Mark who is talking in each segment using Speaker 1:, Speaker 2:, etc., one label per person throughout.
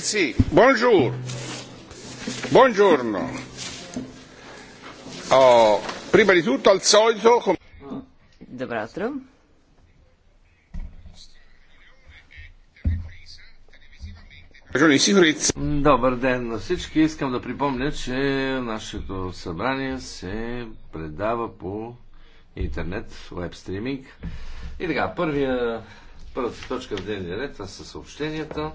Speaker 1: Merci. Bonjour. Buongiorno. Oh, prima di tutto, al solito... Добър ден на всички. Искам да припомня, че нашето събрание се предава по интернет, веб стриминг. И така, първия, първата точка в дневния ред, това са съобщенията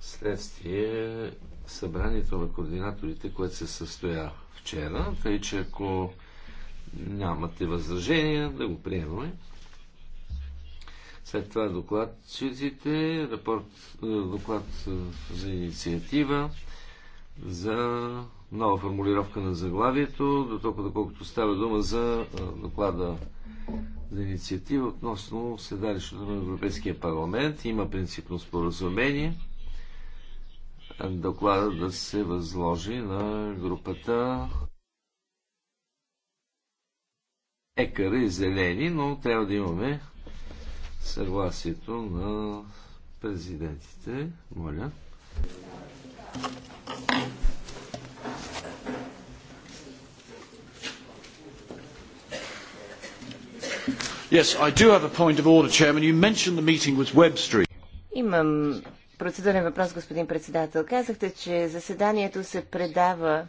Speaker 1: следствие събранието на координаторите, което се състоя вчера, тъй че ако нямате възражения, да го приемаме. След това е, доклад чиците, рапорт, доклад за инициатива, за нова формулировка на заглавието, до толкова доколкото става дума за е, доклада за инициатива относно седалището на Европейския парламент. Има принципно споразумение доклада да се възложи на групата екъра и зелени, но трябва да имаме съгласието на президентите. Моля. Yes, I do have a point of order, Chairman. You mentioned the meeting with web
Speaker 2: Имам Процедурен въпрос, господин председател. Казахте, че заседанието се предава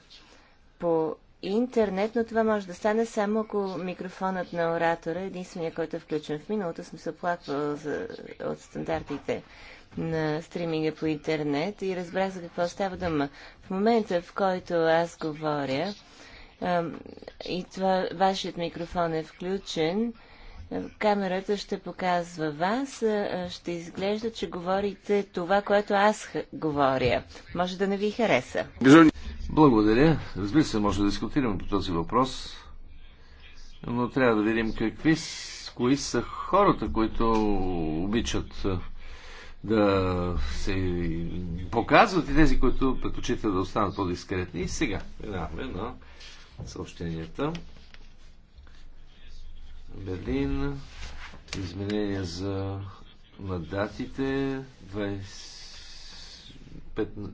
Speaker 2: по интернет, но това може да стане само ако микрофонът на оратора единствения, който е включен. В миналото съм се оплаквал за, от стандартите на стриминга по интернет и разбрах за какво става дума. В момента, в който аз говоря, и това вашият микрофон е включен, камерата ще показва вас, ще изглежда, че говорите това, което аз говоря. Може да не ви хареса.
Speaker 1: Благодаря. Разбира се, може да дискутираме по този въпрос, но трябва да видим какви, кои са хората, които обичат да се показват и тези, които предпочитат да останат по-дискретни. И сега минаваме на съобщенията. Берлин. Изменения за на датите 14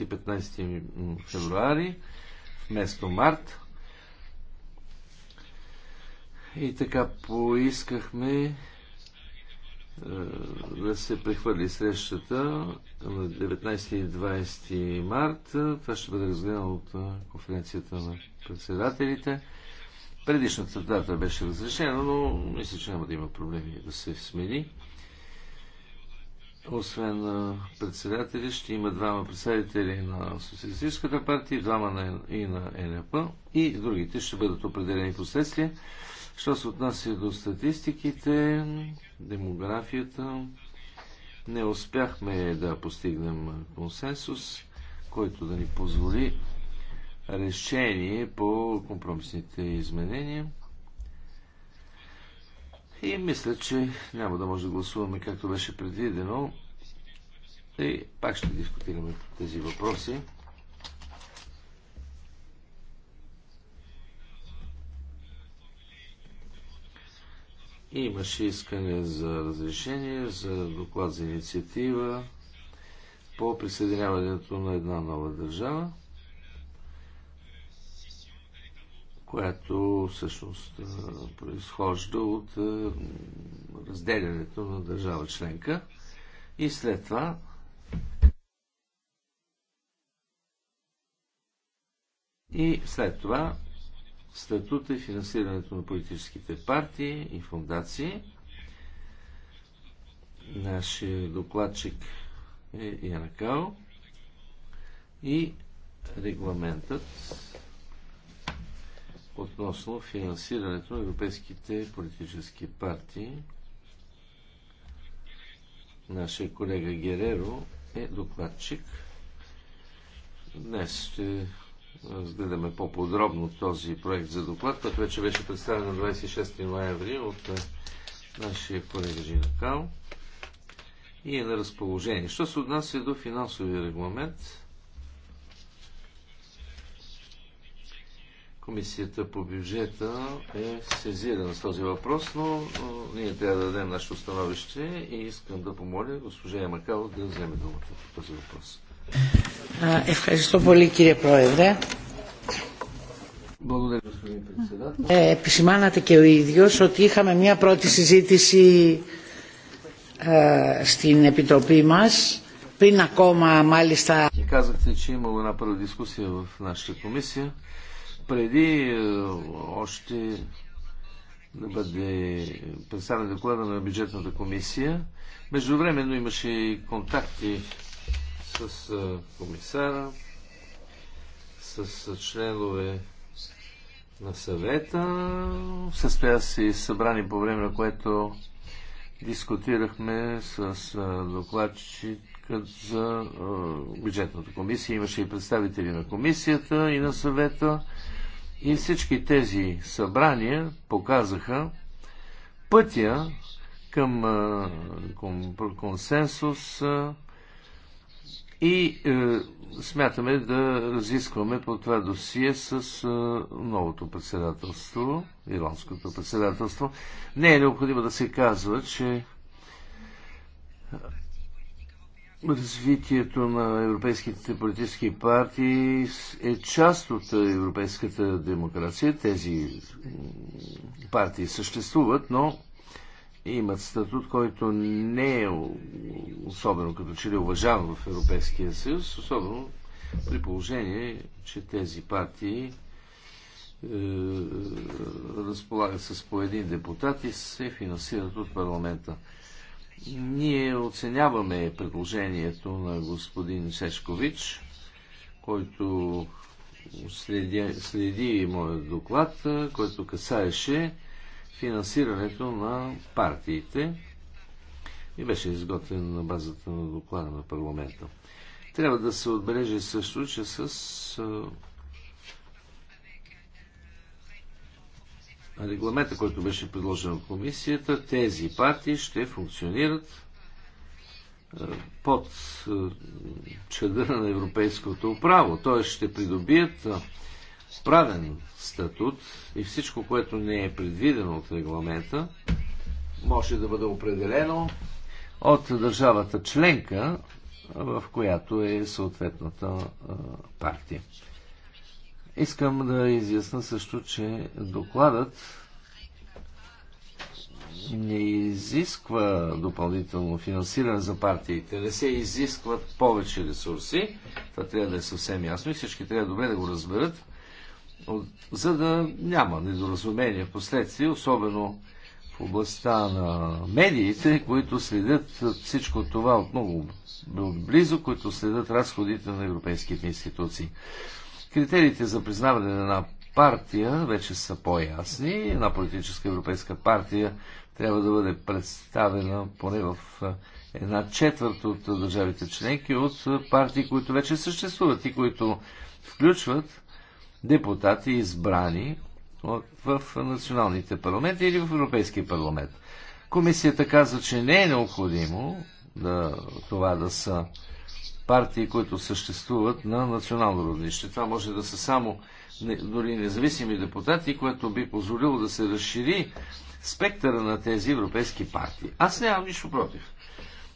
Speaker 1: и 15 февруари вместо март. И така поискахме е, да се прехвърли срещата на 19 и 20 март. Това ще бъде разгледано от е, конференцията на председателите. Предишната дата беше разрешена, но мисля, че няма да има проблеми да се смени. Освен председатели, ще има двама представители на Социалистическата партия, двама на, и на НП и другите ще бъдат определени последствия. Що се отнася до статистиките, демографията, не успяхме да постигнем консенсус, който да ни позволи решение по компромисните изменения. И мисля, че няма да може да гласуваме както беше предвидено. И пак ще дискутираме тези въпроси. Имаше искане за разрешение, за доклад за инициатива по присъединяването на една нова държава. която всъщност произхожда от разделянето на държава членка. И след това и след това статута и финансирането на политическите партии и фундации. Нашия докладчик е Янакао и регламентът относно финансирането на европейските политически партии. Нашия колега Гереро е докладчик. Днес ще разгледаме по-подробно този проект за доклад, който вече беше представен на 26 ноември от е, нашия колега Жинакал и е на разположение. Що се отнася до финансовия регламент, Комисията по бюджета е сезирана с този въпрос, но ние трябва да дадем нашето становище и искам да помоля госпожа Ямакал да вземе думата по този въпрос. Ευχαριστώ
Speaker 3: πολύ κύριε Πρόεδρε.
Speaker 1: Благодаря, господин председател.
Speaker 3: Ε, επισημάνατε και ο ίδιος ότι είχαμε μια πρώτη συζήτηση ε, στην Επιτροπή μας πριν ακόμα μάλιστα... Και
Speaker 1: казахте, че имало една първа дискусия в нашата комисия преди е, още да бъде представен доклада на бюджетната комисия. Междувременно имаше и контакти с е, комисара, с е, членове на съвета. Състоя се събрани по време на което дискутирахме с докладчикът за бюджетната комисия. Имаше и представители на комисията и на съвета. И всички тези събрания показаха пътя към консенсус и е, смятаме да разискваме по това досие с новото председателство, ирландското председателство. Не е необходимо да се казва, че развитието на европейските политически партии е част от европейската демокрация. Тези партии съществуват, но имат статут, който не е особено като че ли уважаван в Европейския съюз, особено при положение, че тези партии е, разполагат с по един депутат и се финансират от парламента. Ние оценяваме предложението на господин Сешкович, който следи, следи моят доклад, който касаеше финансирането на партиите и беше изготвен на базата на доклада на парламента. Трябва да се отбележи също, че с регламента, който беше предложен от комисията, тези партии ще функционират под чадъра на европейското право. Т.е. ще придобият правен статут и всичко, което не е предвидено от регламента, може да бъде определено от държавата членка, в която е съответната партия. Искам да изясна също, че докладът не изисква допълнително финансиране за партиите, не се изискват повече ресурси. Това трябва да е съвсем ясно и всички трябва добре да го разберат, за да няма недоразумение в последствие, особено в областта на медиите, които следят всичко това от много близо, които следят разходите на европейските институции. Критериите за признаване на една партия вече са по-ясни. Една политическа европейска партия трябва да бъде представена поне в една четвърт от държавите членки от партии, които вече съществуват и които включват депутати избрани в националните парламенти или в Европейския парламент. Комисията каза, че не е необходимо да, това да са партии, които съществуват на национално равнище. Това може да са само дори независими депутати, което би позволило да се разшири спектъра на тези европейски партии. Аз нямам нищо против.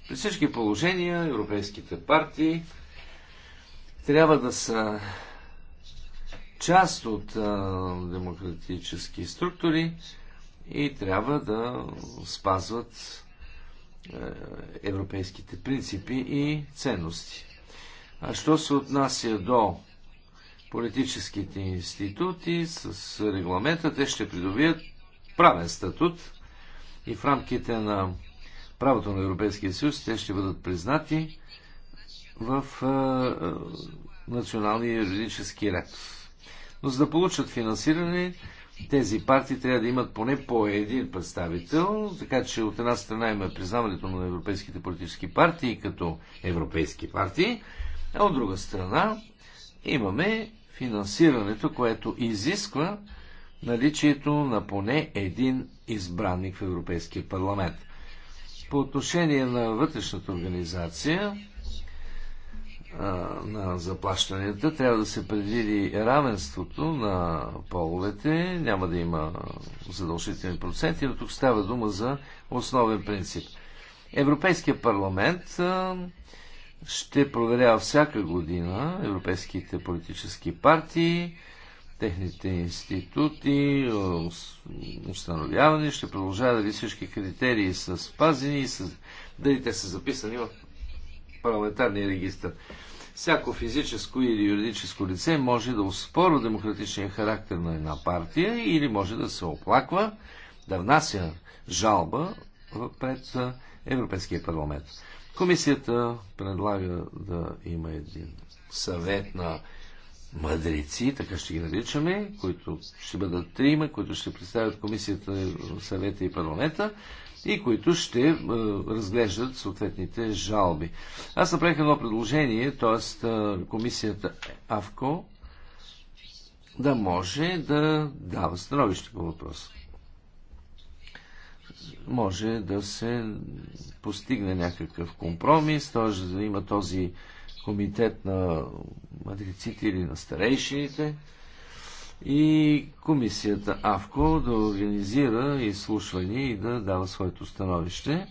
Speaker 1: При всички положения европейските партии трябва да са част от а, демократически структури и трябва да спазват е, европейските принципи и ценности. А що се отнася до политическите институти с регламента, те ще придобият правен статут и в рамките на правото на Европейския съюз те ще бъдат признати в е, е, националния юридически ред. Но за да получат финансиране, тези партии трябва да имат поне по един представител, така че от една страна има признаването на европейските политически партии като европейски партии, а от друга страна имаме финансирането, което изисква наличието на поне един избранник в Европейския парламент. По отношение на вътрешната организация, на заплащанията. Трябва да се предвиди равенството на половете. Няма да има задължителни проценти, но тук става дума за основен принцип. Европейския парламент ще проверява всяка година европейските политически партии, техните институти, установяване, ще продължава дали всички критерии са спазени и са, дали те са записани в парламентарния регистр. Всяко физическо или юридическо лице може да оспорва демократичния характер на една партия или може да се оплаква, да внася жалба пред Европейския парламент. Комисията предлага да има един съвет на мъдрици, така ще ги наричаме, които ще бъдат трима, които ще представят комисията, съвета и парламента и които ще е, разглеждат съответните жалби. Аз направих едно предложение, т.е. Е, комисията АВКО да може да дава становище по въпроса. Може да се постигне някакъв компромис, т.е. да има този комитет на матриците или на старейшините, и комисията АВКО да организира изслушвания и да дава своето становище.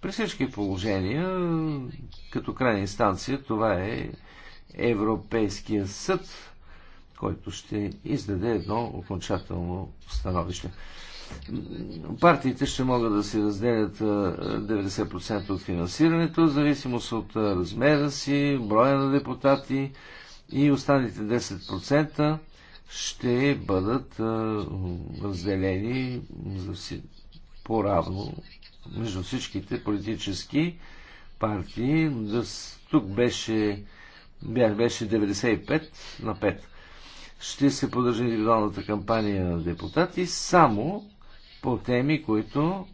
Speaker 1: При всички положения, като крайна инстанция, това е Европейския съд, който ще издаде едно окончателно становище. Партиите ще могат да си разделят 90% от финансирането, в зависимост от размера си, броя на депутати и останалите 10% ще бъдат разделени по-равно между всичките политически партии. Тук беше, беше 95 на 5. Ще се поддържа индивидуалната кампания на депутати само по теми, които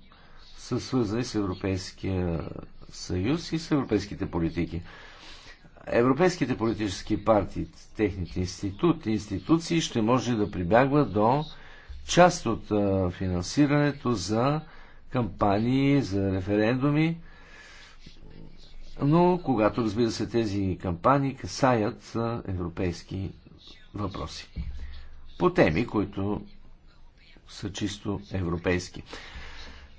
Speaker 1: са свързани с Европейския съюз и с европейските политики европейските политически партии, техните институти, институции ще може да прибягва до част от финансирането за кампании, за референдуми, но когато, разбира се, тези кампании касаят европейски въпроси. По теми, които са чисто европейски.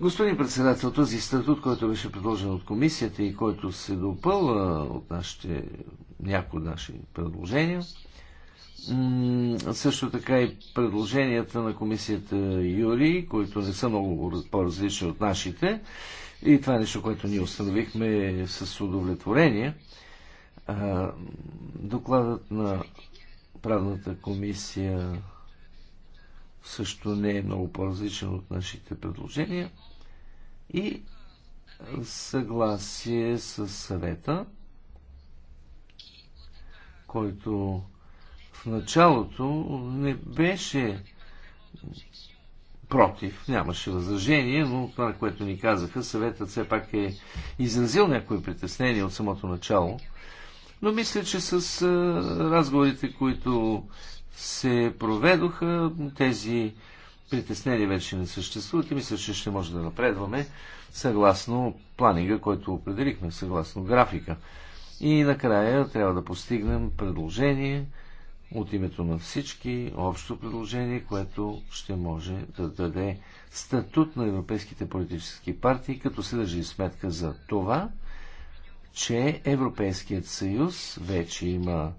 Speaker 1: Господин председател, този статут, който беше предложен от комисията и който се допълва от нашите, някои от наши предложения, също така и предложенията на комисията Юри, които не са много по-различни от нашите, и това е нещо, което ние установихме с удовлетворение. Докладът на правната комисия също не е много по-различен от нашите предложения и съгласие с съвета, който в началото не беше против, нямаше възражение, но това, което ни казаха, съветът все пак е изразил някои притеснения от самото начало. Но мисля, че с разговорите, които се проведоха. Тези притеснения вече не съществуват и мисля, че ще може да напредваме съгласно планига, който определихме, съгласно графика. И накрая трябва да постигнем предложение от името на всички, общо предложение, което ще може да даде статут на европейските политически партии, като се държи сметка за това, че Европейският съюз вече има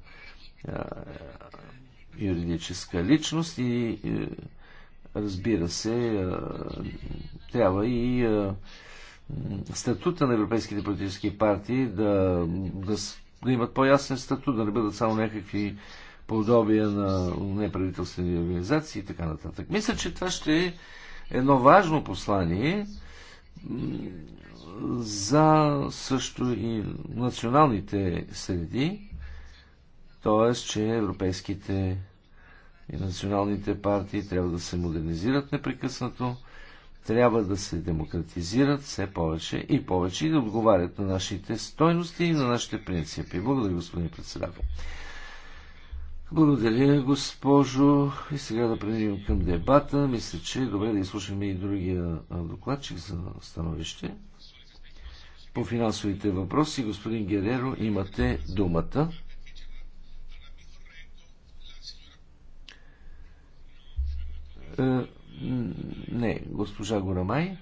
Speaker 1: юридическа личност и е, разбира се, е, трябва и е, статута на европейските политически партии да, да, да имат по-ясен статут, да не бъдат само някакви подобия на неправителствени организации и така нататък. Мисля, че това ще е едно важно послание за също и националните среди, Тоест, че европейските и националните партии трябва да се модернизират непрекъснато, трябва да се демократизират все повече и повече и да отговарят на нашите стойности и на нашите принципи. Благодаря, господин председател. Благодаря, госпожо. И сега да преминем към дебата. Мисля, че е добре да изслушаме и другия докладчик за становище. По финансовите въпроси, господин Гереро, имате думата. Е, не, госпожа Горамай,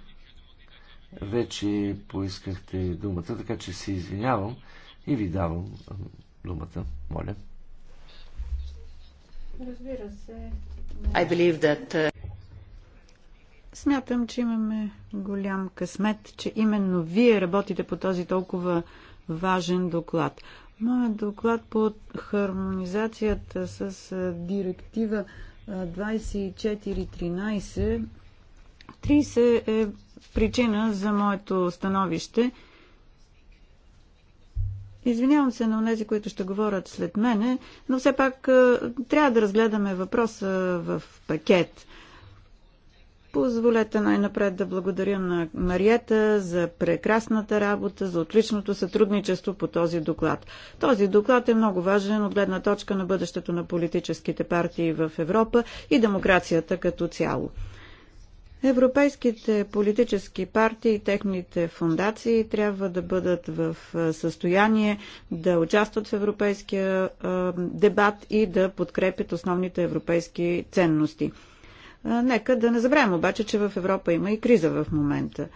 Speaker 1: вече поискахте думата, така че се извинявам и ви давам е, думата, моля.
Speaker 3: Разбира се.
Speaker 1: I
Speaker 2: believe
Speaker 3: that... Uh, Смятам, че имаме голям късмет, че именно вие работите по този толкова важен доклад. Моят доклад по хармонизацията с е, директива 24.13. 30 е причина за моето становище. Извинявам се на тези, които ще говорят след мене, но все пак е, трябва да разгледаме въпроса в пакет – Позволете най-напред да благодаря на Мариета за прекрасната работа, за отличното сътрудничество по този доклад. Този доклад е много важен от гледна точка на бъдещето на политическите партии в Европа и демокрацията като цяло. Европейските политически партии и техните фундации трябва да бъдат в състояние да участват в европейския дебат и да подкрепят основните европейски ценности. Нека да не забравим обаче, че в Европа има и криза в момента.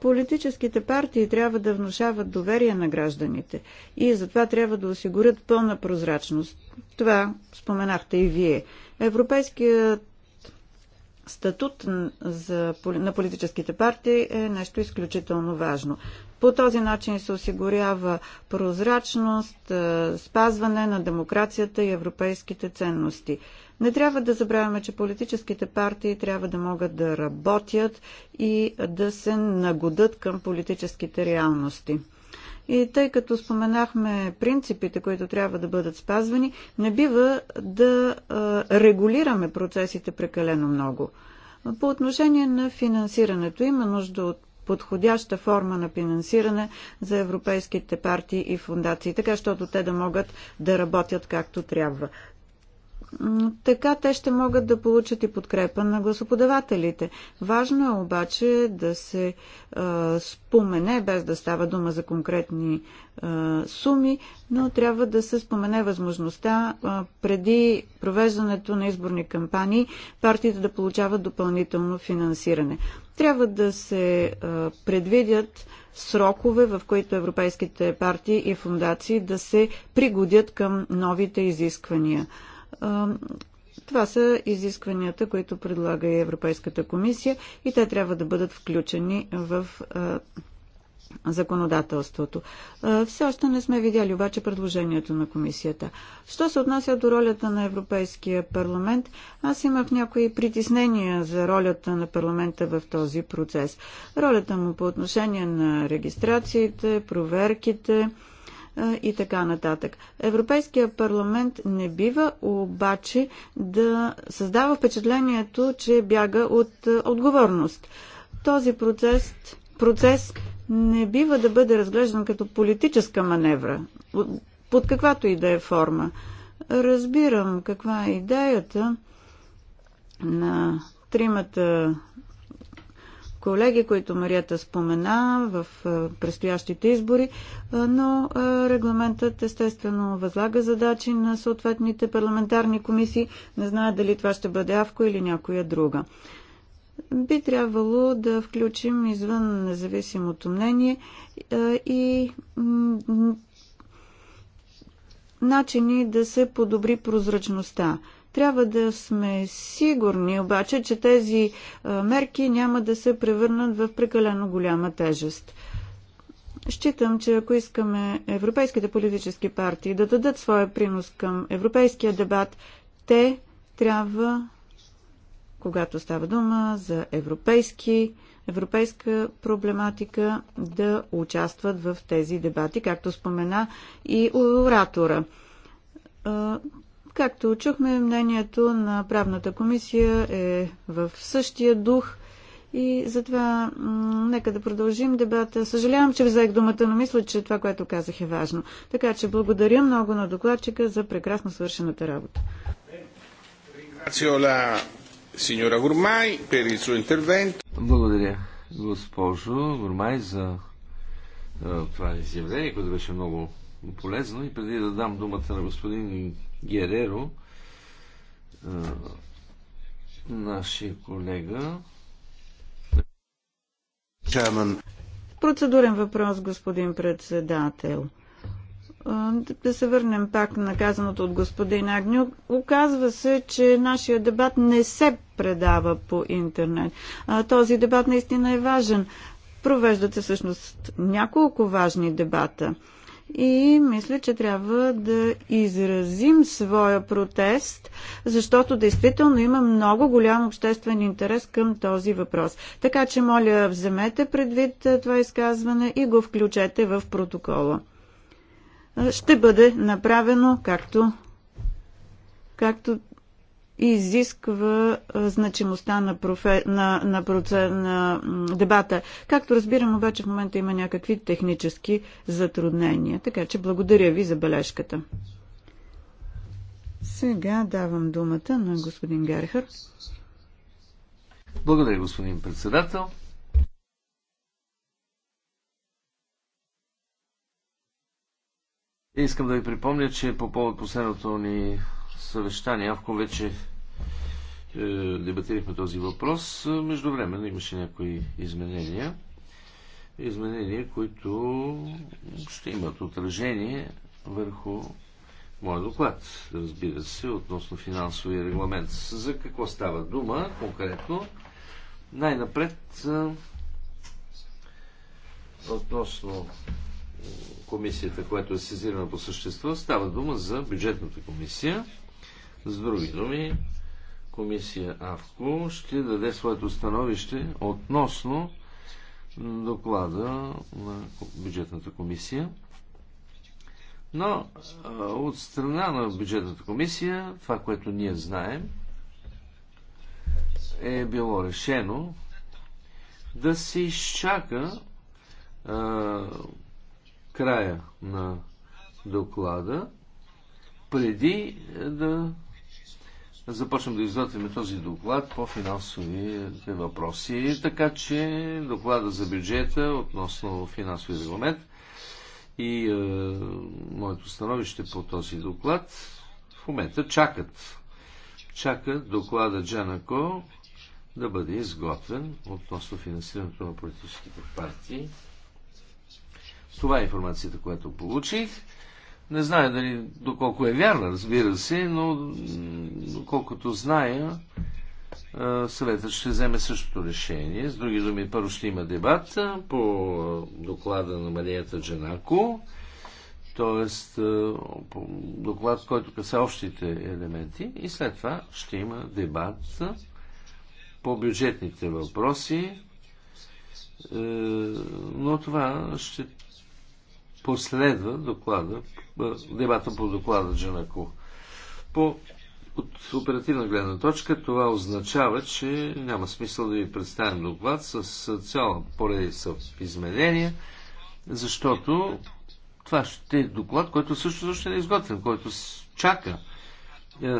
Speaker 3: Политическите партии трябва да внушават доверие на гражданите и затова трябва да осигурят пълна прозрачност. Това споменахте и вие. Европейският статут за, на политическите партии е нещо изключително важно. По този начин се осигурява прозрачност, спазване на демокрацията и европейските ценности. Не трябва да забравяме, че политическите партии трябва да могат да работят и да се нагодат към политическите реалности. И тъй като споменахме принципите, които трябва да бъдат спазвани, не бива да регулираме процесите прекалено много. По отношение на финансирането има нужда от подходяща форма на финансиране за европейските партии и фундации, така щото те да могат да работят както трябва. Така те ще могат да получат и подкрепа на гласоподавателите. Важно е обаче да се а, спомене, без да става дума за конкретни а, суми, но трябва да се спомене възможността а, преди провеждането на изборни кампании партиите да получават допълнително финансиране. Трябва да се а, предвидят срокове, в които европейските партии и фундации да се пригодят към новите изисквания. Това са изискванията, които предлага и Европейската комисия и те трябва да бъдат включени в законодателството. Все още не сме видяли обаче предложението на комисията. Що се отнася до ролята на Европейския парламент, аз имах някои притеснения за ролята на парламента в този процес. Ролята му по отношение на регистрациите, проверките, и така нататък. Европейския парламент не бива обаче да създава впечатлението, че бяга от отговорност. Този процес, процес не бива да бъде разглеждан като политическа маневра, под каквато и да е форма. Разбирам каква е идеята на тримата колеги, които Марията спомена в предстоящите избори, но регламентът естествено възлага задачи на съответните парламентарни комисии. Не знае дали това ще бъде АВКО или някоя друга. Би трябвало да включим извън независимото мнение и начини да се подобри прозрачността. Трябва да сме сигурни обаче, че тези е, мерки няма да се превърнат в прекалено голяма тежест. Считам, че ако искаме европейските политически партии да дадат своя принос към европейския дебат, те трябва, когато става дума за европейски, европейска проблематика, да участват в тези дебати, както спомена и оратора. Е, Както чухме, мнението на правната комисия е в същия дух и затова нека да продължим дебата. Съжалявам, че взех думата, но мисля, че това, което казах е важно. Така че благодаря много на докладчика за прекрасно свършената работа.
Speaker 1: Благодаря, госпожо Гурмай, за това изявление, което беше много полезно. И преди да дам думата на господин Гереро, нашия колега.
Speaker 3: Процедурен въпрос, господин председател. Да се върнем пак на казаното от господин Агню. Оказва се, че нашия дебат не се предава по интернет. Този дебат наистина е важен. Провеждат всъщност няколко важни дебата и мисля, че трябва да изразим своя протест, защото действително има много голям обществен интерес към този въпрос. Така че, моля, вземете предвид това изказване и го включете в протокола. Ще бъде направено както, както изисква значимостта на, профе... на, на, проце... на дебата. Както разбирам, обаче в момента има някакви технически затруднения. Така че благодаря ви за бележката. Сега давам думата на господин Герхард.
Speaker 1: Благодаря, господин председател. Искам да ви припомня, че по повод последното ни съвещание, ако вече е, дебатирахме този въпрос. Между време имаше някои изменения. Изменения, които ще имат отражение върху моят доклад, разбира се, относно финансовия регламент. За какво става дума конкретно? Най-напред е, относно комисията, която е сезирана по същество, става дума за бюджетната комисия. С други думи, комисия АВКО ще даде своето становище относно доклада на бюджетната комисия. Но от страна на бюджетната комисия, това, което ние знаем, е било решено да се изчака а, края на доклада преди да започнем да изготвим този доклад по финансовите въпроси. Така че доклада за бюджета относно финансови регламент и е, моето становище по този доклад в момента чакат. Чакат доклада Джанако да бъде изготвен относно финансирането на политическите партии. Това е информацията, която получих. Не знае дали доколко е вярна, разбира се, но доколкото зная, съветът ще вземе същото решение. С други думи, първо ще има дебат по доклада на Марията Джанако, т.е. доклад, който каса общите елементи и след това ще има дебат по бюджетните въпроси, е, но това ще последва доклада дебата по доклада Джанако. По, от оперативна гледна точка това означава, че няма смисъл да ви представим доклад с цяла поредица изменения, защото това ще е доклад, който също също не е изготвен, който чака е,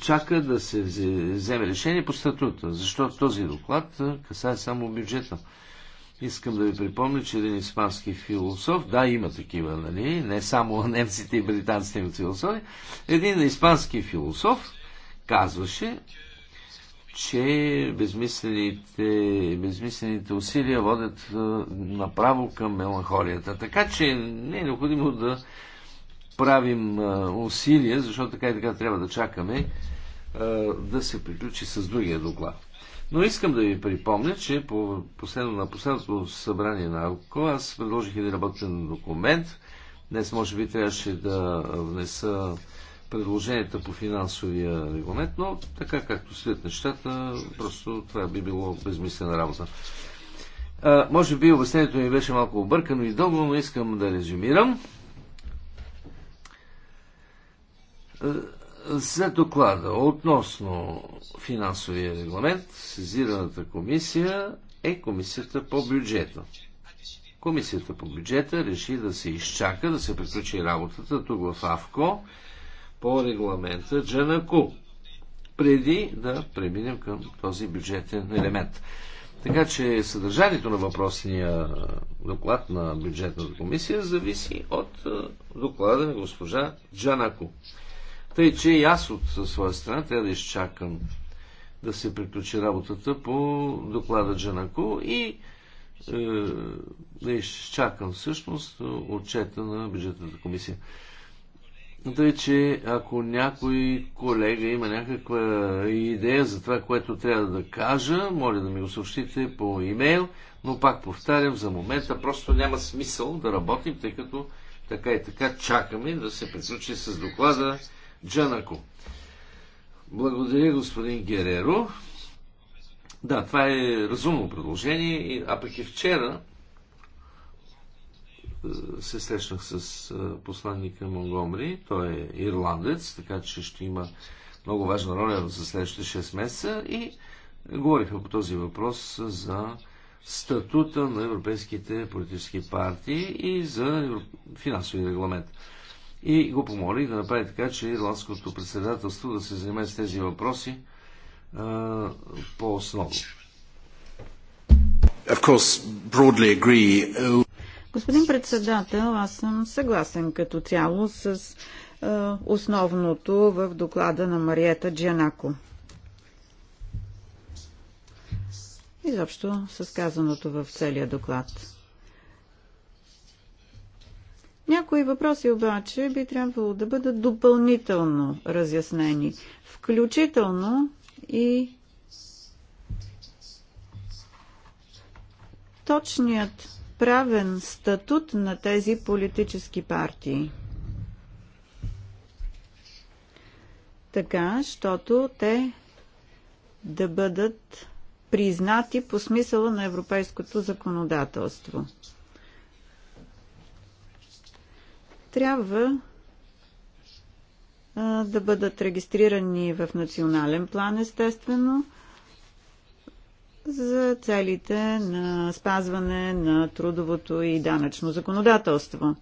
Speaker 1: чака да се вземе решение по статута, защото този доклад е, касае само бюджета. Искам да ви припомня, че един испански философ, да, има такива, нали, не само немците и британците имат философи, един испански философ казваше, че безмислените, безмислените усилия водят направо към меланхолията. Така че не е необходимо да правим усилия, защото така и така трябва да чакаме да се приключи с другия доклад. Но искам да ви припомня, че по последно, на последното събрание на АЛКО аз предложих един работен документ. Днес може би трябваше да внеса предложенията по финансовия регламент, но така както след нещата, просто това би било безмислена работа. А, може би обяснението ми беше малко объркано и дълго, но искам да резюмирам. За доклада относно финансовия регламент, сезираната комисия е комисията по бюджета. Комисията по бюджета реши да се изчака, да се приключи работата тук в АВКО по регламента Джанаку, преди да преминем към този бюджетен елемент. Така че съдържанието на въпросния доклад на бюджетната комисия зависи от доклада на госпожа Джанако. Тъй, че и аз от своя страна трябва да изчакам да се приключи работата по доклада Джанако и е, да изчакам всъщност отчета на бюджетната комисия. Тъй, че ако някой колега има някаква идея за това, което трябва да кажа, моля да ми го съобщите по имейл, но пак повтарям, за момента просто няма смисъл да работим, тъй като така и така чакаме да се приключи с доклада Джанако. Благодаря, господин Гереро. Да, това е разумно предложение, а пък и вчера е, се срещнах с е, посланника Монгомри. Той е ирландец, така че ще има много важна роля за следващите 6 месеца и говорихме по този въпрос за статута на европейските политически партии и за финансови регламент и го помолих да направи така, че ирландското председателство да се занимае с тези въпроси по-основно.
Speaker 3: Господин председател, аз съм съгласен като цяло с основното в доклада на Мариета Джанако. Изобщо с казаното в целия доклад. Някои въпроси обаче би трябвало да бъдат допълнително разяснени, включително и точният правен статут на тези политически партии. Така, щото те да бъдат признати по смисъла на европейското законодателство. трябва а, да бъдат регистрирани в национален план, естествено, за целите на спазване на трудовото и данъчно законодателство.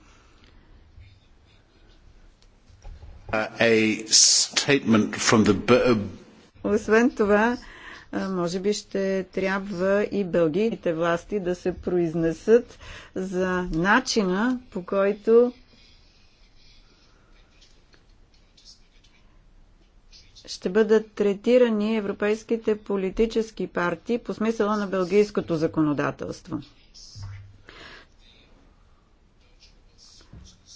Speaker 3: Освен това, може би ще трябва и бългийните власти да се произнесат за начина по който ще бъдат третирани европейските политически партии по смисъла на белгийското законодателство.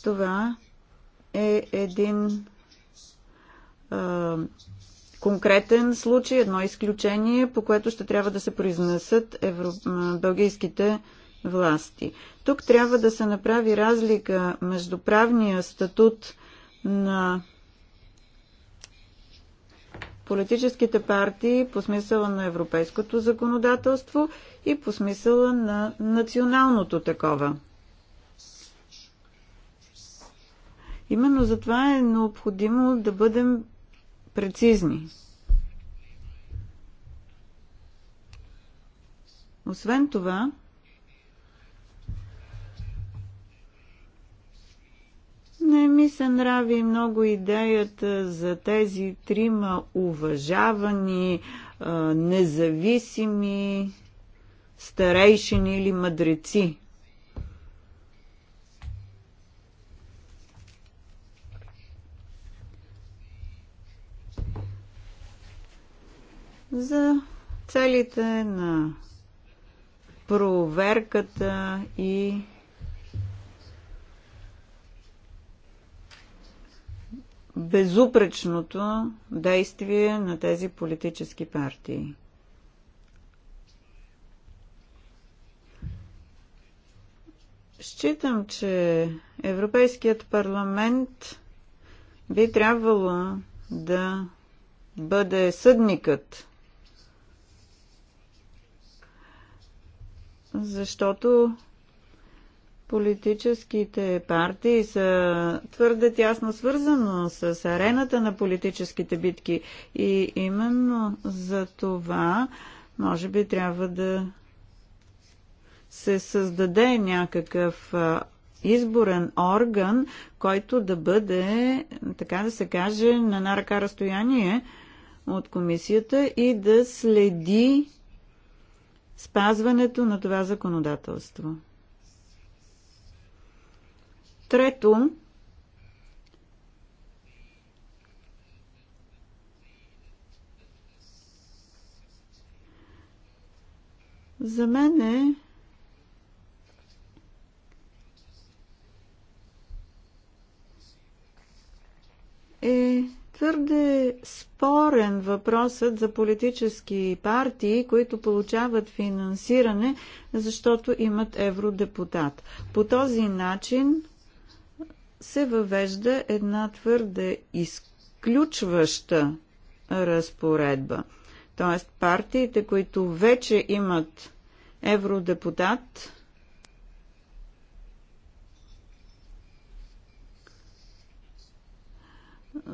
Speaker 3: Това е един а, конкретен случай, едно изключение, по което ще трябва да се произнесат евро... бългийските власти. Тук трябва да се направи разлика между правния статут на политическите партии по смисъла на европейското законодателство и по смисъла на националното такова. Именно затова е необходимо да бъдем прецизни. Освен това, Не ми се нрави много идеята за тези трима уважавани, независими старейшини или мъдреци. За целите на проверката и безупречното действие на тези политически партии. Считам, че Европейският парламент би трябвало да бъде съдникът, защото политическите партии са твърде тясно свързано с арената на политическите битки и именно за това може би трябва да се създаде някакъв изборен орган, който да бъде, така да се каже, на една ръка разстояние от комисията и да следи спазването на това законодателство. Трето, за мен е е твърде спорен въпросът за политически партии, които получават финансиране, защото имат евродепутат. По този начин се въвежда една твърде изключваща разпоредба. Тоест партиите, които вече имат евродепутат,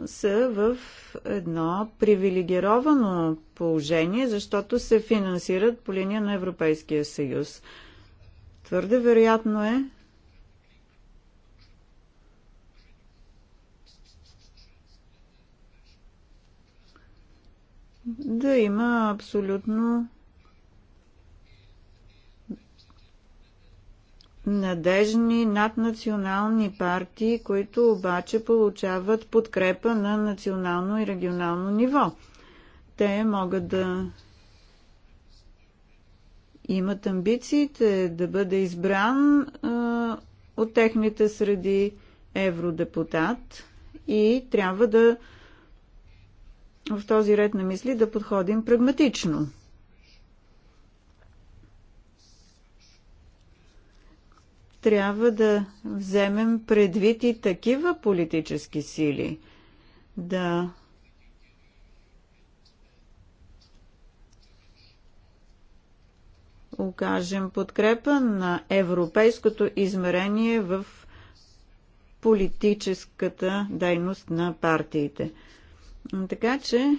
Speaker 3: са в едно привилегировано положение, защото се финансират по линия на Европейския съюз. Твърде вероятно е да има абсолютно надежни наднационални партии, които обаче получават подкрепа на национално и регионално ниво. Те могат да имат амбициите да бъде избран а, от техните среди евродепутат и трябва да в този ред на мисли да подходим прагматично. Трябва да вземем предвид и такива политически сили, да окажем подкрепа на европейското измерение в политическата дейност на партиите. Така че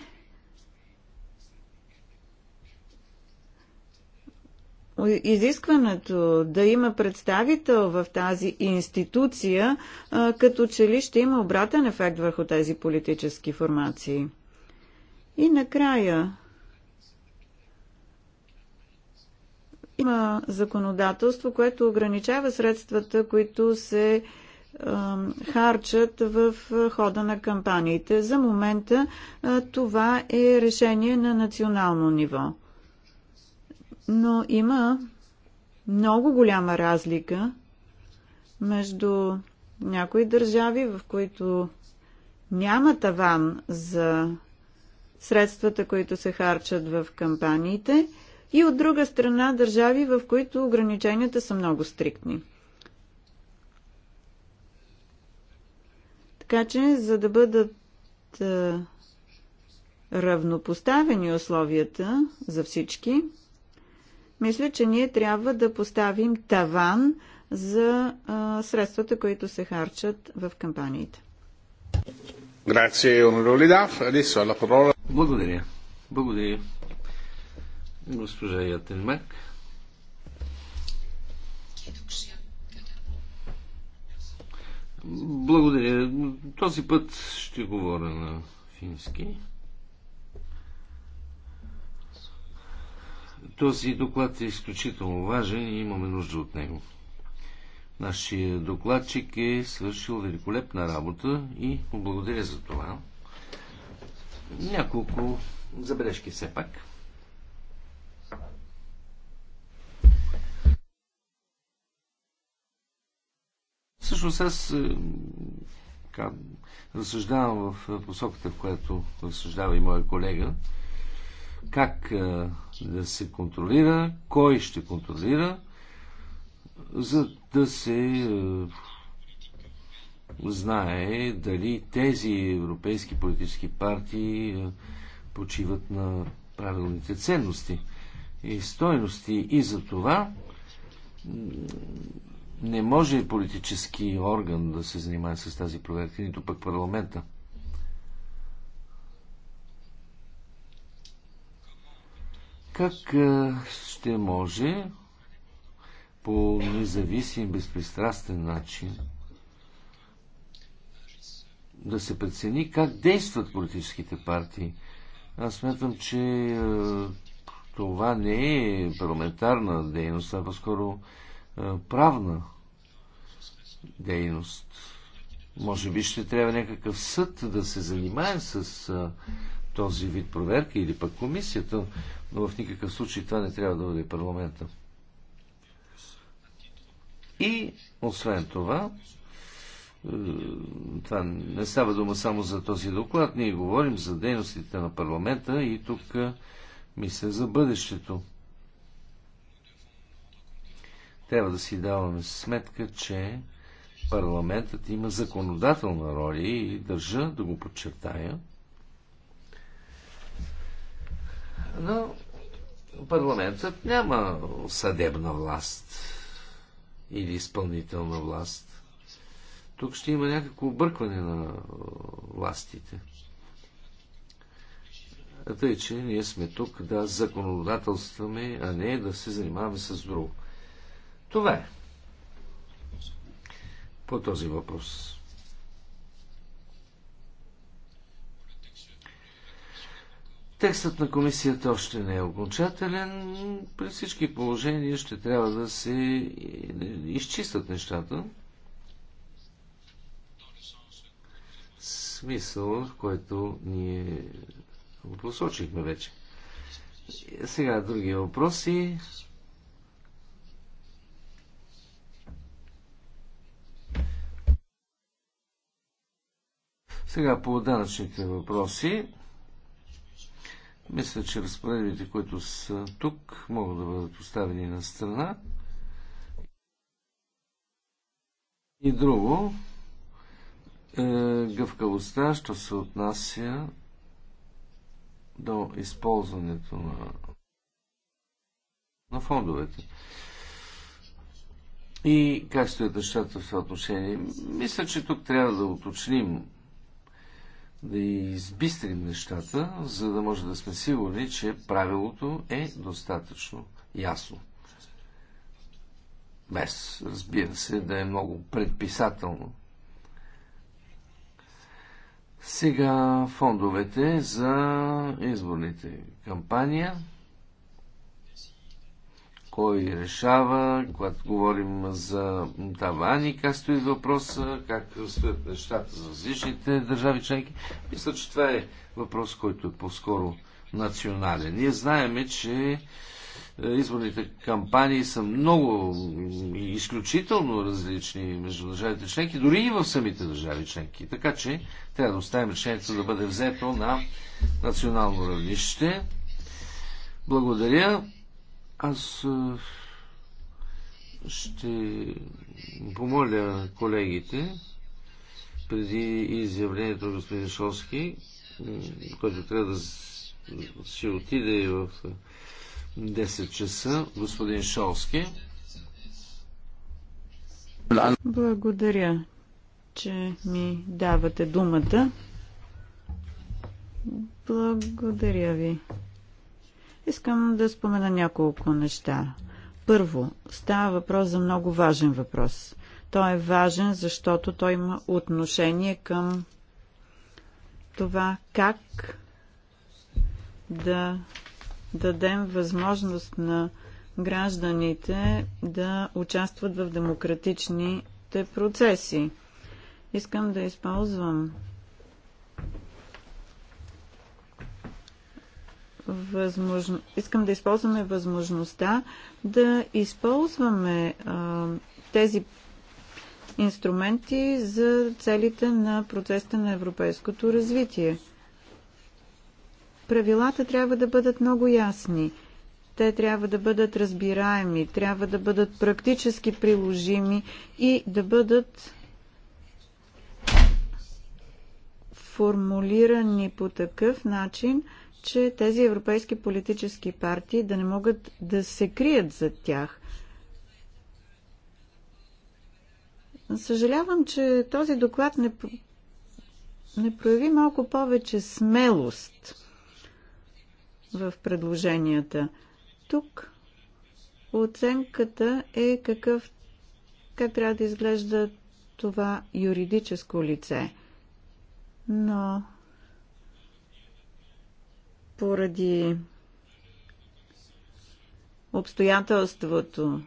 Speaker 3: изискването да има представител в тази институция, като че ли ще има обратен ефект върху тези политически формации. И накрая има законодателство, което ограничава средствата, които се харчат в хода на кампаниите. За момента това е решение на национално ниво. Но има много голяма разлика между някои държави, в които няма таван за средствата, които се харчат в кампаниите, и от друга страна държави, в които ограниченията са много стриктни. Така че, за да бъдат равнопоставени условията за всички, мисля, че ние трябва да поставим таван за а, средствата, които се харчат в кампаниите.
Speaker 1: Благодаря. Благодаря. Госпожа Ятенмак. Мак. Благодаря. Този път ще говоря на фински. Този доклад е изключително важен и имаме нужда от него. Нашия докладчик е свършил великолепна работа и му благодаря за това. Няколко забележки все пак. Всъщност аз е, така, разсъждавам в е, посоката, в която разсъждава и моя колега. Как е, да се контролира, кой ще контролира, за да се знае дали тези европейски политически партии почиват на правилните ценности и стойности. И за това не може политически орган да се занимае с тази проверка, нито пък парламента. Как е, ще може по независим, безпристрастен начин да се прецени как действат политическите партии? Аз смятам, че е, това не е парламентарна дейност, а по-скоро правна дейност. Може би ще трябва някакъв съд да се занимае с а, този вид проверки или пък комисията, но в никакъв случай това не трябва да бъде парламента. И, освен това, е, това не става дума само за този доклад, ние говорим за дейностите на парламента и тук е, мисля за бъдещето. Трябва да си даваме сметка, че парламентът има законодателна роля и държа да го подчертая. Но парламентът няма съдебна власт или изпълнителна власт. Тук ще има някакво объркване на властите. Тъй, че ние сме тук да законодателстваме, а не да се занимаваме с друго. Това е. По този въпрос. Текстът на комисията още не е окончателен. При всички положения ще трябва да се изчистят нещата. Смисъл, който ние го посочихме вече. Сега други въпроси. Сега по данъчните въпроси. Мисля, че разпоредбите, които са тук, могат да бъдат оставени на страна. И друго, е, гъвкавостта, що се отнася до използването на, на фондовете. И как стоят нещата в това отношение? Мисля, че тук трябва да уточним да избистрим нещата, за да може да сме сигурни, че правилото е достатъчно ясно. Без, разбира се, да е много предписателно. Сега фондовете за изборните кампания – кой решава, когато говорим за тавани, как стои въпроса, как стоят нещата за различните държави членки. Мисля, че това е въпрос, който е по-скоро национален. Ние знаеме, че е, изборните кампании са много изключително различни между държавите членки, дори и в самите държави членки. Така че трябва да оставим решението да бъде взето на национално равнище. Благодаря. Аз ще помоля колегите преди изявлението на господин Шолски, който трябва да си отиде в 10 часа, господин Шолски.
Speaker 3: Благодаря, че ми давате думата. Благодаря ви. Искам да спомена няколко неща. Първо, става въпрос за много важен въпрос. Той е важен, защото той има отношение към това как да дадем възможност на гражданите да участват в демократичните процеси. Искам да използвам възможно... искам да използваме възможността да използваме а, тези инструменти за целите на процеса на европейското развитие. Правилата трябва да бъдат много ясни. Те трябва да бъдат разбираеми, трябва да бъдат практически приложими и да бъдат формулирани по такъв начин, че тези европейски политически партии да не могат да се крият за тях. Съжалявам, че този доклад не, не прояви малко повече смелост в предложенията. Тук оценката е какъв, как трябва да изглежда това юридическо лице. Но поради обстоятелството,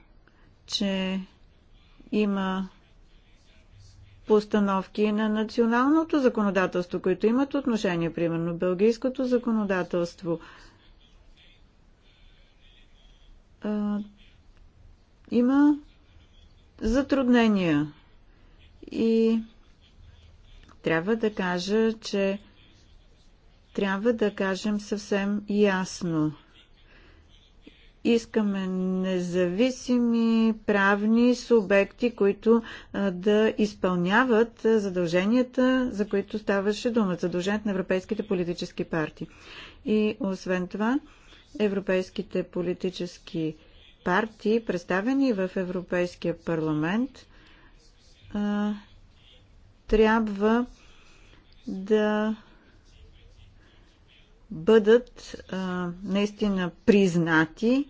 Speaker 3: че има постановки на националното законодателство, които имат отношение, примерно бългийското законодателство. има затруднения и трябва да кажа, че трябва да кажем съвсем ясно. Искаме независими правни субекти, които да изпълняват задълженията, за които ставаше дума, задълженията на европейските политически партии. И освен това, европейските политически партии, представени в Европейския парламент, трябва да бъдат а, наистина признати,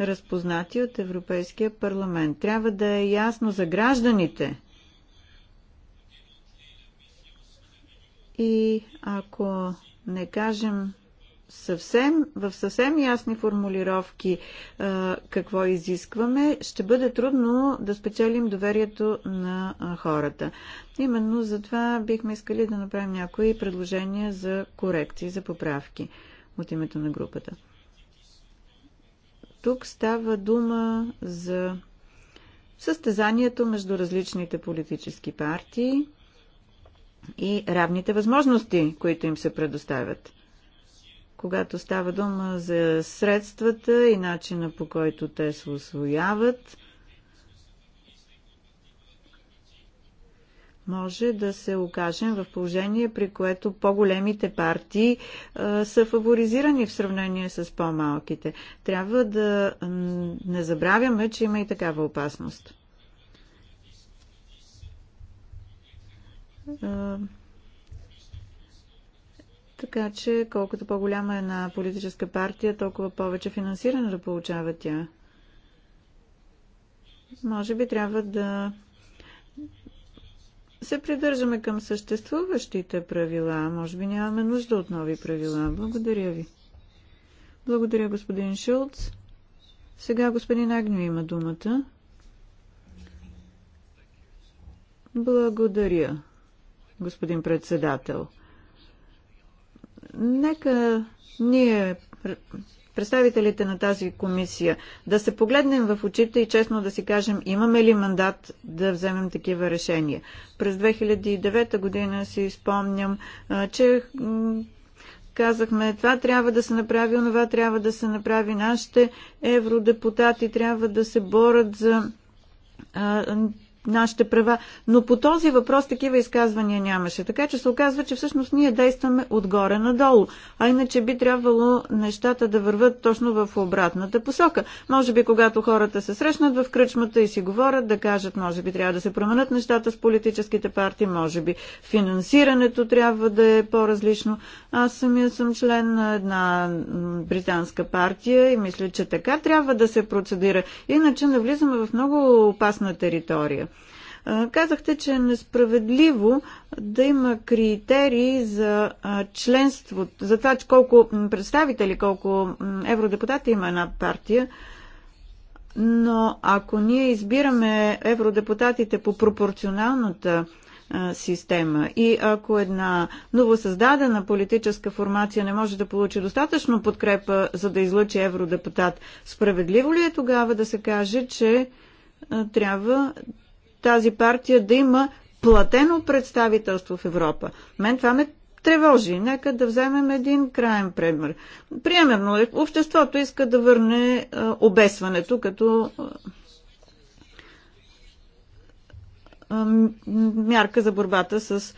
Speaker 3: разпознати от Европейския парламент. Трябва да е ясно за гражданите. И ако не кажем съвсем, в съвсем ясни формулировки какво изискваме, ще бъде трудно да спечелим доверието на хората. Именно за това бихме искали да направим някои предложения за корекции, за поправки от името на групата. Тук става дума за състезанието между различните политически партии и равните възможности, които им се предоставят когато става дума за средствата и начина по който те се освояват. може да се окажем в положение, при което по-големите партии а, са фаворизирани в сравнение с по-малките. Трябва да не забравяме, че има и такава опасност. А, така че колкото по-голяма е една политическа партия, толкова повече финансиране да получава тя. Може би трябва да се придържаме към съществуващите правила. Може би нямаме нужда от нови правила. Благодаря ви. Благодаря, господин Шулц. Сега господин Агню има думата. Благодаря, господин председател. Нека ние, представителите на тази комисия, да се погледнем в очите и честно да си кажем, имаме ли мандат да вземем такива решения. През 2009 година си спомням, че казахме, това трябва да се направи, онова трябва да се направи. Нашите евродепутати трябва да се борят за нашите права. Но по този въпрос такива изказвания нямаше. Така че се оказва, че всъщност ние действаме отгоре надолу. А иначе би трябвало нещата да върват точно в обратната посока. Може би, когато хората се срещнат в кръчмата и си говорят, да кажат, може би трябва да се променят нещата с политическите партии, може би финансирането трябва да е по-различно. Аз самия съм член на една британска партия и мисля, че така трябва да се процедира. Иначе навлизаме в много опасна територия. Казахте, че е несправедливо да има критерии за членство, за това, че колко представители, колко евродепутати има една партия. Но ако ние избираме евродепутатите по пропорционалната система. И ако една новосъздадена политическа формация не може да получи достатъчно подкрепа, за да излъчи евродепутат, справедливо ли е тогава да се каже, че трябва тази партия да има платено представителство в Европа. Мен това ме тревожи. Нека да вземем един крайен пример. Примерно, е, обществото иска да върне а, е, обесването като е, мярка за борбата с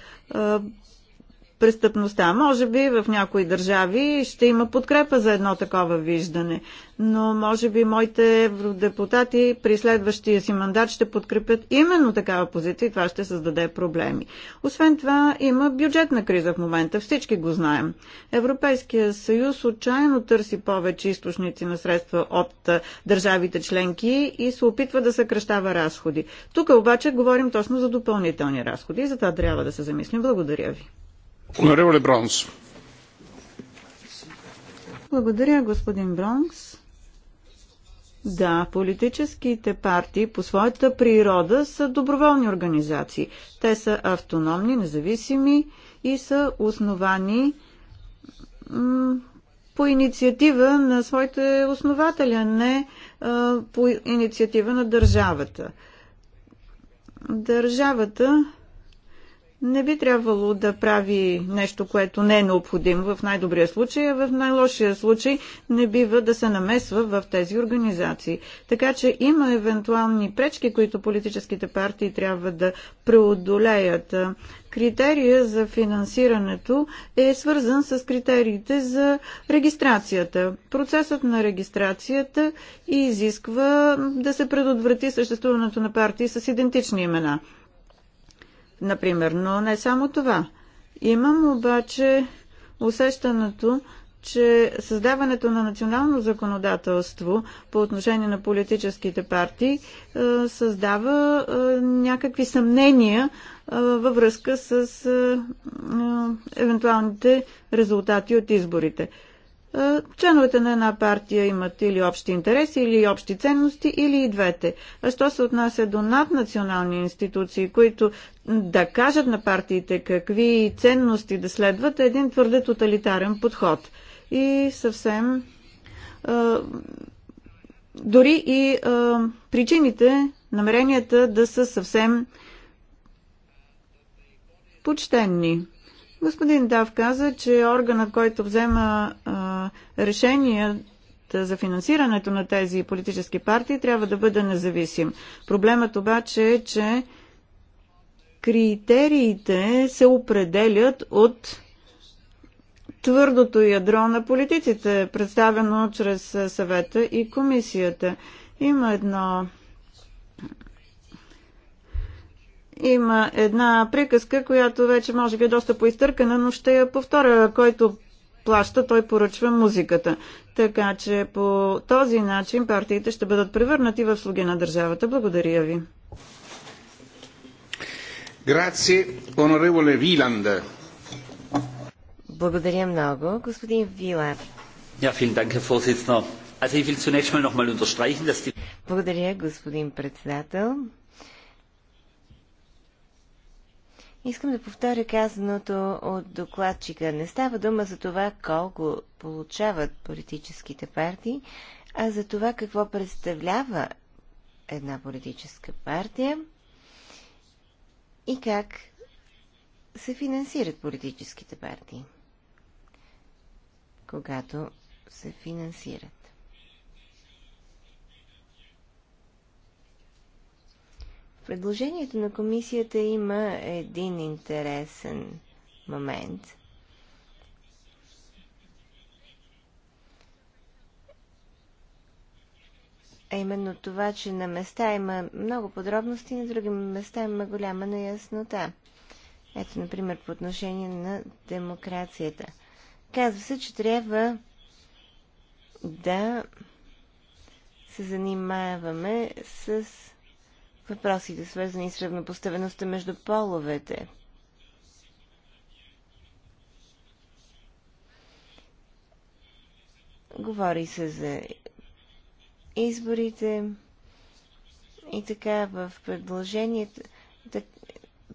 Speaker 3: престъпността. Може би в някои държави ще има подкрепа за едно такова виждане, но може би моите депутати при следващия си мандат ще подкрепят именно такава позиция и това ще създаде проблеми. Освен това има бюджетна криза в момента, всички го знаем. Европейския съюз отчаяно търси повече източници на средства от държавите членки и се опитва да съкръщава разходи. Тук обаче говорим точно за допълнителни разходи и за това трябва да се замислим. Благодаря ви. Благодаря, господин Бронкс. Да, политическите партии по своята природа са доброволни организации. Те са автономни, независими и са основани по инициатива на своите основатели, а не а, по инициатива на държавата. Държавата не би трябвало да прави нещо, което не е необходимо в най-добрия случай, а в най-лошия случай не бива да се намесва в тези организации. Така че има евентуални пречки, които политическите партии трябва да преодолеят. Критерия за финансирането е свързан с критериите за регистрацията. Процесът на регистрацията изисква да се предотврати съществуването на партии с идентични имена например. Но не само това. Имам обаче усещането, че създаването на национално законодателство по отношение на политическите партии е, създава е, някакви съмнения е, във връзка с евентуалните резултати от изборите. Е, членовете на една партия имат или общи интереси, или общи ценности, или и двете. А що се отнася до наднационални институции, които да кажат на партиите какви ценности да следват, е един твърде тоталитарен подход. И съвсем. А, е, дори и а, е, причините, намеренията да са съвсем почтенни. Господин Дав каза, че органът, който взема а, решенията за финансирането на тези политически партии трябва да бъде независим. Проблемът обаче е, че критериите се определят от твърдото ядро на политиците, представено чрез съвета и комисията. Има едно има една приказка, която вече може би е доста поизтъркана, но ще я повторя. Който плаща, той поръчва музиката. Така че по този начин партиите ще бъдат превърнати в слуги на държавата. Благодаря ви.
Speaker 1: Грация, онореволе Виланд.
Speaker 2: Благодаря много, господин Виланд.
Speaker 1: Ja, vielen Dank, Herr Vorsitzender. Also ich will
Speaker 3: zunächst mal nochmal unterstreichen, dass die...
Speaker 2: Благодаря, господин председател. Искам да повторя казаното от докладчика. Не става дума за това колко получават политическите партии, а за това какво представлява една политическа партия и как се финансират политическите партии, когато се финансират. предложението на комисията има един интересен момент. А именно това, че на места има много подробности, на други места има голяма неяснота. Ето, например, по отношение на демокрацията. Казва се, че трябва да се занимаваме с въпросите, свързани с равнопоставеността между половете. Говори се за изборите и така в предложението, так,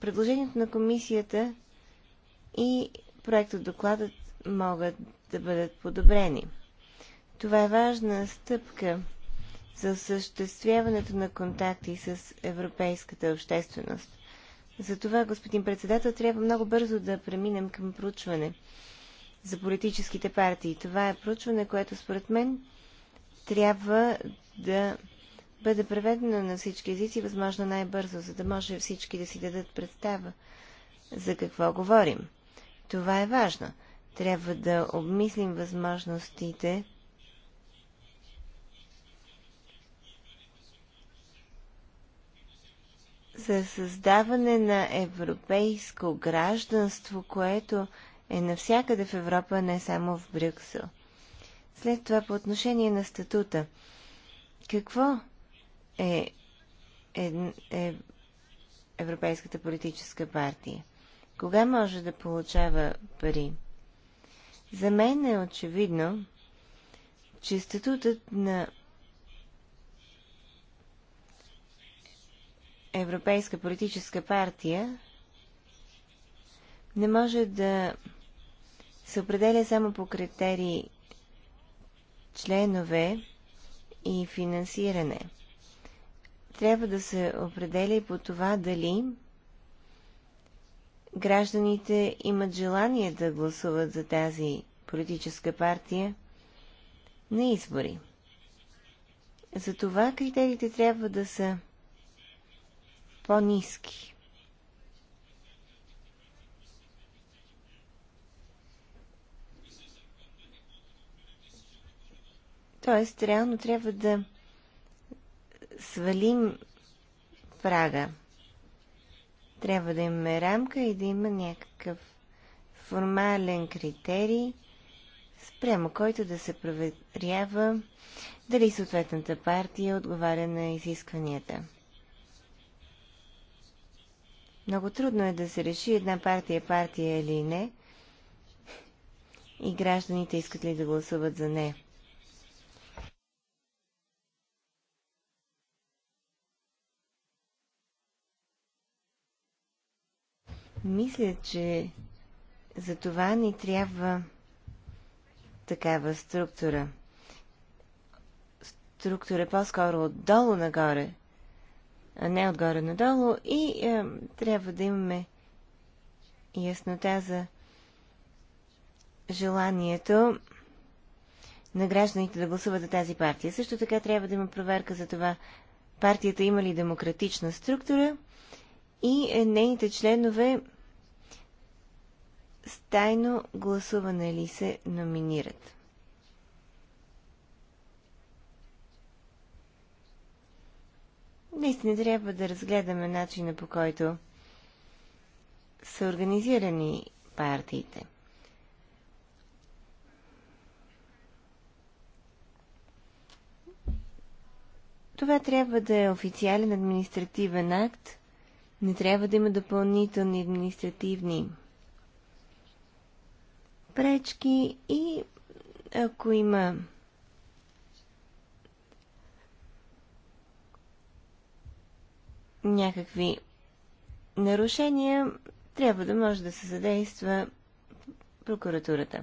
Speaker 2: предложението на комисията и проектът докладът могат да бъдат подобрени. Това е важна стъпка – за осъществяването на контакти с европейската общественост. Затова, господин председател, трябва много бързо да преминем към проучване за политическите партии. Това е проучване, което според мен трябва да бъде преведено на всички езици, възможно най-бързо, за да може всички да си дадат представа за какво говорим. Това е важно. Трябва да обмислим възможностите за създаване на европейско гражданство, което е навсякъде в Европа, не само в Брюксел. След това по отношение на статута. Какво е, е, е Европейската политическа партия? Кога може да получава пари? За мен е очевидно, че статутът на европейска политическа партия не може да се определя само по критерии членове и финансиране. Трябва да се определя и по това дали гражданите имат желание да гласуват за тази политическа партия на избори. Затова критериите трябва да са по-низки. Тоест, реално трябва да свалим прага. Трябва да имаме рамка и да има някакъв формален критерий, спрямо който да се проверява дали съответната партия отговаря на изискванията. Много трудно е да се реши една партия партия или не и гражданите искат ли да гласуват за нея. Мисля, че за това ни трябва такава структура. Структура по-скоро отдолу нагоре, не отгоре надолу и е, трябва да имаме яснота за желанието на гражданите да гласуват за тази партия. Също така трябва да има проверка за това партията има ли демократична структура и е, нейните членове с тайно гласуване ли се номинират. наистина трябва да разгледаме начина по който са организирани партиите. Това трябва да е официален административен акт. Не трябва да има допълнителни административни пречки и ако има някакви нарушения, трябва да може да се задейства прокуратурата.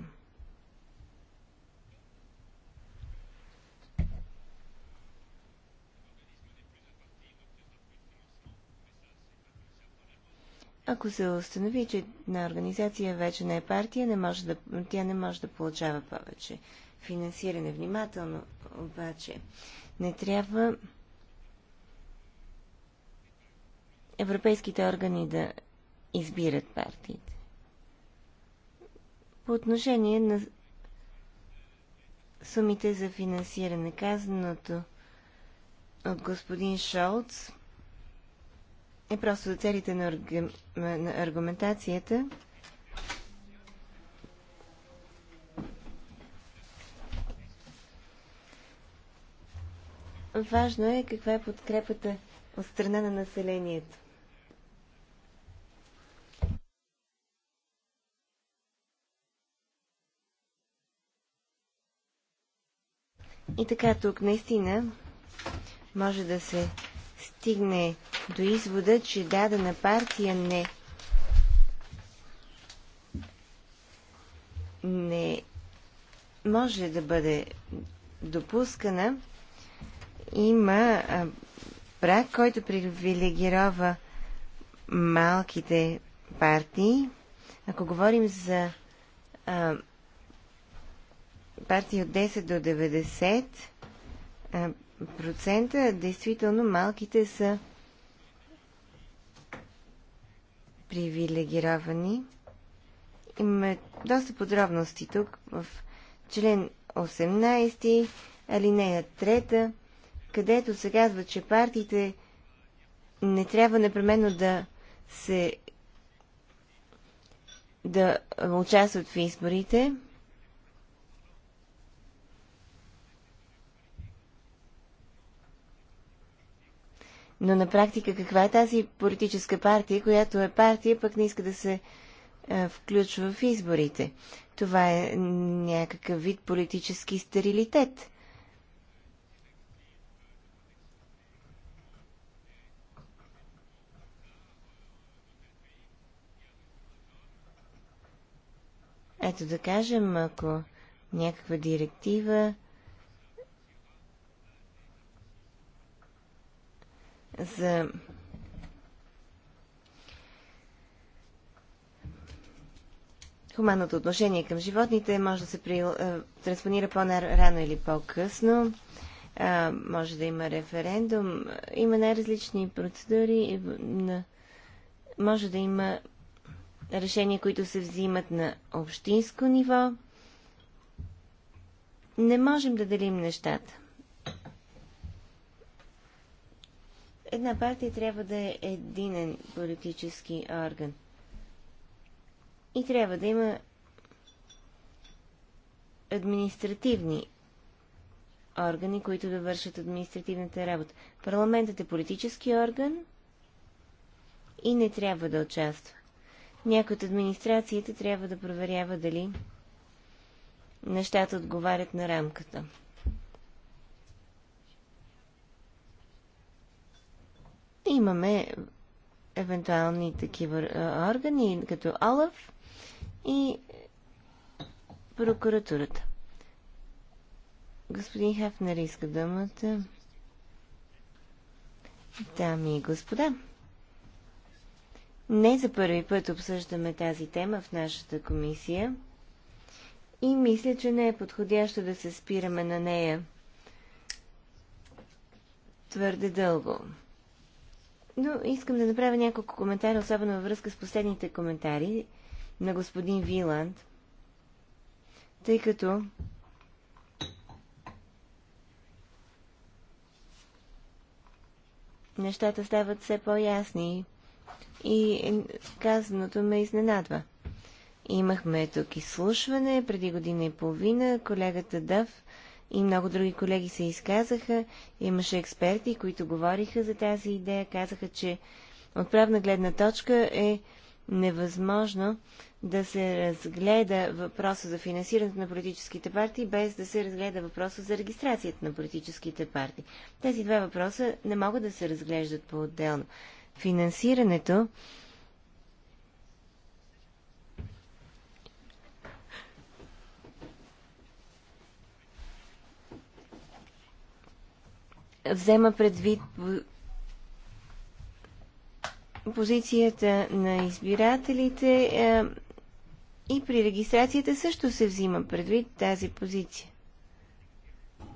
Speaker 2: Ако се установи, че на организация вече не е партия, не може да, тя не може да получава повече финансиране. Внимателно обаче не трябва европейските органи да избират партиите. По отношение на сумите за финансиране, казаното от господин Шолц е просто за целите на, аргум... на аргументацията. Важно е каква е подкрепата от страна на населението. И така тук наистина може да се стигне до извода, че дадена партия не не може да бъде допускана. Има брак, който привилегирова малките партии. Ако говорим за а, партии от 10 до 90 процента, действително малките са привилегировани. Имаме доста подробности тук в член 18, алинея 3, където се казва, че партиите не трябва непременно да се да участват в изборите, Но на практика каква е тази политическа партия, която е партия, пък не иска да се а, е, включва в изборите? Това е някакъв вид политически стерилитет. Ето да кажем, ако някаква директива за хуманното отношение към животните може да се при... транспонира по-рано или по-късно. може да има референдум. Има най-различни процедури. Може да има решения, които се взимат на общинско ниво. Не можем да делим нещата. една партия трябва да е единен политически орган. И трябва да има административни органи, които да вършат административната работа. Парламентът е политически орган и не трябва да участва. Някой от администрацията трябва да проверява дали нещата отговарят на рамката. имаме евентуални такива органи, като ОЛАФ и прокуратурата. Господин Хефнер иска думата. Дами и господа, не за първи път обсъждаме тази тема в нашата комисия и мисля, че не е подходящо да се спираме на нея твърде дълго. Но искам да направя няколко коментари, особено във връзка с последните коментари на господин Виланд, тъй като нещата стават все по-ясни и казаното ме изненадва. Имахме тук изслушване преди година и половина. Колегата Дъв и много други колеги се изказаха. Имаше експерти, които говориха за тази идея, казаха, че от правна гледна точка е невъзможно да се разгледа въпроса за финансирането на политическите партии, без да се разгледа въпроса за регистрацията на политическите партии. Тези два въпроса не могат да се разглеждат по-отделно. Финансирането взема предвид позицията на избирателите е, и при регистрацията също се взима предвид тази позиция.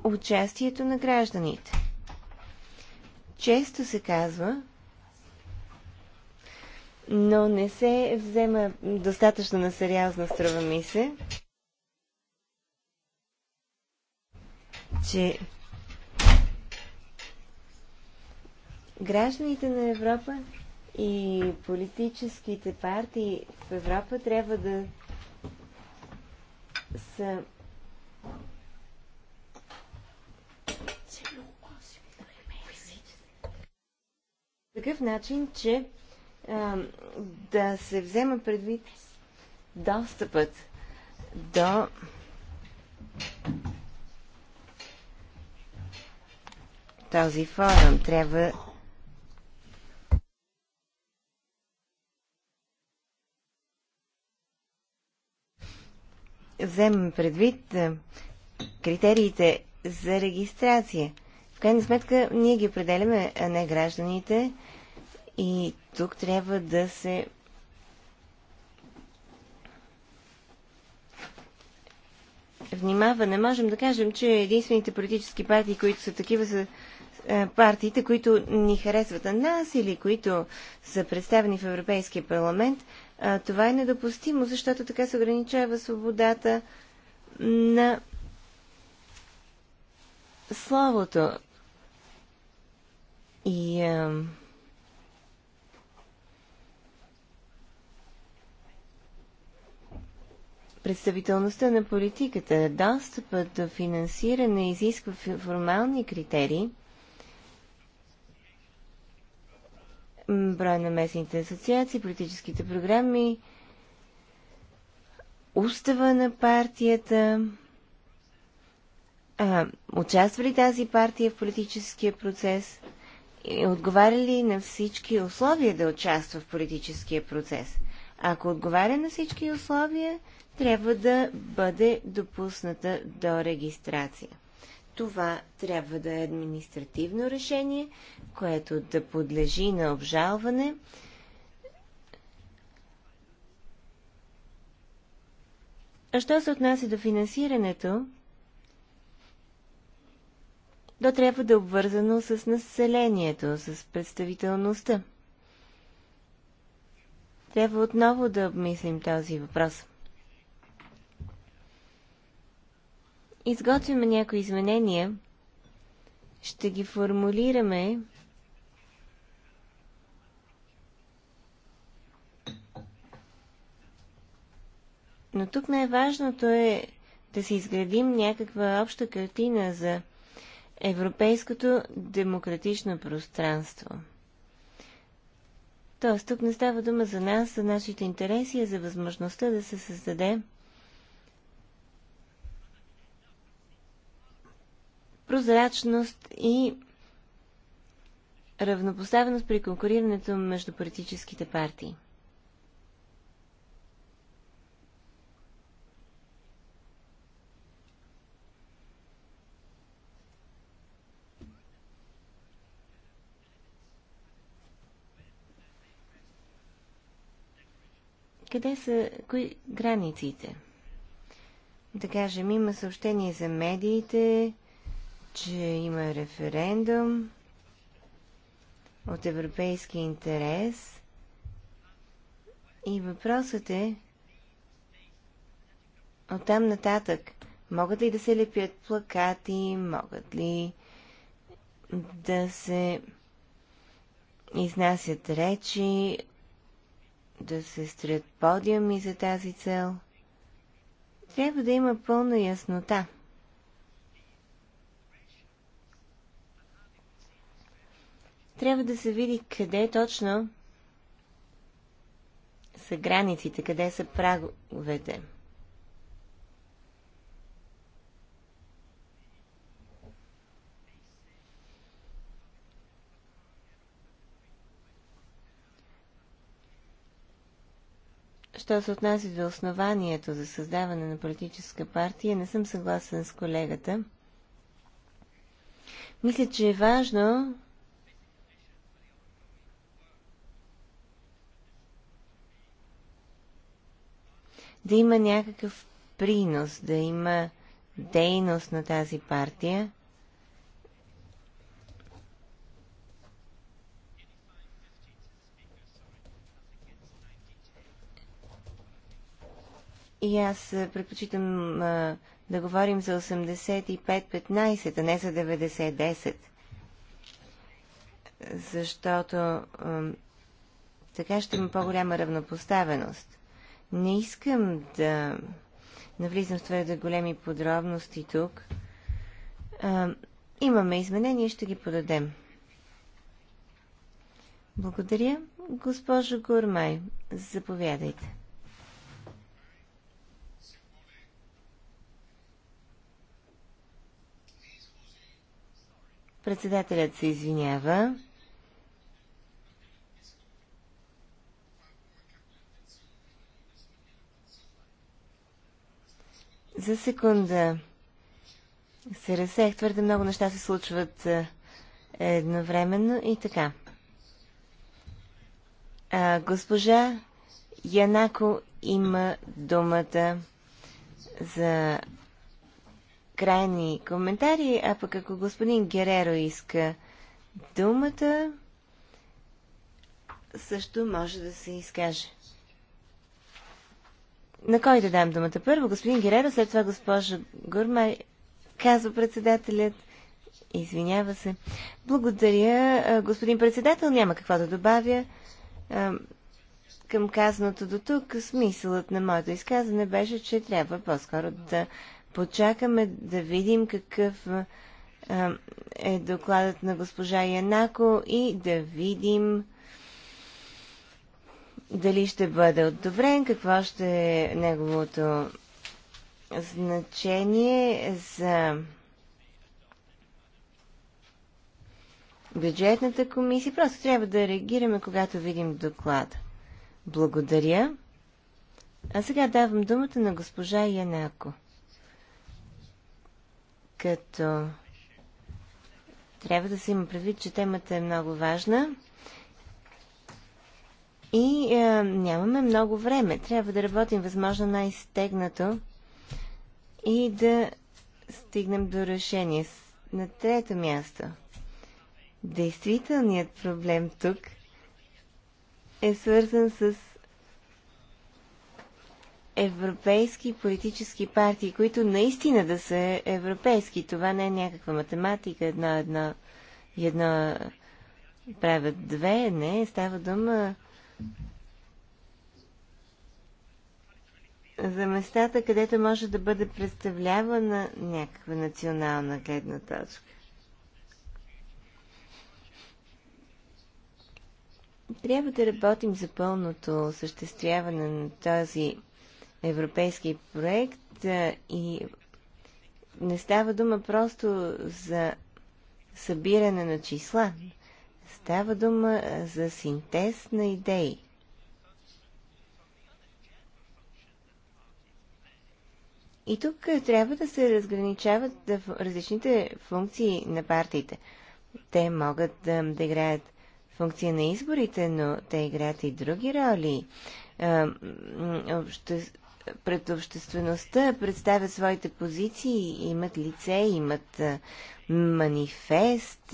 Speaker 2: Участието на гражданите. Често се казва, но не се взема достатъчно на сериозна струва ми се, че Гражданите на Европа и политическите партии в Европа трябва да са такъв начин, че а, да се взема предвид достъпът до този форум. Трябва вземем предвид е, критериите за регистрация. В крайна сметка ние ги определяме, а не гражданите. И тук трябва да се внимава. Не можем да кажем, че единствените политически партии, които са такива, са е, партиите, които ни харесват на нас или които са представени в Европейския парламент, а, това е недопустимо, защото така се ограничава свободата на словото. И а, представителността на политиката, достъпът до финансиране изисква формални критерии, броя на местните асоциации, политическите програми, устава на партията, а, участва ли тази партия в политическия процес, отговаря ли на всички условия да участва в политическия процес. Ако отговаря на всички условия, трябва да бъде допусната до регистрация това трябва да е административно решение, което да подлежи на обжалване. А що се отнася до финансирането, то трябва да е обвързано с населението, с представителността. Трябва отново да обмислим този въпрос. изготвяме някои изменения, ще ги формулираме Но тук най-важното е да си изградим някаква обща картина за европейското демократично пространство. Тоест, тук не става дума за нас, за нашите интереси, а за възможността да се създаде прозрачност и равнопоставеност при конкурирането между политическите партии. Къде са кои границите? Да кажем, има съобщение за медиите, че има референдум от европейски интерес и въпросът е от там нататък могат ли да се лепят плакати, могат ли да се изнасят речи, да се стрят подиуми за тази цел. Трябва да има пълна яснота – Трябва да се види къде точно са границите, къде са праговете. що се отнася до основанието за създаване на политическа партия, не съм съгласен с колегата. Мисля, че е важно да има някакъв принос, да има дейност на тази партия. И аз е, предпочитам а, е, да говорим за 85-15, а не за 90-10. Защото а, така ще има по-голяма равнопоставеност. Не искам да навлизам в твърде големи подробности тук. А, имаме изменения, ще ги подадем. Благодаря. Госпожо Гурмай, заповядайте. Председателят се извинява. За секунда се разсех. Твърде много неща се случват едновременно и така. А, госпожа Янако има думата за крайни коментари, а пък ако господин Гереро иска думата, също може да се изкаже. На кой да дам думата? Първо господин Гереро, след това госпожа Гурмай, казва председателят. Извинява се. Благодаря, господин председател. Няма какво да добавя към казаното до тук, смисълът на моето изказване беше, че трябва по-скоро да почакаме да видим какъв е докладът на госпожа Янако и да видим дали ще бъде одобрен, какво ще е неговото значение за бюджетната комисия. Просто трябва да реагираме, когато видим доклада. Благодаря. А сега давам думата на госпожа Янако. Като трябва да се има предвид, че темата е много важна. И е, нямаме много време. Трябва да работим възможно най-стегнато и да стигнем до решение. На трето място. Действителният проблем тук е свързан с европейски политически партии, които наистина да са европейски. Това не е някаква математика, едно, едно, едно правят две, не, става дума за местата, където може да бъде представлявана някаква национална гледна точка. Трябва да работим за пълното осъществяване на този европейски проект и не става дума просто за събиране на числа. Става дума за синтез на идеи. И тук трябва да се разграничават различните функции на партиите. Те могат да, да играят функция на изборите, но те играят и други роли. Обще... Пред обществеността представят своите позиции, имат лице, имат манифест,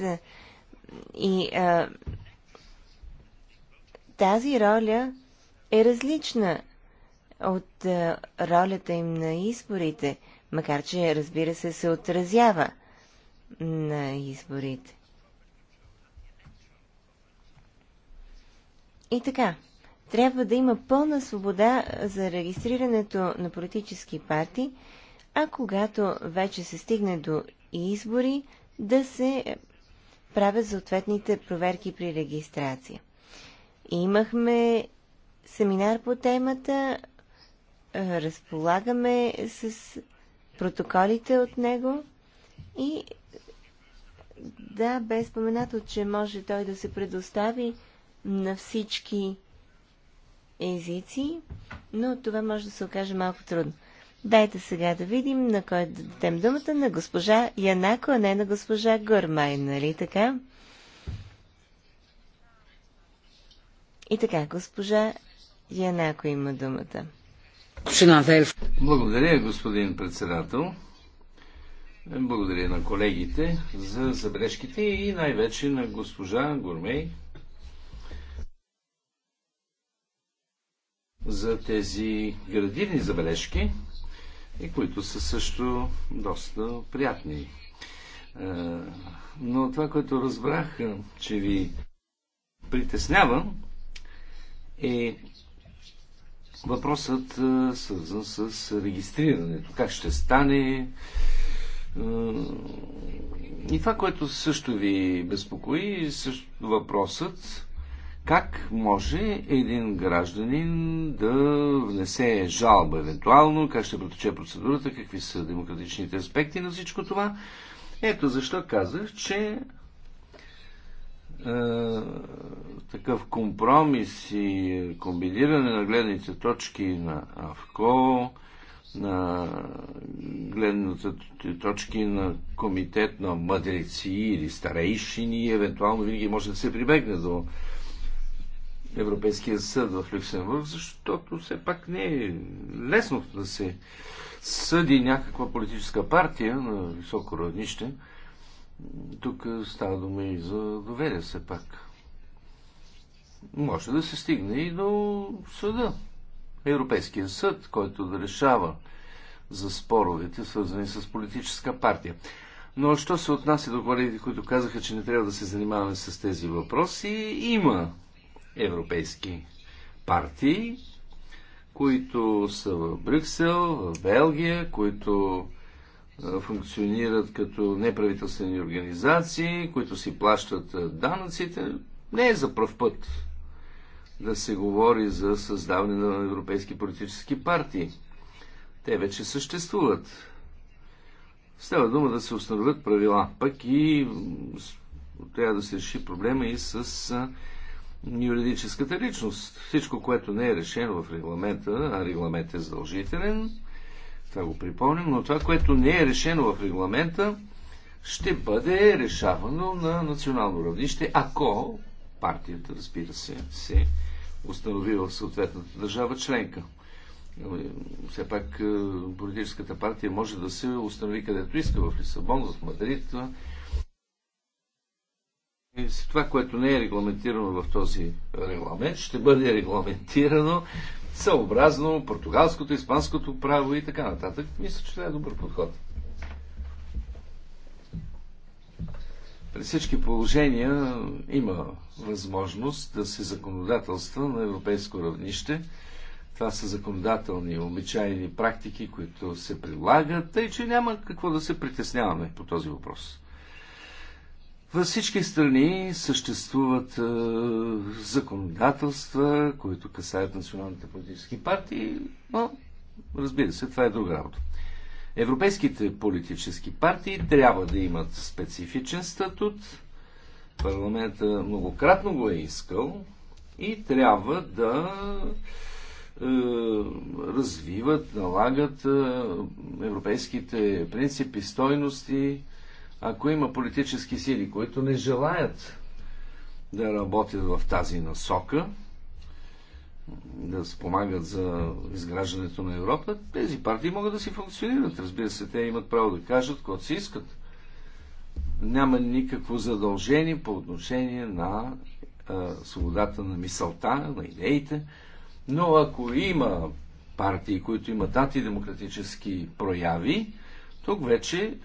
Speaker 2: и а, тази роля е различна от а, ролята им на изборите, макар че, разбира се, се отразява на изборите. И така, трябва да има пълна свобода за регистрирането на политически партии, а когато вече се стигне до избори, да се правят съответните проверки при регистрация. И имахме семинар по темата, разполагаме с протоколите от него и да, бе споменато, че може той да се предостави на всички езици, но това може да се окаже малко трудно. Дайте сега да видим на кой да дадем думата на госпожа Янако, а не на госпожа Гормай, нали така? И така, госпожа Янако има думата.
Speaker 1: Благодаря, господин председател. Благодаря на колегите за забележките и най-вече на госпожа Гормей за тези градивни забележки и които са също доста приятни. Е, но това, което разбрах, е, че ви притеснява, е въпросът е, свързан с регистрирането. Как ще стане? И това, което също ви безпокои, също въпросът как може един гражданин да внесе жалба евентуално, как ще протече процедурата, какви са демократичните аспекти на всичко това? Ето защо казах, че е, такъв компромис и комбиниране на гледните точки на АВКО, на гледните точки на комитет на мъдреци или старейшини, евентуално винаги може да се прибегне до Европейския съд в Люксембург, защото все пак не е лесно да се съди някаква политическа партия на високо равнище. Тук става дума и за доверие все пак. Може да се стигне и до съда. Европейския съд, който да решава за споровете, свързани с политическа партия. Но що се отнася до колегите, които казаха, че не трябва да се занимаваме с тези въпроси, има европейски партии, които са в Брюксел, в Белгия, които функционират като неправителствени организации, които си плащат данъците. Не е за пръв път да се говори за създаване на европейски политически партии. Те вече съществуват. Става дума да се установят правила. Пък и трябва да се реши проблема и с юридическата личност. Всичко, което не е решено в регламента, а регламент е задължителен, това го припомням, но това, което не е решено в регламента, ще бъде решавано на национално равнище, ако партията, разбира се, се установи в съответната държава членка. Все пак е, политическата партия може да се установи където иска, в Лисабон, в Мадрид, това, което не е регламентирано в този регламент, ще бъде регламентирано съобразно португалското, испанското право и така нататък. Мисля, че това е добър подход. При всички положения има възможност да се законодателства на европейско равнище. Това са законодателни, обичайни практики, които се прилагат, тъй че няма какво да се притесняваме по този въпрос. Във всички страни съществуват е, законодателства, които касаят националните политически партии, но разбира се, това е друга работа. Европейските политически партии трябва да имат специфичен статут. Парламента многократно го е искал и трябва да е, развиват, налагат е, европейските принципи, стойности, ако има политически сили, които не желаят да работят в тази насока, да спомагат за изграждането на Европа, тези партии могат да си функционират. Разбира се, те имат право да кажат каквото си искат. Няма никакво задължение по отношение на а, свободата на мисълта, на идеите, но ако има партии, които имат антидемократически прояви, тук вече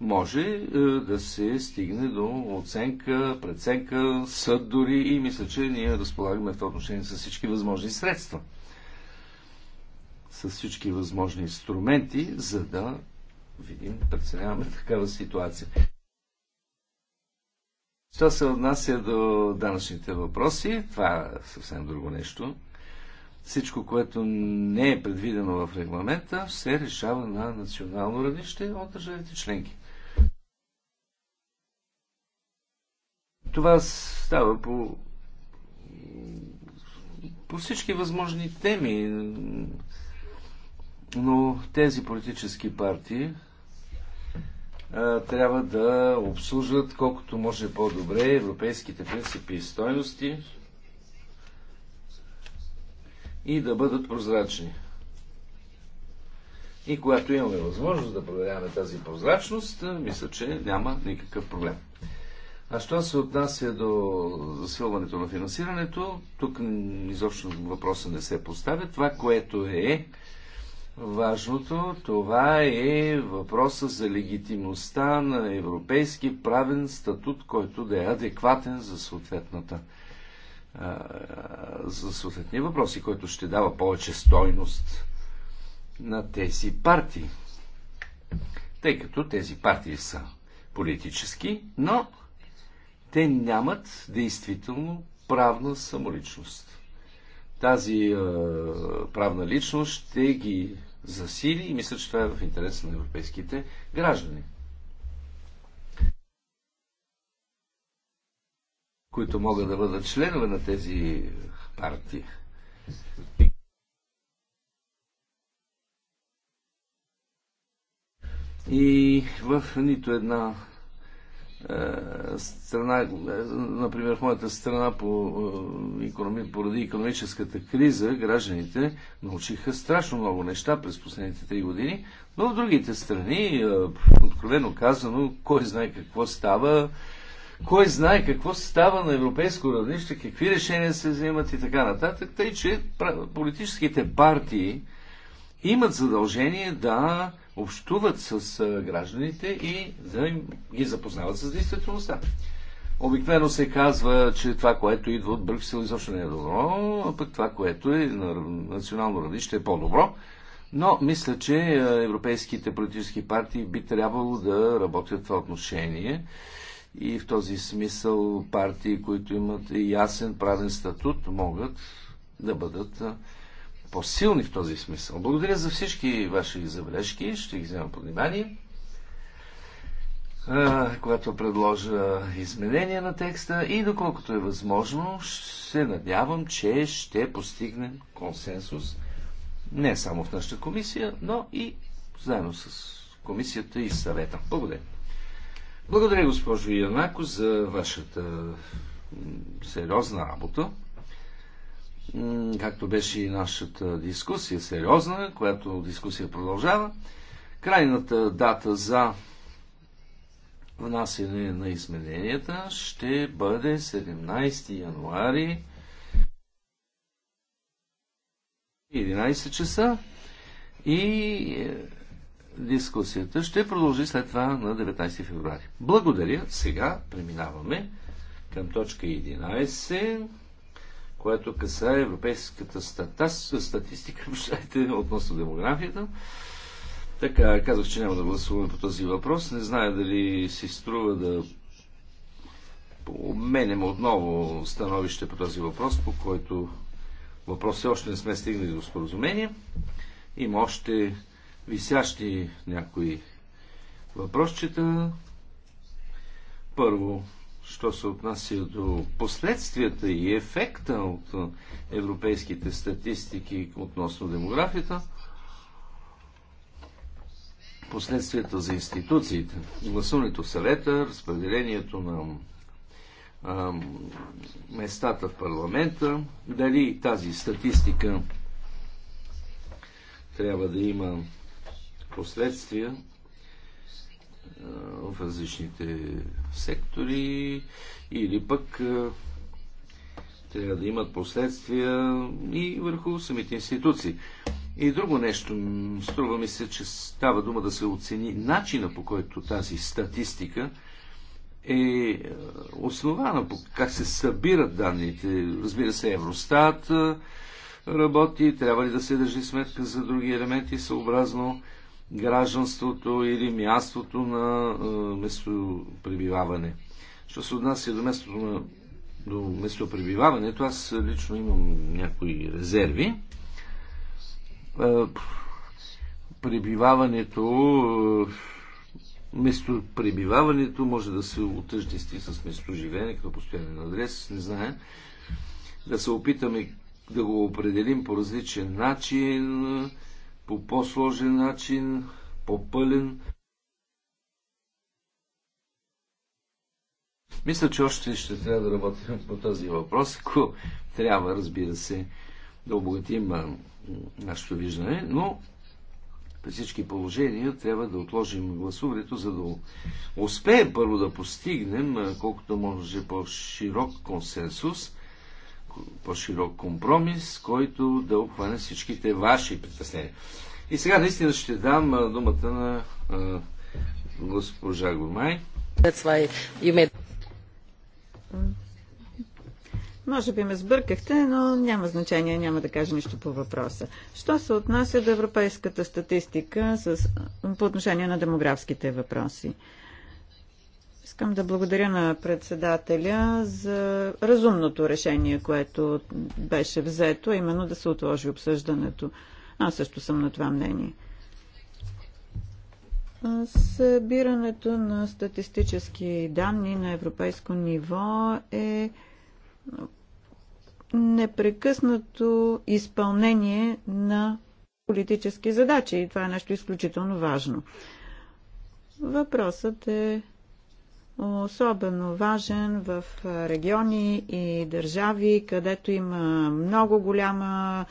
Speaker 1: може е, да се стигне до оценка, преценка, съд дори и мисля, че ние разполагаме в това отношение с всички възможни средства. С всички възможни инструменти, за да видим, преценяваме такава ситуация. Що се отнася до данъчните въпроси, това е съвсем друго нещо. Всичко, което не е предвидено в регламента, се решава на национално равнище от държавите членки. Това става по, по всички възможни теми, но тези политически партии а, трябва да обслужват колкото може по-добре европейските принципи и стойности и да бъдат прозрачни. И когато имаме възможност да проверяваме тази прозрачност, мисля, че няма никакъв проблем. А що се отнася до засилването на финансирането, тук изобщо въпроса не се поставя. Това, което е важното, това е въпроса за легитимността на европейски правен статут, който да е адекватен за съответната за съответния въпроси, който ще дава повече стойност на тези партии. Тъй като тези партии са политически, но те нямат действително правна самоличност. Тази е, правна личност ще ги засили и мисля, че това е в интерес на европейските граждани. които могат да бъдат членове на тези партии. И в нито една е, страна, е, например в моята страна по, економи, поради економическата криза, гражданите научиха страшно много неща през последните три години, но в другите страни, е, откровено казано, кой знае какво става, кой знае какво става на европейско равнище, какви решения се вземат и така нататък. Тъй, че политическите партии имат задължение да общуват с гражданите и да им ги запознават с действителността. Обикновено се казва, че това, което идва от Брюксел, изобщо не е добро, а пък това, което е на национално равнище е по-добро. Но мисля, че европейските политически партии би трябвало да работят в това отношение. И в този смисъл партии, които имат ясен правен статут, могат да бъдат по-силни в този смисъл. Благодаря за всички ваши забележки. Ще ги взема под внимание. Когато предложа изменения на текста и доколкото е възможно, се надявам, че ще постигнем консенсус не само в нашата комисия, но и заедно с комисията и съвета. Благодаря. Благодаря, госпожо Янако, за вашата сериозна работа както беше и нашата дискусия, сериозна, която дискусия продължава. Крайната дата за внасяне на измененията ще бъде 17 януари 11 часа и е, дискусията ще продължи след това на 19 февруари. Благодаря. Сега преминаваме към точка 11 което касае европейската статас, статистика, относно демографията. Така, казах, че няма да гласуваме по този въпрос. Не зная дали си струва да обменем отново становище по този въпрос, по който въпрос все още не сме стигнали до споразумение. Има още висящи някои въпросчета. Първо, що се отнася до последствията и ефекта от европейските статистики относно демографията, последствията за институциите, гласуването в съвета, разпределението на а, местата в парламента, дали тази статистика трябва да има последствия в различните сектори или пък е, трябва да имат последствия и върху самите институции. И друго нещо, струва ми се, че става дума да се оцени начина по който тази статистика е, е основана по как се събират данните. Разбира се, Евростат е, работи, трябва ли да се държи сметка за други елементи съобразно гражданството или мястото на е, местопребиваване. Що се отнася до местото на до местопребиваването, аз лично имам някои резерви. Е, пребиваването е, местопребиваването може да се отъждести с местоживеене като постоянен адрес, не знаем. Да се опитаме да го определим по различен начин, по по-сложен начин, по-пълен. Мисля, че още ще трябва да работим по този въпрос, ако трябва, разбира се, да обогатим нашето виждане, но при всички положения трябва да отложим гласуването, за да успеем първо да постигнем колкото може по-широк консенсус по-широк компромис, който да обхване всичките ваши притеснения. И сега наистина ще дам думата на госпожа Гормай.
Speaker 3: Може би ме сбъркахте, но няма значение, няма да кажа нищо по въпроса. Що се отнася до европейската статистика с, по отношение на демографските въпроси? Искам да благодаря на председателя за разумното решение, което беше взето, именно да се отложи обсъждането. Аз също съм на това мнение. Събирането на статистически данни на европейско ниво е непрекъснато изпълнение на политически задачи и това е нещо изключително важно. Въпросът е особено важен в региони и държави, където има много голяма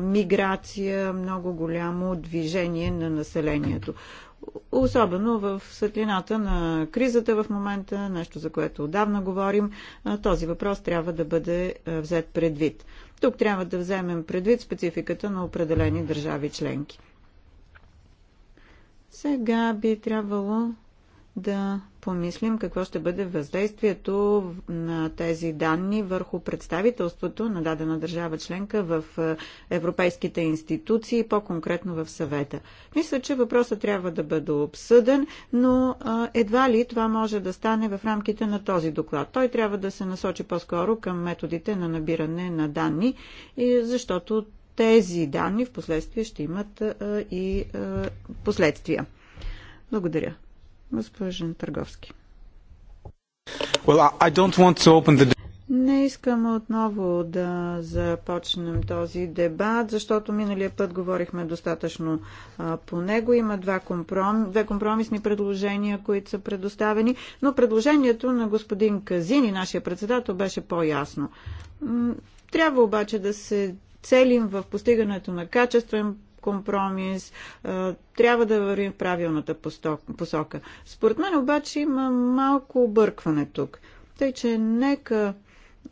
Speaker 3: миграция, много голямо движение на населението. Особено в светлината на кризата в момента, нещо за което отдавна говорим, този въпрос трябва да бъде взет предвид. Тук трябва да вземем предвид спецификата на определени държави членки. Сега би трябвало да помислим какво ще бъде въздействието на тези данни върху представителството на дадена държава членка в е, европейските институции, по-конкретно в съвета. Мисля, че въпросът трябва да бъде обсъден, но едва ли това може да стане в рамките на този доклад. Той трябва да се насочи по-скоро към методите на набиране на данни, защото тези данни в последствие ще имат и последствия. Благодаря. Госпожен Търговски. Не искам отново да започнем този дебат, защото миналия път говорихме достатъчно а, по него. Има два компром... две компромисни предложения, които са предоставени, но предложението на господин Казини, нашия председател, беше по-ясно. Трябва обаче да се целим в постигането на качествен компромис, е, трябва да вървим в правилната посока. Според мен обаче има малко объркване тук. Тъй, че нека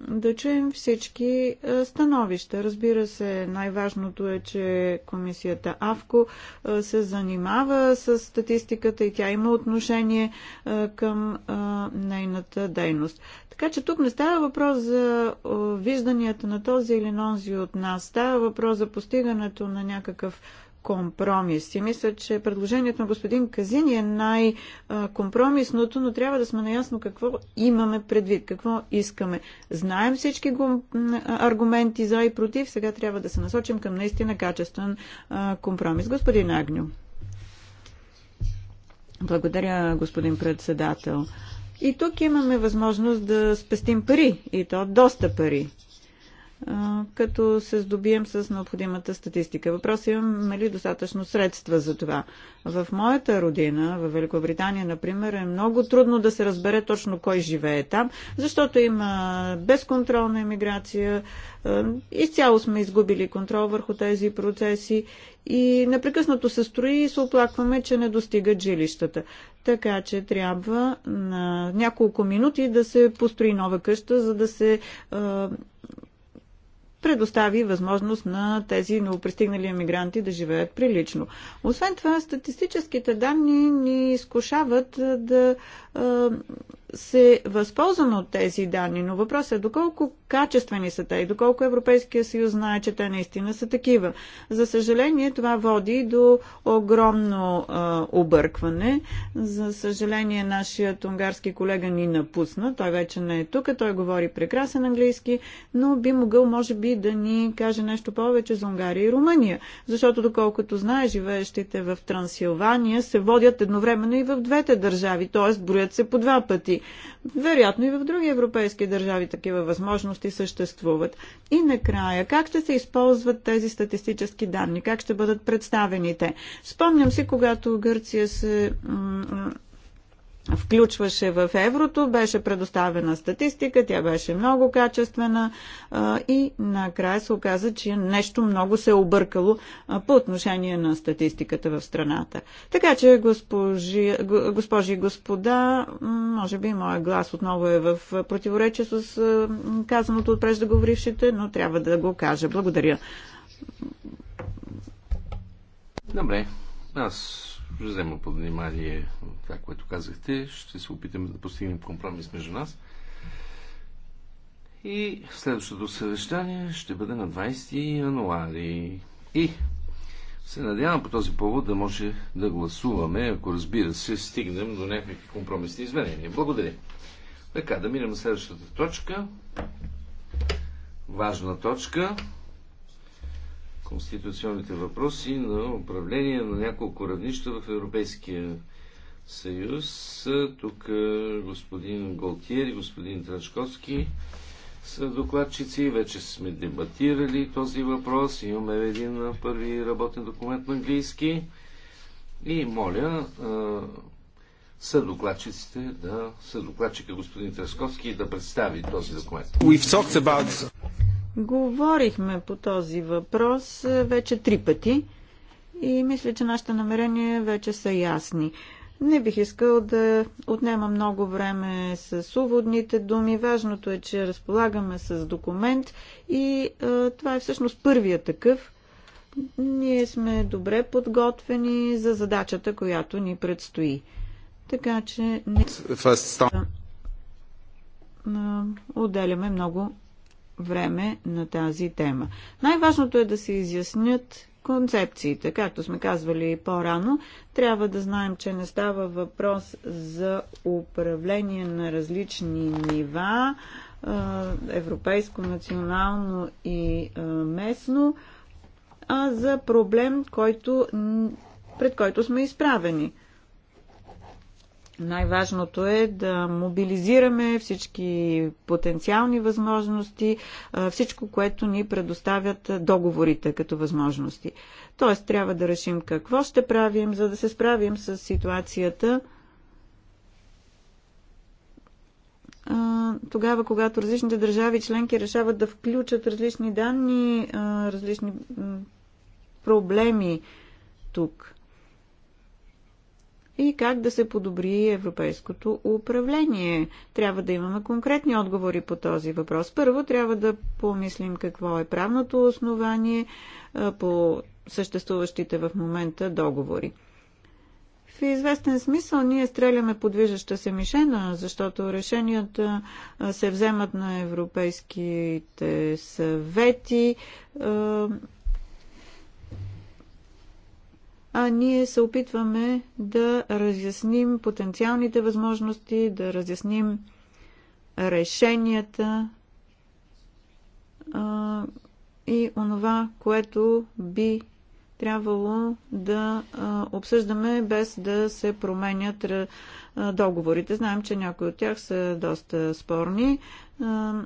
Speaker 3: да чуем всички е, становища. Разбира се, най-важното е, че комисията АВКО е, се занимава с статистиката и тя има отношение е, към нейната дейност. Така че тук не става въпрос за вижданията на този или нонзи от нас. Става въпрос за постигането на някакъв Компромис. И Мисля, че предложението на господин Казини е най-компромисното, но трябва да сме наясно какво имаме предвид, какво искаме. Знаем всички аргументи за и против, сега трябва да се насочим към наистина качествен компромис. Господин Агню. Благодаря, господин председател. И тук имаме възможност да спестим пари, и то доста пари като се здобием с необходимата статистика. Въпрос имаме ли нали, достатъчно средства за това? В моята родина, в Великобритания, например, е много трудно да се разбере точно кой живее там, защото има безконтролна емиграция, изцяло сме изгубили контрол върху тези процеси и непрекъснато се строи и се оплакваме, че не достигат жилищата. Така че трябва на няколко минути да се построи нова къща, за да се предостави възможност на тези новопристигнали емигранти да живеят прилично. Освен това, статистическите данни ни изкушават да се възползваме от тези данни, но въпросът е доколко качествени са те и доколко Европейския съюз знае, че те наистина са такива. За съжаление, това води до огромно а, объркване. За съжаление, нашият унгарски колега ни напусна. Той вече не е тук, той говори прекрасен английски, но би могъл, може би, да ни каже нещо повече за Унгария и Румъния. Защото, доколкото знае, живеещите в Трансилвания се водят едновременно и в двете държави, т.е. броят Повтарят се по два пъти. Вероятно и в други европейски държави такива възможности съществуват. И накрая, как ще се използват тези статистически данни? Как ще бъдат представените? Спомням си, когато Гърция се включваше в еврото, беше предоставена статистика, тя беше много качествена и накрая се оказа, че нещо много се е объркало по отношение на статистиката в страната. Така че, госпожи, госпожи и господа, може би моят глас отново е в противоречие с казаното от преждеговорившите, но трябва да го кажа. Благодаря.
Speaker 1: Добре. Аз ще взема под внимание това, което казахте. Ще се опитаме да постигнем компромис между нас. И следващото съвещание ще бъде на 20 януари. И се надявам по този повод да може да гласуваме, ако разбира се, стигнем до някакви компромисни изменения. Благодаря. Така, да минем на следващата точка. Важна точка конституционните въпроси на управление на няколко равнища в Европейския съюз. Тук е, господин Голтиер и господин Трашковски са докладчици. Вече сме дебатирали този въпрос. Имаме един първи работен документ на английски. И моля е, съдокладчиците да са докладчика господин Трасковски да представи този документ. About...
Speaker 3: Говорихме по този въпрос е, вече три пъти и мисля, че нашите намерения вече са ясни. Не бих искал да отнема много време с уводните думи. Важното е, че разполагаме с документ и а, е, това е всъщност първия такъв. Ние сме добре подготвени за задачата, която ни предстои. Така че не... Отделяме много време на тази тема. Най-важното е да се изяснят концепциите. Както сме казвали по-рано, трябва да знаем, че не става въпрос за управление на различни нива, европейско, национално и местно, а за проблем, който, пред който сме изправени – най-важното е да мобилизираме всички потенциални възможности, всичко, което ни предоставят договорите като възможности. Тоест, трябва да решим какво ще правим, за да се справим с ситуацията тогава, когато различните държави членки решават да включат различни данни, различни проблеми тук и как да се подобри европейското управление. Трябва да имаме конкретни отговори по този въпрос. Първо трябва да помислим какво е правното основание по съществуващите в момента договори. В известен смисъл ние стреляме по движеща се мишена, защото решенията се вземат на европейските съвети а ние се опитваме да разясним потенциалните възможности, да разясним решенията а, и онова, което би трябвало да а, обсъждаме без да се променят а, договорите. Знаем, че някои от тях са доста спорни. А,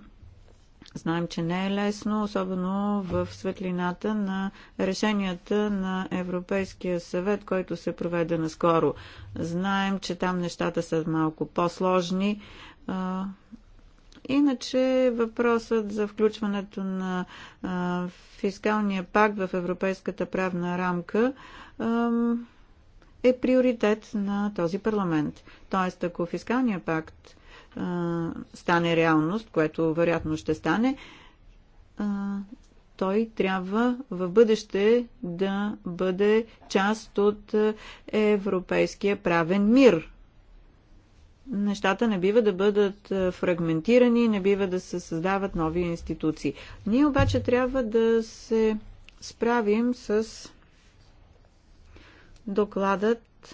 Speaker 3: Знаем, че не е лесно, особено в светлината на решенията на Европейския съвет, който се проведе наскоро. Знаем, че там нещата са малко по-сложни. Иначе въпросът за включването на фискалния пакт в европейската правна рамка е приоритет на този парламент. Тоест, ако фискалния пакт а, стане реалност, което вероятно ще стане, а, той трябва в бъдеще да бъде част от европейския правен мир. Нещата не бива да бъдат фрагментирани, не бива да се създават нови институции. Ние обаче трябва да се справим с докладът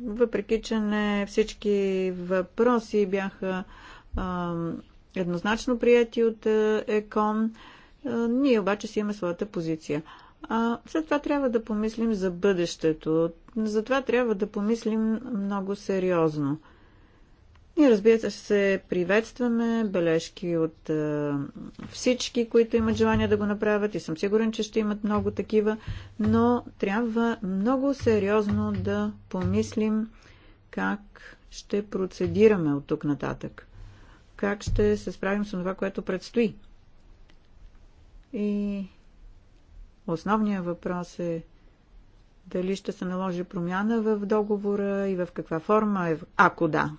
Speaker 3: въпреки че не всички въпроси бяха а, еднозначно прияти от ЕКОН, а, ние обаче си имаме своята позиция. А, след това трябва да помислим за бъдещето. За това трябва да помислим много сериозно. Ние разбира се се приветстваме бележки от е, всички, които имат желание да го направят и съм сигурен, че ще имат много такива, но трябва много сериозно да помислим как ще процедираме от тук нататък. Как ще се справим с това, което предстои. И основният въпрос е дали ще се наложи промяна в договора и в каква форма, ако да,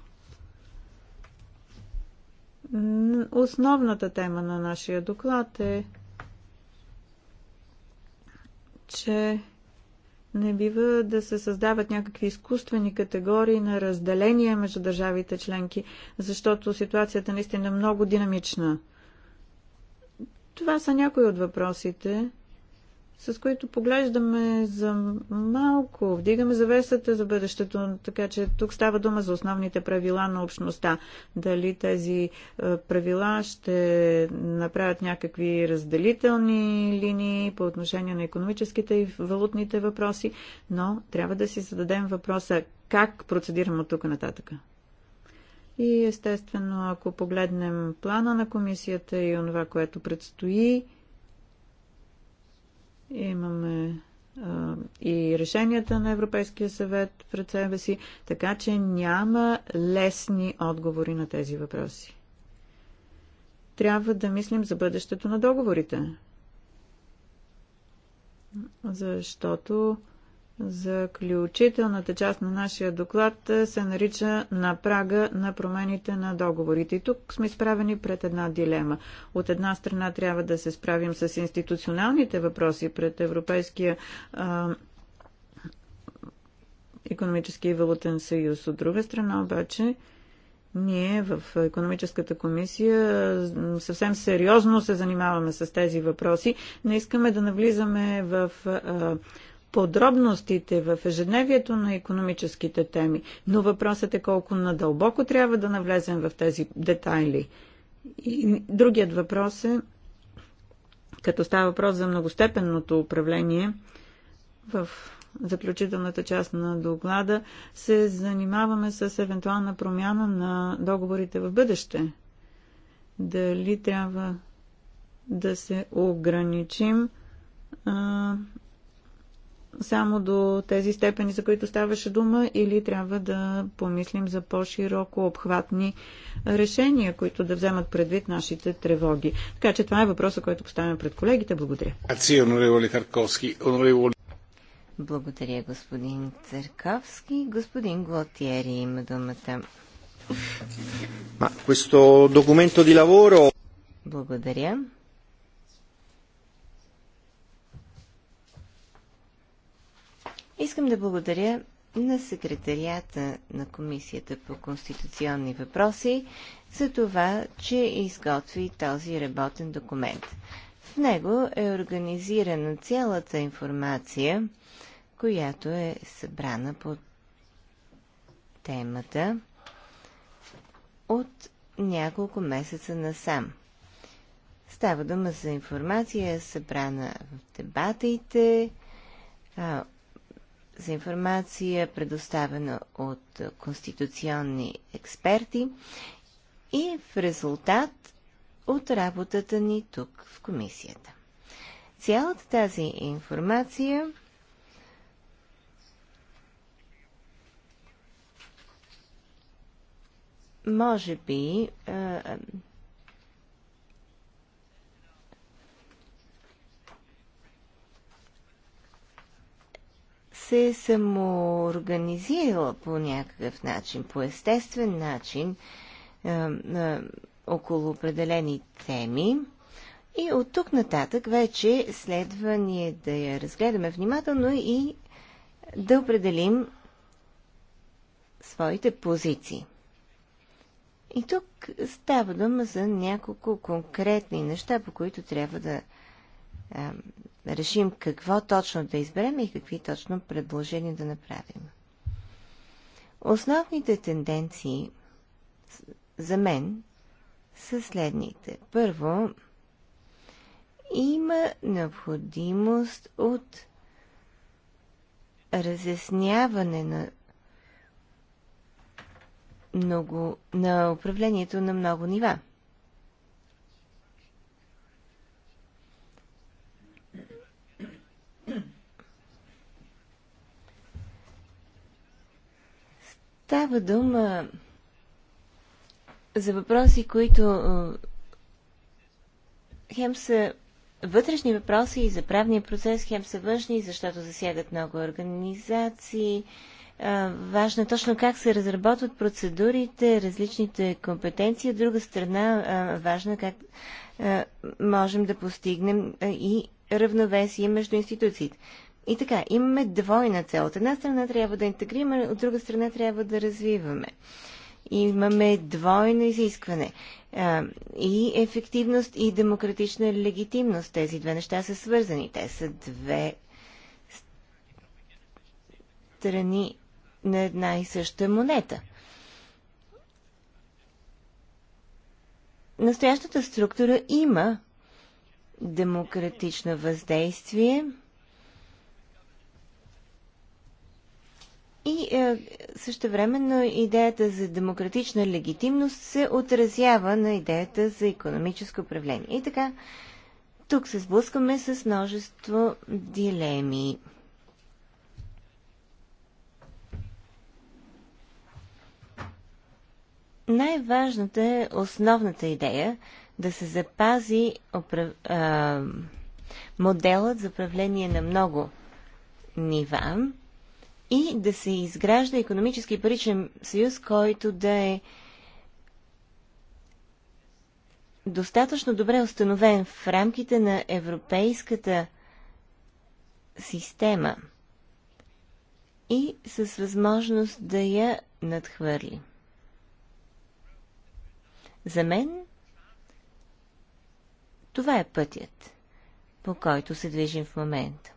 Speaker 3: Основната тема на нашия доклад е, че не бива да се създават някакви изкуствени категории на разделение между държавите членки, защото ситуацията е наистина е много динамична. Това са някои от въпросите, с които поглеждаме за малко, вдигаме завесата за бъдещето, така че тук става дума за основните правила на общността. Дали тези е, правила ще направят някакви разделителни линии по отношение на економическите и валутните въпроси, но трябва да си зададем въпроса как процедираме от тук нататък. И естествено, ако погледнем плана на комисията и онова, което предстои, Имаме а, и решенията на Европейския съвет пред себе си, така че няма лесни отговори на тези въпроси. Трябва да мислим за бъдещето на договорите. Защото Заключителната част на нашия доклад се нарича на прага на промените на договорите. И тук сме изправени пред една дилема. От една страна трябва да се справим с институционалните въпроси пред Европейския а, економически и валутен съюз. От друга страна обаче ние в економическата комисия съвсем сериозно се занимаваме с тези въпроси. Не искаме да навлизаме в а, подробностите в ежедневието на економическите теми, но въпросът е колко надълбоко трябва да навлезем в тези детайли. И другият въпрос е, като става въпрос за многостепенното управление, в заключителната част на доклада се занимаваме с евентуална промяна на договорите в бъдеще. Дали трябва да се ограничим само до тези степени, за които ставаше дума, или трябва да помислим за по-широко обхватни решения, които да вземат предвид нашите
Speaker 2: тревоги. Така че това е въпросът, който поставяме пред колегите. Благодаря. Благодаря, господин Църковски. Господин Глотиери има думата.
Speaker 3: Ма, questo documento di lavoro...
Speaker 2: Благодаря. Искам да благодаря на секретарията на Комисията по конституционни въпроси за това, че изготви този работен документ. В него е организирана цялата информация, която е събрана по темата от няколко месеца насам. Става дума за информация, събрана в дебатите, за информация, предоставена от конституционни експерти и в резултат от работата ни тук в комисията. Цялата тази информация може би се самоорганизирала по някакъв начин, по естествен начин, е, е, около определени теми. И от тук нататък вече следва ние да я разгледаме внимателно и да определим своите позиции. И тук става дума за няколко конкретни неща, по които трябва да да решим какво точно да изберем и какви точно предложения да направим. Основните тенденции за мен са следните. Първо, има необходимост от разясняване на много, на управлението на много нива – Става дума за въпроси, които хем са вътрешни въпроси и за правния процес, хем са външни, защото засягат много организации. Важно е точно как се разработват процедурите, различните компетенции. От друга страна, важно е как можем да постигнем и равновесие между институциите. И така, имаме двойна цел. От една страна трябва да интегрираме, от друга страна трябва да развиваме. Имаме двойно изискване. И ефективност, и демократична легитимност. Тези две неща са свързани. Те са две страни на една и съща монета. Настоящата структура има демократично въздействие – И е, също времено идеята за демократична легитимност се отразява на идеята за економическо управление. И така, тук се сблъскваме с множество дилеми. Най-важната е основната идея да се запази оправ... а, моделът за управление на много нива, и да се изгражда економически и паричен съюз, който да е достатъчно добре установен в рамките на европейската система и с възможност да я надхвърли. За мен това е пътят, по който се движим в момента.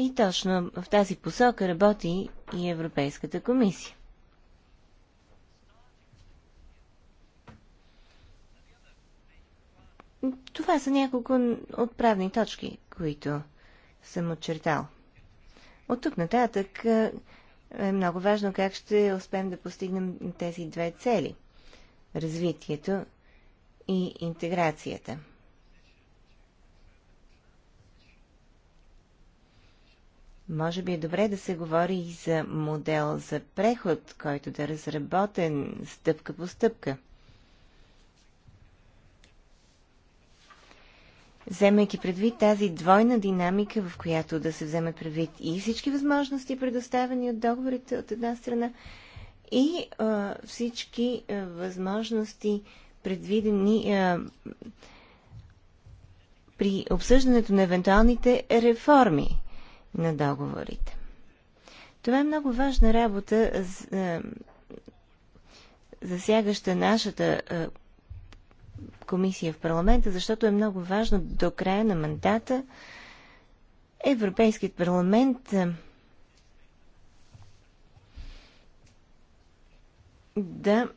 Speaker 2: И точно в тази посока работи и Европейската комисия. Това са няколко отправни точки, които съм очертал. От тук нататък е, е много важно как ще успеем да постигнем тези две цели – развитието и интеграцията – Може би е добре да се говори и за модел за преход, който да е разработен стъпка по стъпка. Вземайки предвид тази двойна динамика, в която да се вземе предвид и всички възможности, предоставени от договорите от една страна, и а, всички а, възможности, предвидени а, при обсъждането на евентуалните реформи на договорите. Това е много важна работа, е, засягаща нашата е, комисия в парламента, защото е много важно до края на мандата Европейският парламент е, да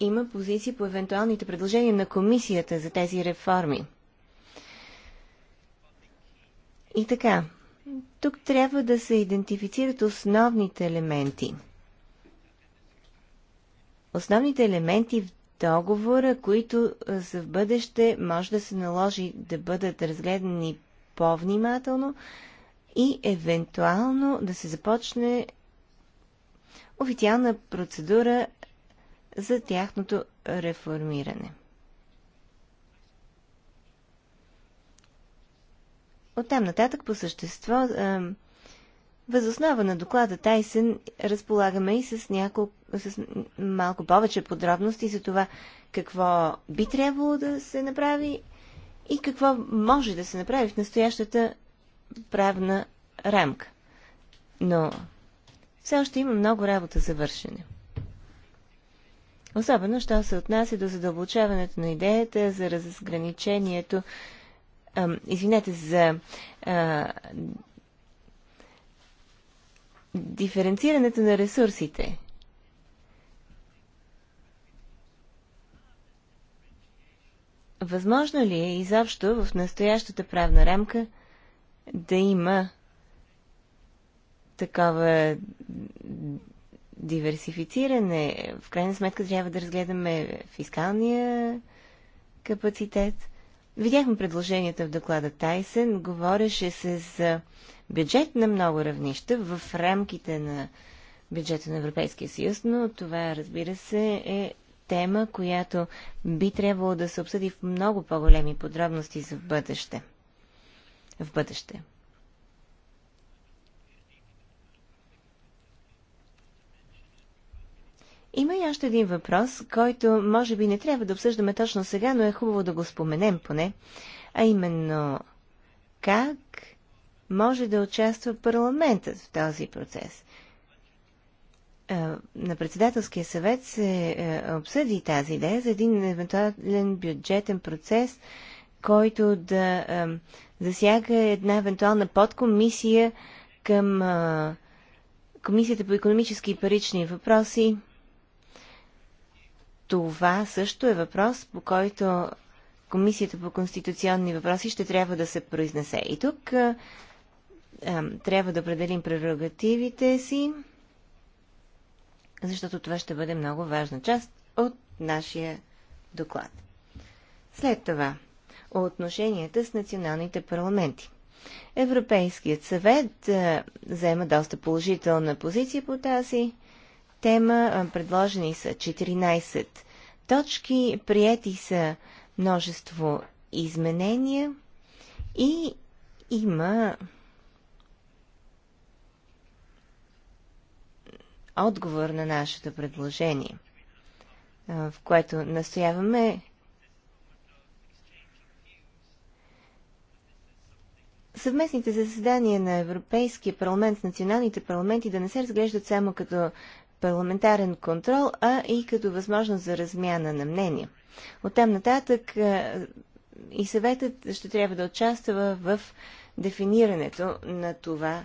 Speaker 2: има позиции по евентуалните предложения на комисията за тези реформи. И така, тук трябва да се идентифицират основните елементи. Основните елементи в договора, които за в бъдеще може да се наложи да бъдат разгледани по-внимателно и евентуално да се започне официална процедура за тяхното реформиране. Оттам нататък по същество, възоснова на доклада Тайсен, разполагаме и с, няко, с малко повече подробности за това какво би трябвало да се направи и какво може да се направи в настоящата правна рамка. Но все още има много работа за вършене. Особено, що се отнася до задълбочаването на идеята за разграничението извинете, за а, диференцирането на ресурсите. Възможно ли е изобщо в настоящата правна рамка да има такова диверсифициране? В крайна сметка трябва да разгледаме фискалния капацитет – Видяхме предложенията в доклада Тайсен, говореше се за бюджет на много равнища в рамките на бюджета на Европейския съюз, но това, разбира се, е тема, която би трябвало да се обсъди в много по-големи подробности за в бъдеще. В бъдеще. Има и още един въпрос, който може би не трябва да обсъждаме точно сега, но е хубаво да го споменем поне, а именно как може да участва парламентът в този процес. Е, на председателския съвет се е, обсъди тази идея за един евентуален бюджетен процес, който да е, засяга една евентуална подкомисия към Комисията по економически и парични въпроси това също е въпрос, по който Комисията по конституционни въпроси ще трябва да се произнесе. И тук а, а, трябва да определим прерогативите си, защото това ще бъде много важна част от нашия доклад. След това, отношенията с националните парламенти. Европейският съвет а, заема доста положителна позиция по тази тема. Предложени са 14 точки, приети са множество изменения и има отговор на нашето предложение, в което настояваме съвместните заседания на Европейския парламент с националните парламенти да не се разглеждат само като парламентарен контрол, а и като възможност за размяна на мнения. Оттам нататък и съветът ще трябва да участва в дефинирането на това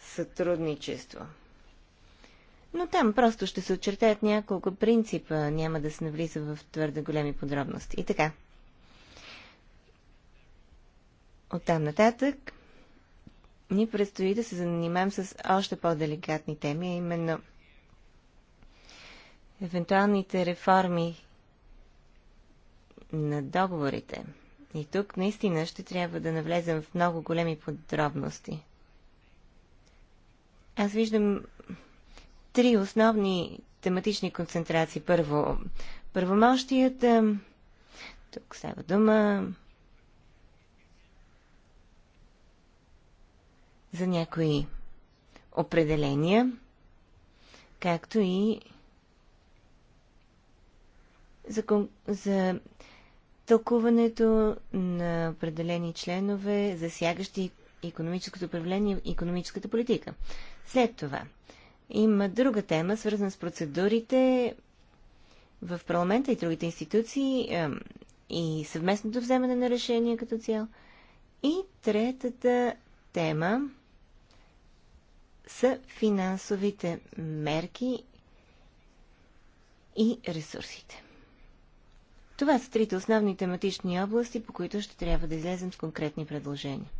Speaker 2: сътрудничество. Но там просто ще се очертаят няколко принципа, няма да се навлиза в твърде големи подробности. И така. Оттам нататък ни предстои да се занимаем с още по-деликатни теми, а именно – евентуалните реформи на договорите. И тук наистина ще трябва да навлезем в много големи подробности. Аз виждам три основни тематични концентрации. Първо, първомощията. Е, тук става дума за някои определения, както и за, за тълкуването на определени членове, засягащи економическото управление и економическата политика. След това има друга тема, свързана с процедурите в парламента и другите институции и съвместното вземане на решения като цяло. И третата тема са финансовите мерки и ресурсите. Това са трите основни тематични области, по които ще трябва да излезем с конкретни предложения.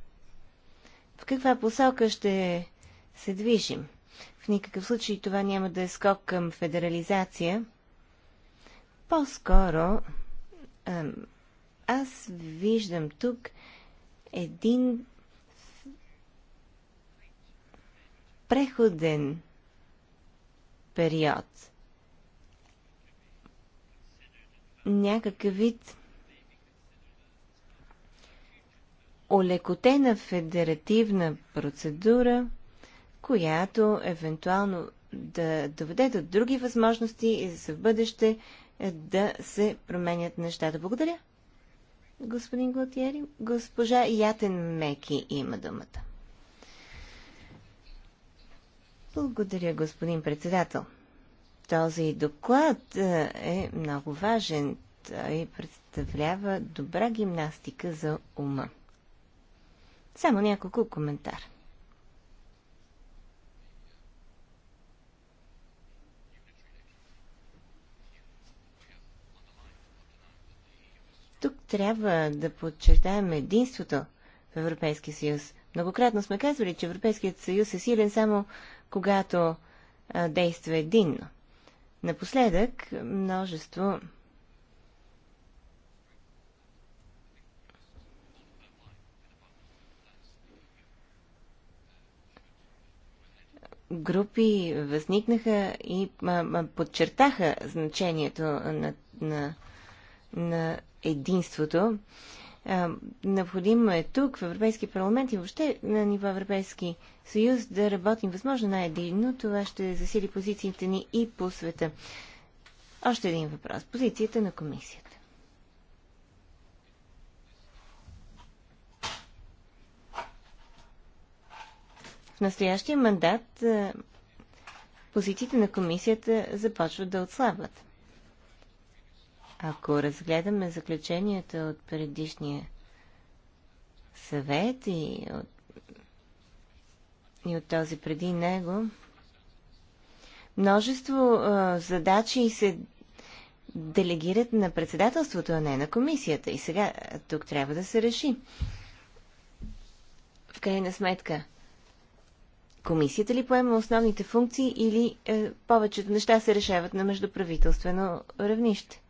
Speaker 2: В каква посока ще се движим? В никакъв случай това няма да е скок към федерализация. По-скоро аз виждам тук един преходен период – някакъв вид олекотена федеративна процедура, която евентуално да доведе до други възможности и за в бъдеще да се променят нещата. Благодаря. Господин Глотиери, госпожа Ятен Меки има думата. Благодаря, господин председател. Този доклад е много важен. Той представлява добра гимнастика за ума. Само няколко коментар. Тук трябва да подчертаем единството в Европейския съюз. Многократно сме казвали, че Европейският съюз е силен само когато а, действа единно. Напоследък множество групи възникнаха и подчертаха значението на, на, на единството. Необходимо е тук, в Европейски парламент и въобще на ниво Европейски съюз да работим възможно най-единно. Това ще засили позициите ни и по света. Още един въпрос. Позицията на комисията. В настоящия мандат позициите на комисията започват да отслабват. Ако разгледаме заключенията от предишния съвет и от, и от този преди него, множество а, задачи се делегират на председателството, а не на комисията. И сега тук трябва да се реши. В крайна сметка, комисията ли поема основните функции или е, повечето неща се решават на междуправителствено равнище?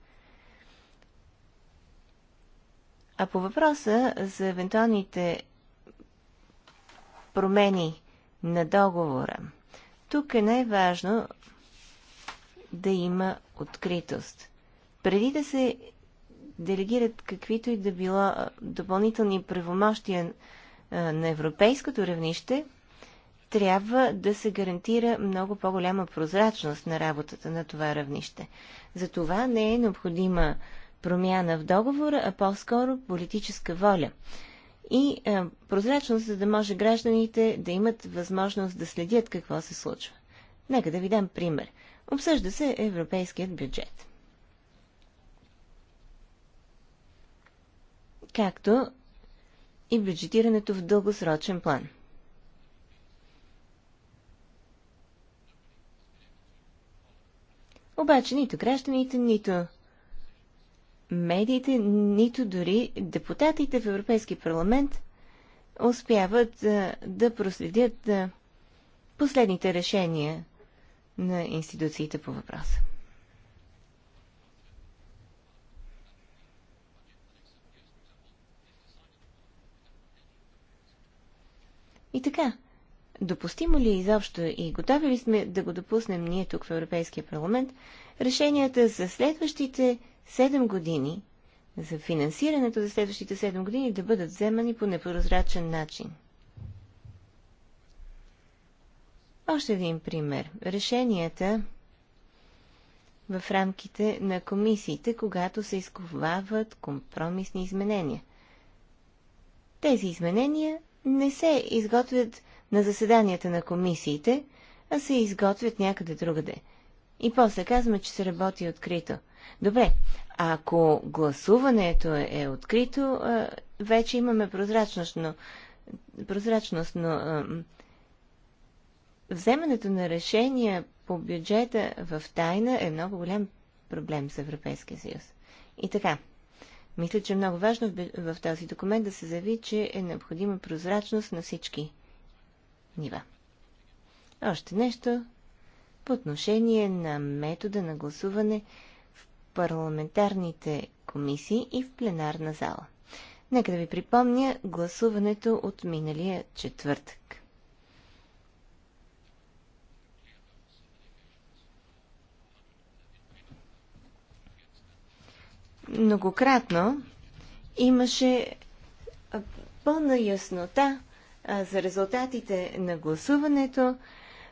Speaker 2: А по въпроса за евентуалните промени на договора, тук е най-важно да има откритост. Преди да се делегират каквито и да било допълнителни правомощия на европейското равнище, трябва да се гарантира много по-голяма прозрачност на работата на това равнище. За това не е необходима промяна в договора, а по-скоро политическа воля. И е, прозрачност, за да може гражданите да имат възможност да следят какво се случва. Нека да ви дам пример. Обсъжда се европейският бюджет. Както и бюджетирането в дългосрочен план. Обаче нито гражданите, нито медиите, нито дори депутатите в Европейски парламент успяват да проследят последните решения на институциите по въпроса. И така, допустимо ли е изобщо и готови ли сме да го допуснем ние тук в Европейския парламент решенията за следващите 7 години за финансирането за следващите 7 години да бъдат вземани по непрозрачен начин. Още един пример. Решенията в рамките на комисиите, когато се изковават компромисни изменения. Тези изменения не се изготвят на заседанията на комисиите, а се изготвят някъде другаде. И после казваме, че се работи открито – Добре, ако гласуването е открито, вече имаме прозрачност, но, прозрачност, но вземането на решения по бюджета в тайна е много голям проблем с Европейския съюз. И така, мисля, че е много важно в, в този документ да се заяви, че е необходима прозрачност на всички нива. Още нещо по отношение на метода на гласуване – парламентарните комисии и в пленарна зала. Нека да ви припомня гласуването от миналия четвъртък. Многократно имаше пълна яснота за резултатите на гласуването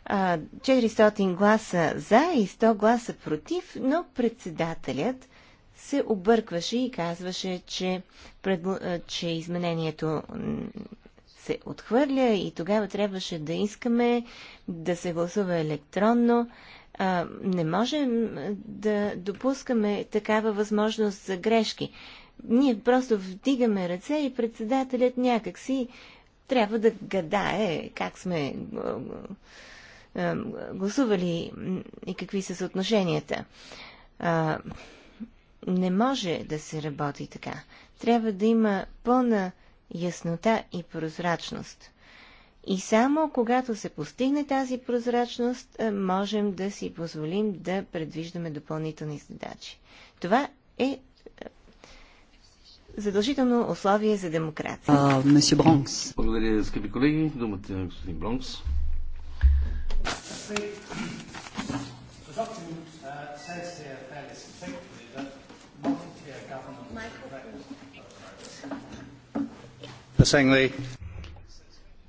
Speaker 2: 400 гласа за и 100 гласа против, но председателят се объркваше и казваше, че, че изменението се отхвърля и тогава трябваше да искаме да се гласува електронно. не можем да допускаме такава възможност за грешки. Ние просто вдигаме ръце и председателят някакси трябва да гадае как сме гласували и какви са съотношенията. Не може да се работи така. Трябва да има пълна яснота и прозрачност. И само когато се постигне тази прозрачност, е, можем да си позволим да предвиждаме допълнителни задачи. Това е, е задължително условие за демокрация.
Speaker 1: Бронкс. Благодаря, скъпи колеги. Думата е господин Бронкс.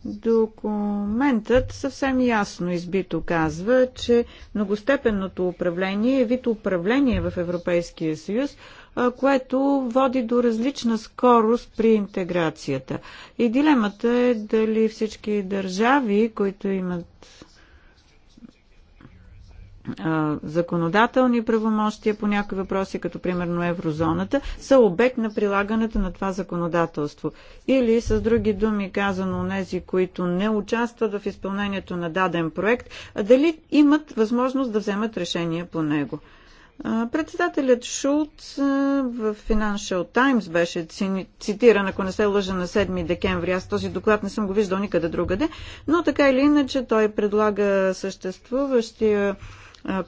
Speaker 3: Документът съвсем ясно избито казва, че многостепенното управление е вид управление в Европейския съюз, което води до различна скорост при интеграцията. И дилемата е дали всички държави, които имат законодателни правомощия по някои въпроси, като примерно еврозоната, са обект на прилагането на това законодателство. Или с други думи казано, нези, които не участват в изпълнението на даден проект, дали имат възможност да вземат решение по него. Председателят Шулц в Financial Times беше цитиран, ако не се лъжа, на 7 декември. Аз този доклад не съм го виждал никъде другаде, но така или иначе той предлага съществуващия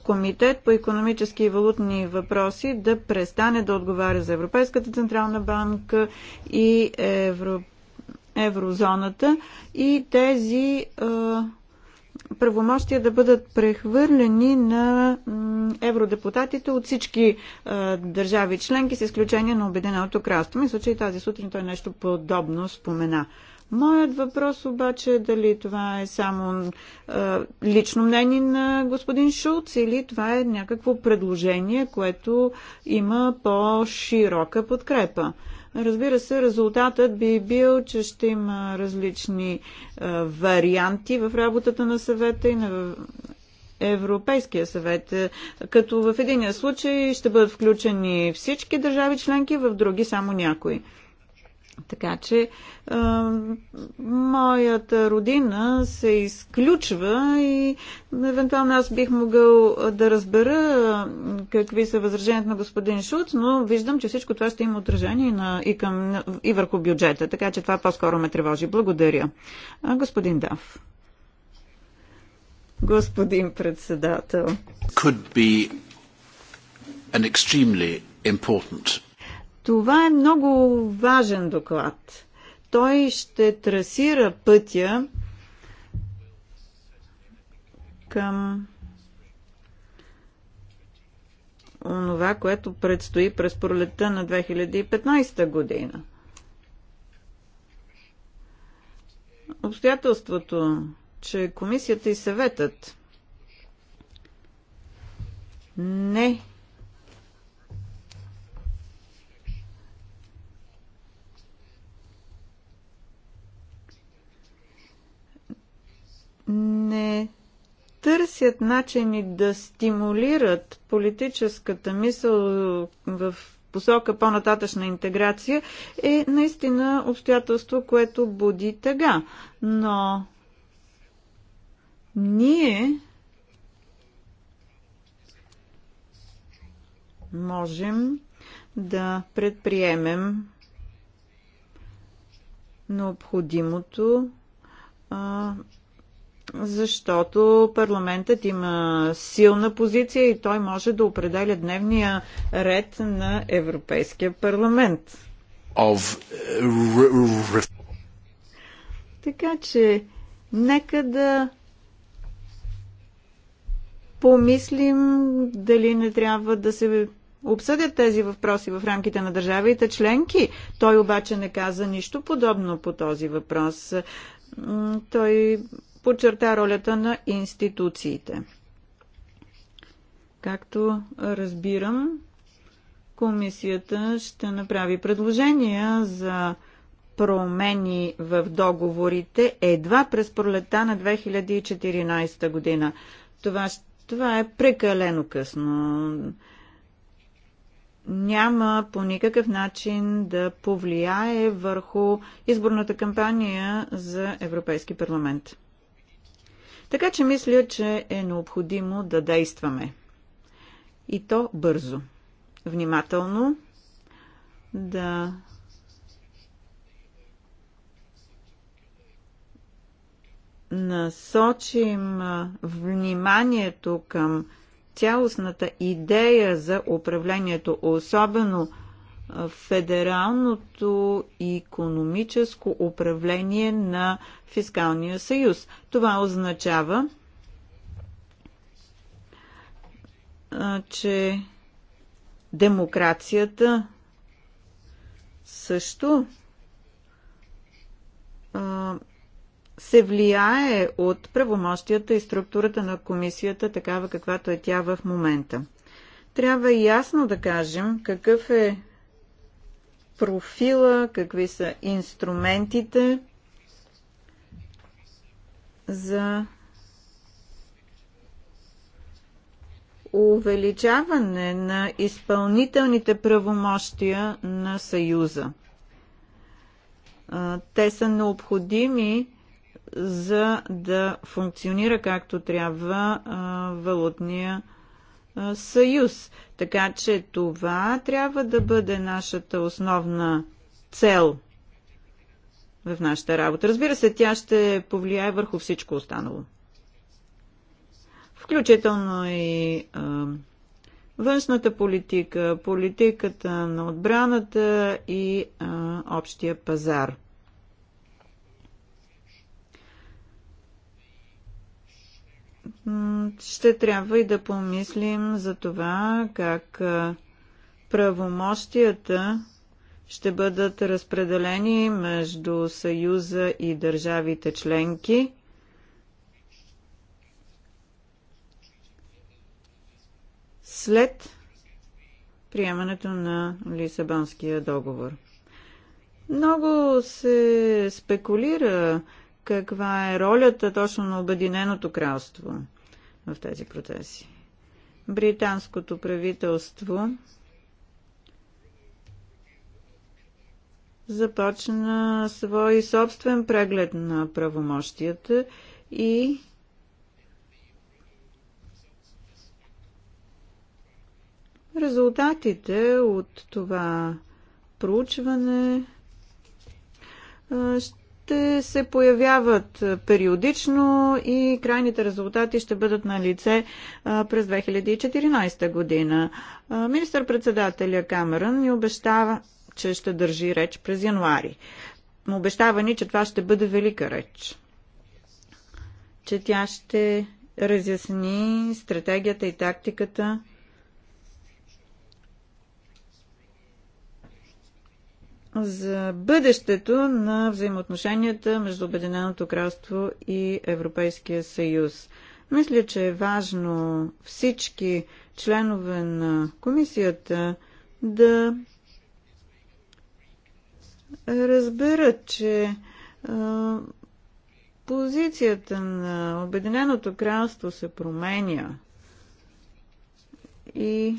Speaker 3: комитет по економически и валутни въпроси да престане да отговаря за Европейската централна банка и Евро... еврозоната и тези а, правомощия да бъдат прехвърлени на евродепутатите от всички а, държави членки, с изключение на Обединеното кралство. Мисля, че и тази сутрин той нещо подобно спомена. Моят въпрос обаче е дали това е само е, лично мнение на господин Шулц или това е някакво предложение, което има по-широка подкрепа. Разбира се, резултатът би бил, че ще има различни е, варианти в работата на съвета и на Европейския съвет, като в единия случай ще бъдат включени всички държави членки, в други само някои. Така че а, моята родина се изключва и евентуално аз бих могъл да разбера какви са възраженията на господин Шуц, но виждам, че всичко това ще има отражение на, и, към, и върху бюджета, така че това по-скоро ме тревожи. Благодаря. А, господин Дав. Господин председател.
Speaker 1: Could be an extremely
Speaker 3: important това е много важен доклад. Той ще трасира пътя към онова, което предстои през пролетта на 2015 година. Обстоятелството, че комисията и съветът не не търсят начини да стимулират политическата мисъл в посока по-нататъчна интеграция, е наистина обстоятелство, което буди тъга. Но ние можем да предприемем необходимото а, защото парламентът има силна позиция и той може да определя дневния ред на Европейския парламент.
Speaker 1: Of... Uh,
Speaker 3: така че, нека да помислим дали не трябва да се обсъдят тези въпроси в рамките на държавите членки. Той обаче не каза нищо подобно по този въпрос. Той подчерта ролята на институциите. Както разбирам, комисията ще направи предложения за промени в договорите едва през пролета на 2014 година. Това, това е прекалено късно. Няма по никакъв начин да повлияе върху изборната кампания за Европейски парламент. Така че мисля, че е необходимо да действаме. И то бързо. Внимателно да насочим вниманието към цялостната идея за управлението, особено федералното и економическо управление на фискалния съюз. Това означава, че демокрацията също се влияе от правомощията и структурата на комисията, такава каквато е тя в момента. Трябва ясно да кажем какъв е профила, какви са инструментите за увеличаване на изпълнителните правомощия на Съюза. Те са необходими за да функционира както трябва валутния съюз. Така че това трябва да бъде нашата основна цел в нашата работа. Разбира се, тя ще повлияе върху всичко останало. Включително и а, външната политика, политиката на отбраната и а, общия пазар. ще трябва и да помислим за това как правомощията ще бъдат разпределени между Съюза и държавите членки. След приемането на Лисабонския договор. Много се спекулира каква е ролята точно на Обединеното кралство в тези процеси. Британското правителство започна свой собствен преглед на правомощията и резултатите от това проучване ще ще се появяват периодично и крайните резултати ще бъдат на лице през 2014 година. Министър-председателя Камерън ни обещава, че ще държи реч през януари. Обещава ни, че това ще бъде велика реч. Че тя ще разясни стратегията и тактиката за бъдещето на взаимоотношенията между Обединеното кралство и Европейския съюз. Мисля, че е важно всички членове на комисията да разберат, че а, позицията на Обединеното кралство се променя и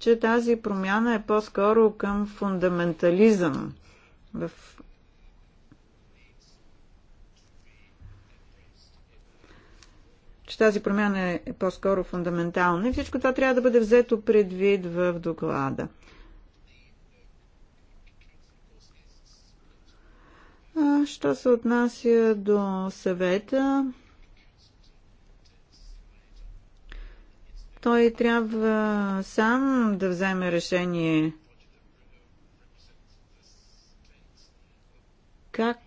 Speaker 3: че тази промяна е по-скоро към фундаментализъм. В... че тази промяна е по-скоро фундаментална и всичко това трябва да бъде взето предвид в доклада. Що се отнася до съвета, Той трябва сам да вземе решение как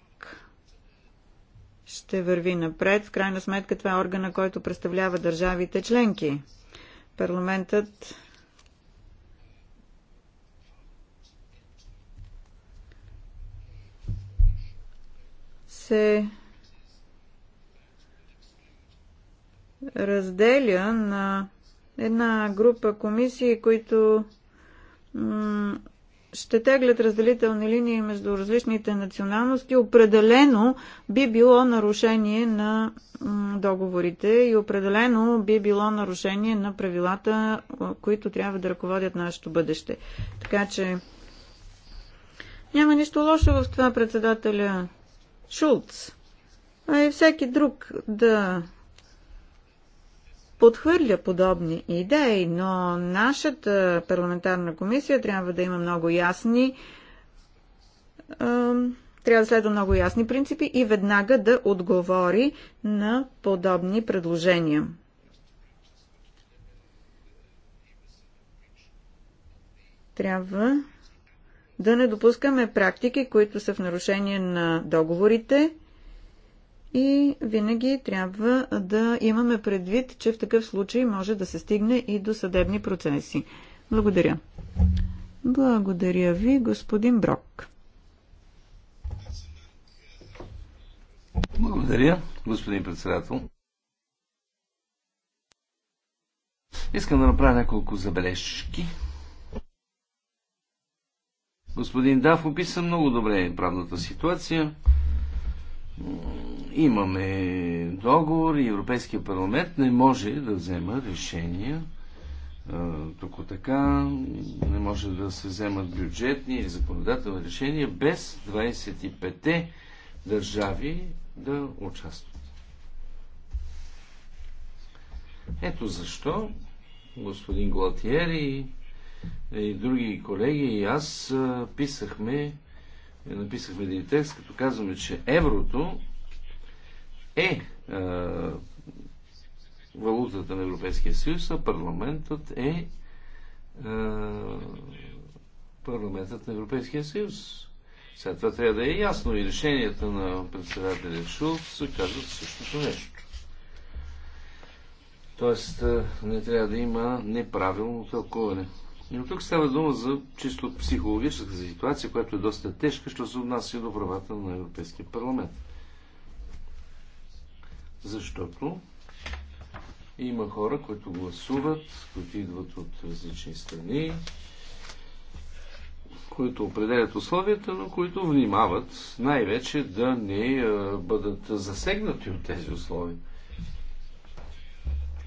Speaker 3: ще върви напред. В крайна сметка това е органа, който представлява държавите членки. Парламентът се разделя на една група комисии, които ще теглят разделителни линии между различните националности, определено би било нарушение на договорите и определено би било нарушение на правилата, които трябва да ръководят нашето бъдеще. Така че няма нищо лошо в това председателя Шулц, а и всеки друг да подхвърля подобни идеи, но нашата парламентарна комисия трябва да има много ясни трябва да следва много ясни принципи и веднага да отговори на подобни предложения. Трябва да не допускаме практики, които са в нарушение на договорите и винаги трябва да имаме предвид, че в такъв случай може да се стигне и до съдебни процеси. Благодаря. Благодаря ви, господин Брок.
Speaker 1: Благодаря, господин председател. Искам да направя няколко забележки. Господин Дав описа много добре правната ситуация имаме договор и Европейския парламент не може да взема решения тук така, не може да се вземат бюджетни или законодателни решения без 25-те държави да участват. Ето защо господин Глатиери и други колеги и аз писахме написахме един текст, като казваме, че еврото е, е валутата на Европейския съюз, а парламентът е, е парламентът на Европейския съюз. Сега това трябва да е ясно и решенията на председателя Шулц казват същото нещо. Тоест е, не трябва да има неправилно тълкуване. Но тук става дума за чисто психологическа ситуация, която е доста тежка, що се отнася до правата на Европейския парламент. Защото има хора, които гласуват, които идват от различни страни, които определят условията, но които внимават най-вече да не е, бъдат засегнати от тези условия.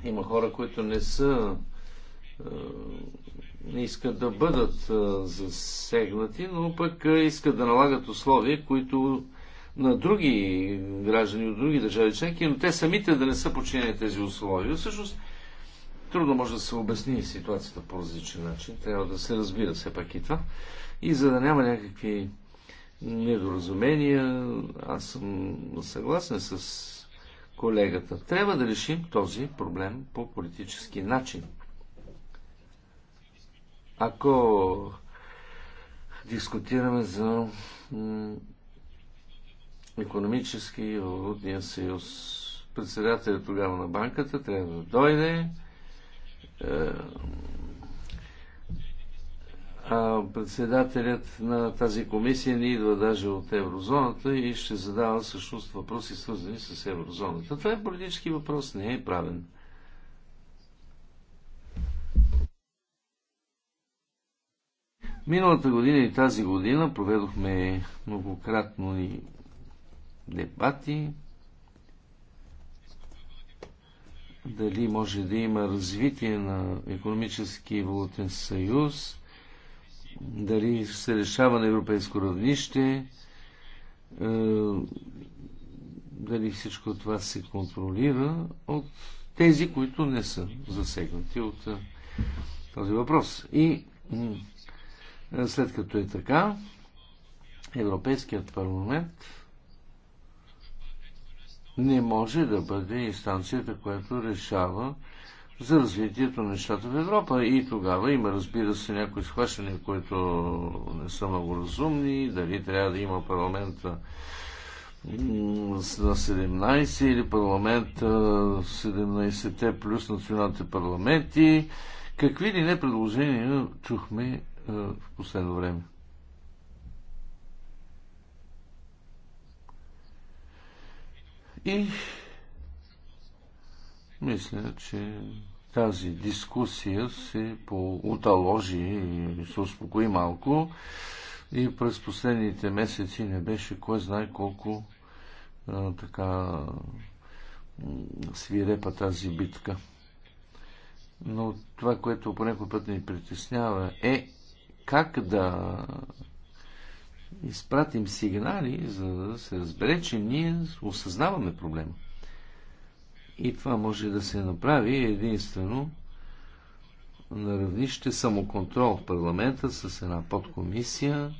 Speaker 1: Има хора, които не са е, не искат да бъдат засегнати, но пък искат да налагат условия, които на други граждани от други държави членки, но те самите да не са починени тези условия. Всъщност, трудно може да се обясни ситуацията по различен начин. Трябва да се разбира все пак и това. И за да няма някакви недоразумения, аз съм съгласен с колегата. Трябва да решим този проблем по политически начин. Ако дискутираме за економически и валутния съюз, председателят тогава на банката трябва да дойде. Е, а председателят на тази комисия не идва даже от еврозоната и ще задава всъщност въпроси свързани с еврозоната. Това е политически въпрос, не е правен. Миналата година и тази година проведохме многократно и дебати дали може да има развитие на економически и валутен съюз, дали се решава на европейско равнище, е, дали всичко това се контролира от тези, които не са засегнати от е, този въпрос. И е, след като е така, Европейският парламент не може да бъде инстанцията, която решава за развитието на нещата в Европа. И тогава има, разбира се, някои схващания, които не са много разумни, дали трябва да има парламента на 17 или парламент 17-те плюс националните парламенти. Какви ли не предложения чухме е, в последно време. И мисля, че тази дискусия се поуталожи и се успокои малко и през последните месеци не беше кой знае колко а, е, така свирепа тази битка. Но това, което понякога път ни притеснява е как да изпратим сигнали, за да се разбере, че ние осъзнаваме проблема. И това може да се направи единствено на равнище самоконтрол в парламента с една подкомисия,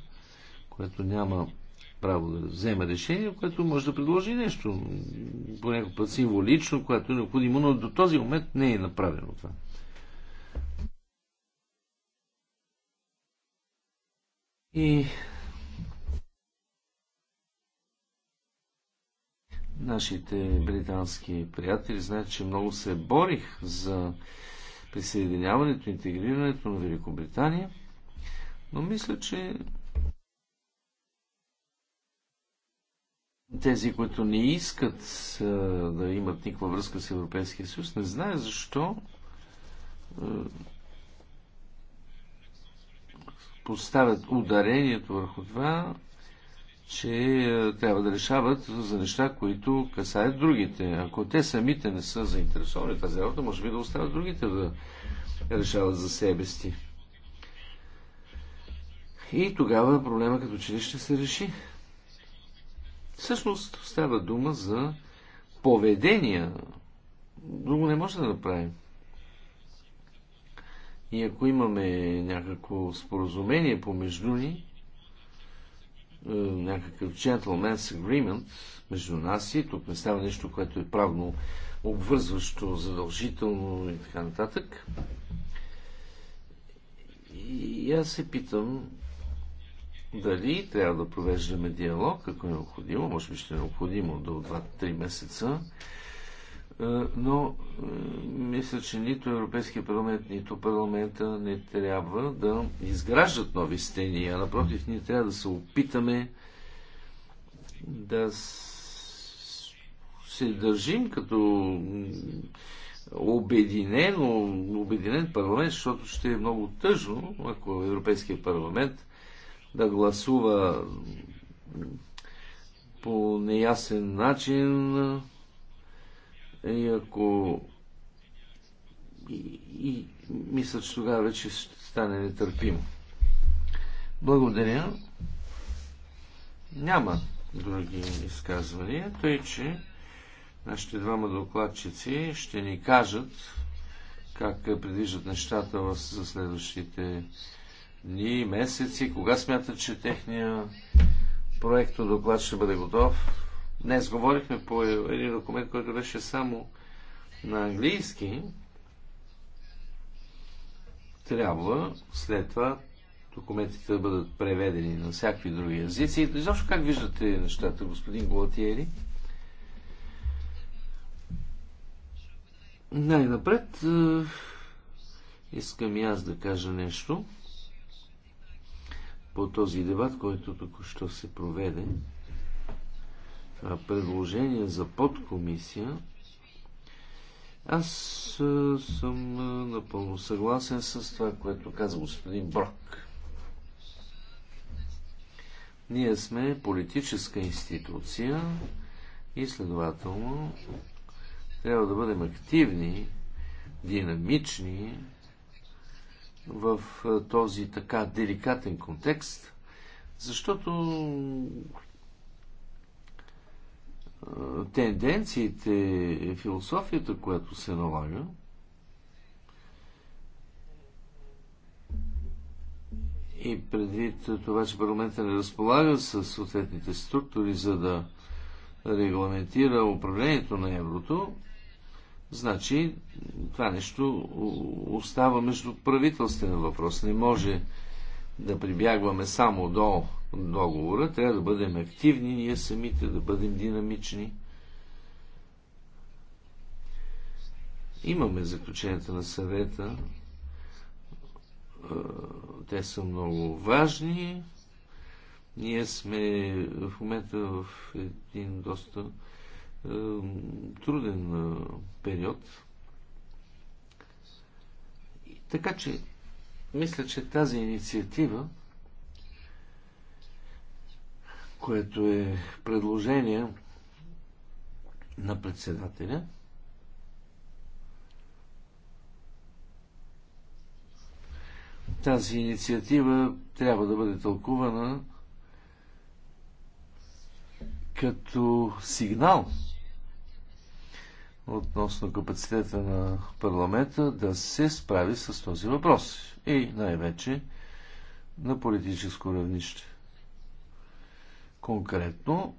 Speaker 1: която няма право да взема решение, което може да предложи нещо, по някакъв път символично, което е необходимо, но до този момент не е направено това. И нашите британски приятели знаят, че много се борих за присъединяването, интегрирането на Великобритания, но мисля, че тези, които не искат да имат никаква връзка с Европейския съюз, не знаят защо поставят ударението върху това, че е, трябва да решават за неща, които касаят другите. Ако те самите не са заинтересовани в тази работа, може би да оставят другите да решават за себе си. И тогава проблема като че ли ще се реши. Всъщност става дума за поведение. Друго не може да направим. И ако имаме някакво споразумение помежду ни, е, някакъв gentleman's agreement между нас и тук не става нещо, което е правно обвързващо, задължително и така нататък. И аз се питам дали трябва да провеждаме диалог, ако е необходимо, може би ще е необходимо до 2-3 месеца, е, но е, мисля, че нито Европейския парламент, нито парламента не трябва да изграждат нови стени, а напротив, ние трябва да се опитаме да се държим като обединен, обединен парламент, защото ще е много тъжно, ако Европейския парламент да гласува по неясен начин и ако и, и мисля, че тогава вече ще стане нетърпимо. Благодаря. Няма други изказвания, тъй че нашите двама докладчици ще ни кажат как предвиждат нещата за следващите дни, месеци, кога смятат, че техния проект доклад ще бъде готов. Днес говорихме по един документ, който беше само на английски. Трябва след това документите да бъдат преведени на всякакви други езици. И защо как виждате нещата, господин Голатиери? Най-напред е, искам и аз да кажа нещо по този дебат, който току-що се проведе предложение за подкомисия, аз съм напълно съгласен с това, което каза господин Брок. Ние сме политическа институция и следователно трябва да бъдем активни, динамични в този така деликатен контекст, защото тенденциите, философията, която се налага, и предвид това, че парламента не разполага с съответните структури, за да регламентира управлението на еврото, значи това нещо остава между правителствен въпрос. Не може да прибягваме само до договора. Трябва да бъдем активни ние самите, да бъдем динамични. Имаме заключенията на съвета. Е, те са много важни. Ние сме в момента в един доста е, труден е, период. Така че, мисля, че тази инициатива което е предложение на председателя. Тази инициатива трябва да бъде тълкувана като сигнал относно капацитета на парламента да се справи с този въпрос и най-вече на политическо равнище. Конкретно,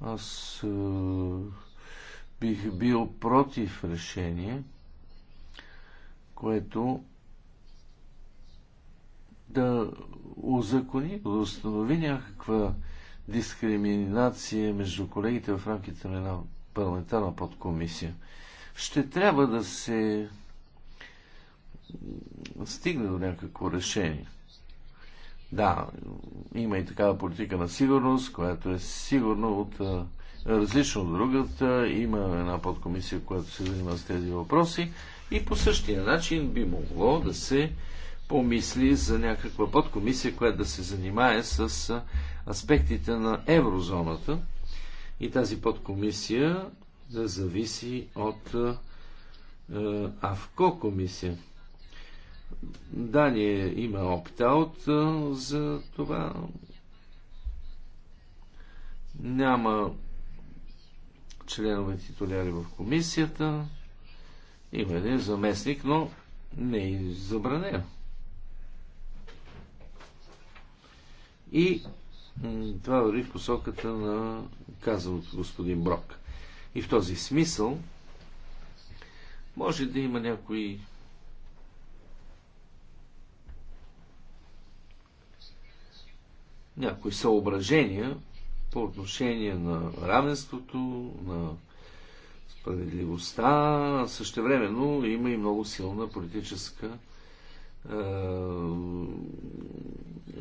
Speaker 1: аз е, бих бил против решение, което да узакони, да установи някаква дискриминация между колегите в рамките на една парламентарна подкомисия. Ще трябва да се стигне до някакво решение. Да, има и такава политика на сигурност, която е сигурно от различно от другата. Има една подкомисия, която се занимава с тези въпроси. И по същия начин би могло да се помисли за някаква подкомисия, която да се занимае с аспектите на еврозоната. И тази подкомисия да зависи от АВКО комисия. Дания има опт-аут за това. Няма членове титуляри в комисията. Има един заместник, но не е забранен. И това дори в посоката на казаното господин Брок. И в този смисъл може да има някои някои съображения по отношение на равенството, на справедливостта. Същевременно има и много силна политическа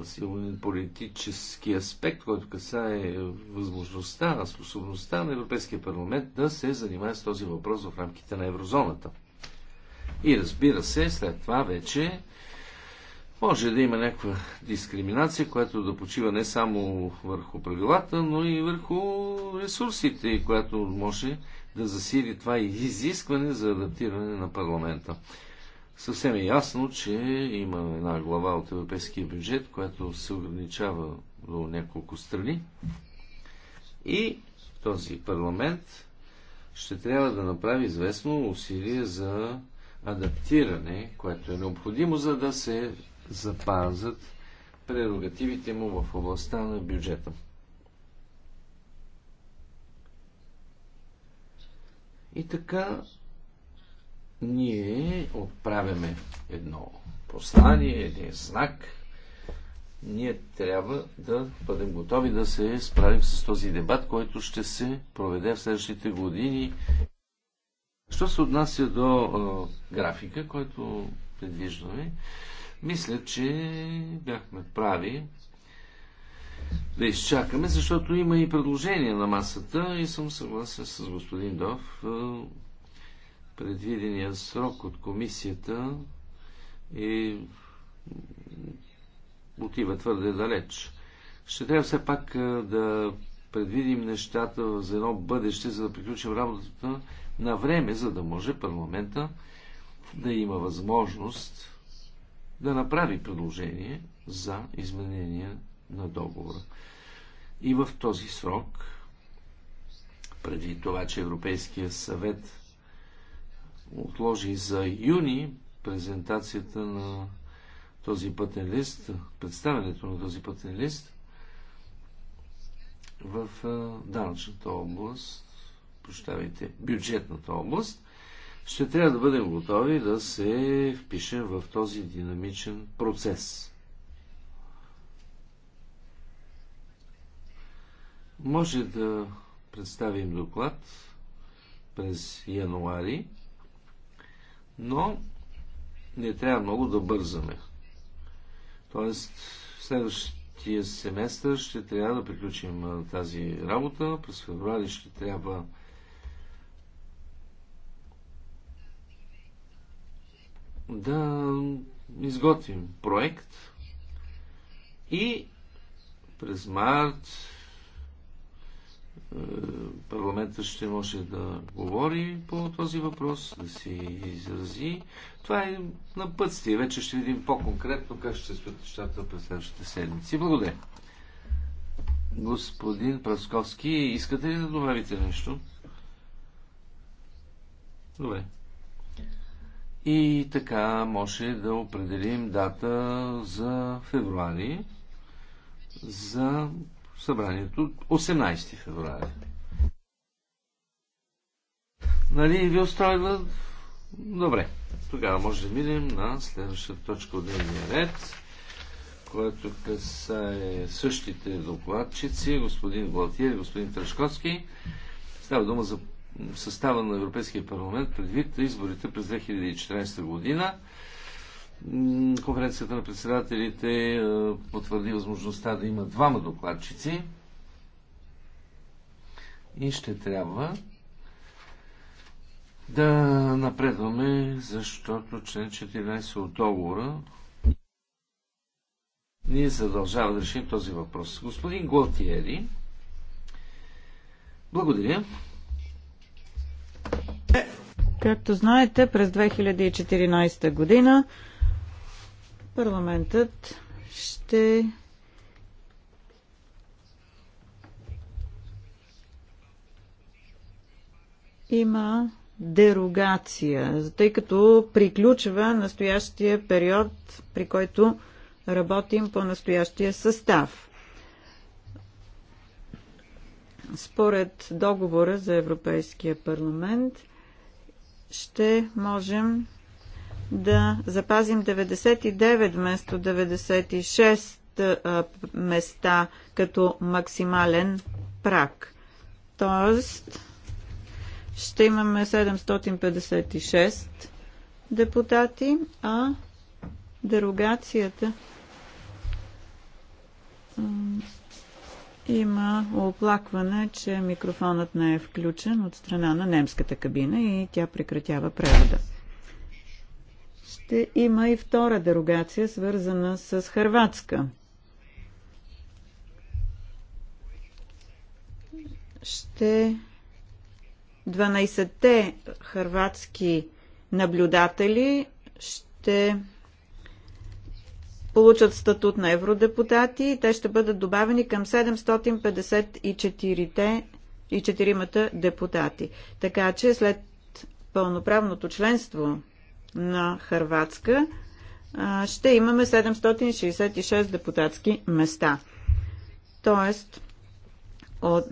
Speaker 1: силен политически аспект, който касае възможността, способността на Европейския парламент да се занимае с този въпрос в рамките на еврозоната. И разбира се, след това вече може да има някаква дискриминация, която да почива не само върху правилата, но и върху ресурсите, която може да засили това изискване за адаптиране на парламента. Съвсем е ясно, че има една глава от европейския бюджет, която се ограничава до няколко страни. И този парламент ще трябва да направи известно усилие за адаптиране, което е необходимо, за да се запазят прерогативите му в областта на бюджета. И така ние отправяме едно послание, един знак. Ние трябва да бъдем готови да се справим с този дебат, който ще се проведе в следващите години. Що се отнася до графика, който предвиждаме, мисля, че бяхме прави да изчакаме, защото има и предложение на масата и съм съгласен с господин Дов. Е, предвидения срок от комисията и отива твърде далеч. Ще трябва все пак е, да предвидим нещата за едно бъдеще, за да приключим работата на време, за да може парламента да има възможност да направи предложение за изменение на договора. И в този срок, преди това, че Европейския съвет отложи за юни презентацията на този пътен лист, представянето на този пътен лист в данъчната област, прощавайте, бюджетната област, ще трябва да бъдем готови да се впишем в този динамичен процес. Може да представим доклад през януари, но не трябва много да бързаме. Тоест, следващия семестър ще трябва да приключим тази работа. През февруари ще трябва да изготвим проект и през март е, парламента ще може да говори по този въпрос, да си изрази. Това е на пътствие. Вече ще видим по-конкретно как ще се нещата през следващите седмици. Благодаря. Господин Прасковски, искате ли да добавите нещо? Добре. И така може да определим дата за февруари за събранието 18 февруари. Нали ви устройва? Добре. Тогава може да минем на следващата точка от дневния ред, която касае същите докладчици, господин Галтиер и господин Трашковски. Става дума за състава на Европейския парламент предвид изборите през 2014 година. Конференцията на председателите е, потвърди възможността да има двама докладчици и ще трябва да напредваме, защото член 14 от договора ни задължава да решим този въпрос. Господин Голтиери, благодаря.
Speaker 3: Както знаете, през 2014 година парламентът ще има дерогация, тъй като приключва настоящия период, при който работим по настоящия състав. Според договора за Европейския парламент ще можем да запазим 99 вместо 96 места като максимален прак. Тоест, ще имаме 756 депутати, а дерогацията има оплакване, че микрофонът не е включен от страна на немската кабина и тя прекратява превода. Ще има и втора дерогация, свързана с Харватска. Ще 12-те харватски наблюдатели ще получат статут на евродепутати и те ще бъдат добавени към 754-те и четиримата депутати. Така че след пълноправното членство на Харватска ще имаме 766 депутатски места. Тоест, от,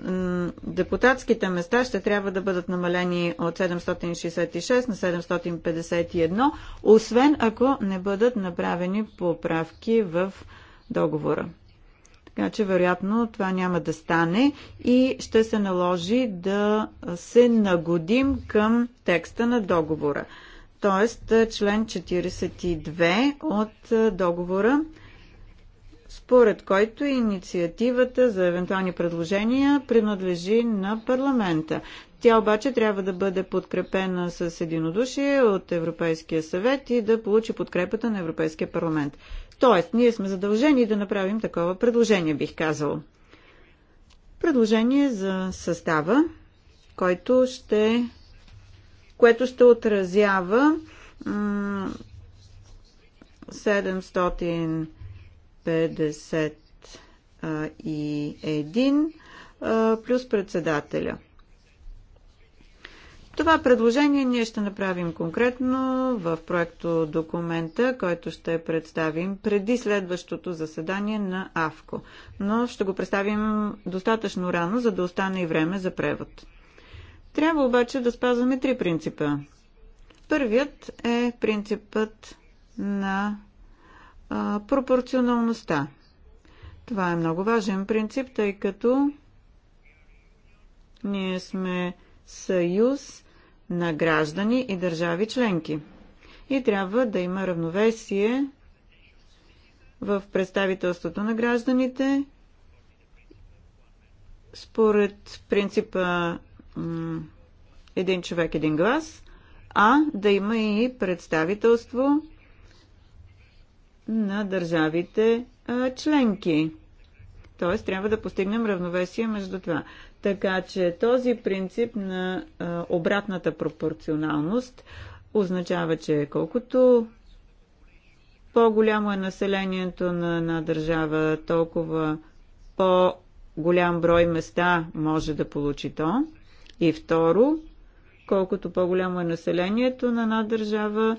Speaker 3: депутатските места ще трябва да бъдат намалени от 766 на 751, освен ако не бъдат направени поправки в договора. Така че, вероятно, това няма да стане и ще се наложи да се нагодим към текста на договора. Тоест, член 42 от договора според който инициативата за евентуални предложения принадлежи на парламента. Тя обаче трябва да бъде подкрепена с единодушие от Европейския съвет и да получи подкрепата на Европейския парламент. Тоест, ние сме задължени да направим такова предложение, бих казал. Предложение за състава, който ще, което ще отразява 700 51 плюс председателя. Това предложение ние ще направим конкретно в проекто документа, който ще представим преди следващото заседание на АВКО. Но ще го представим достатъчно рано, за да остане и време за превод. Трябва обаче да спазваме три принципа. Първият е принципът на а, пропорционалността. Това е много важен принцип, тъй като ние сме съюз на граждани и държави членки. И трябва да има равновесие в представителството на гражданите според принципа един човек, един глас, а да има и представителство на държавите членки. Т.е. трябва да постигнем равновесие между това. Така че този принцип на обратната пропорционалност означава, че колкото по-голямо е населението на една държава, толкова по-голям брой места може да получи то. И второ, колкото по-голямо е населението на една държава,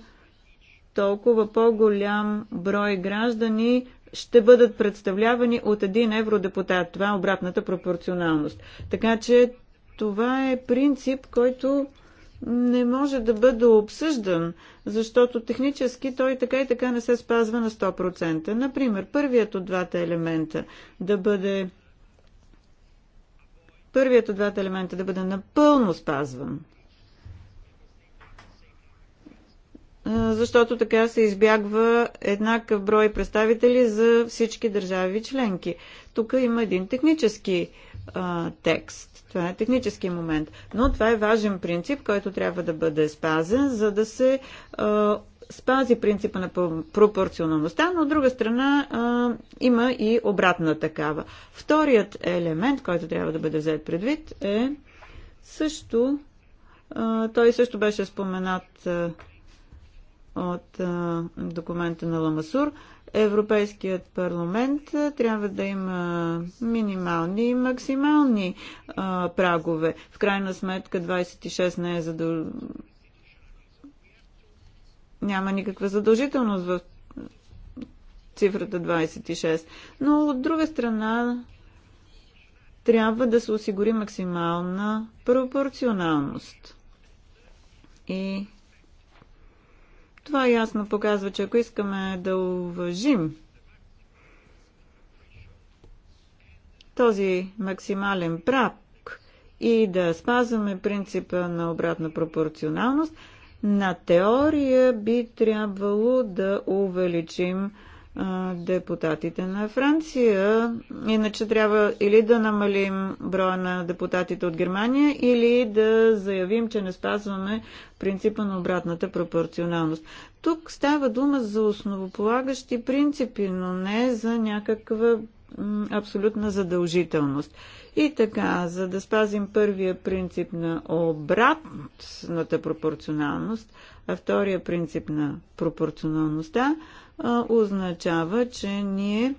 Speaker 3: толкова по-голям брой граждани ще бъдат представлявани от един евродепутат. Това е обратната пропорционалност. Така че това е принцип, който не може да бъде обсъждан, защото технически той така и така не се спазва на 100%. Например, първият от двата елемента да бъде първият от двата елемента да бъде напълно спазван – защото така се избягва еднакъв брой представители за всички държави членки. Тук има един технически а, текст. Това е технически момент. Но това е важен принцип, който трябва да бъде спазен, за да се а, спази принципа на пропорционалността, но от друга страна а, има и обратна такава. Вторият елемент, който трябва да бъде взет предвид е също. А, той също беше споменат. А, от а, документа на Ламасур, Европейският парламент трябва да има минимални и максимални а, прагове. В крайна сметка 26 не е задъл... няма никаква задължителност в цифрата 26. Но от друга страна трябва да се осигури максимална пропорционалност. И това ясно показва, че ако искаме да уважим този максимален прак и да спазваме принципа на обратна пропорционалност, на теория би трябвало да увеличим депутатите на Франция. Иначе трябва или да намалим броя на депутатите от Германия, или да заявим, че не спазваме принципа на обратната пропорционалност. Тук става дума за основополагащи принципи, но не за някаква абсолютна задължителност. И така, за да спазим първия принцип на обратната пропорционалност, а втория принцип на пропорционалността а, означава, че ние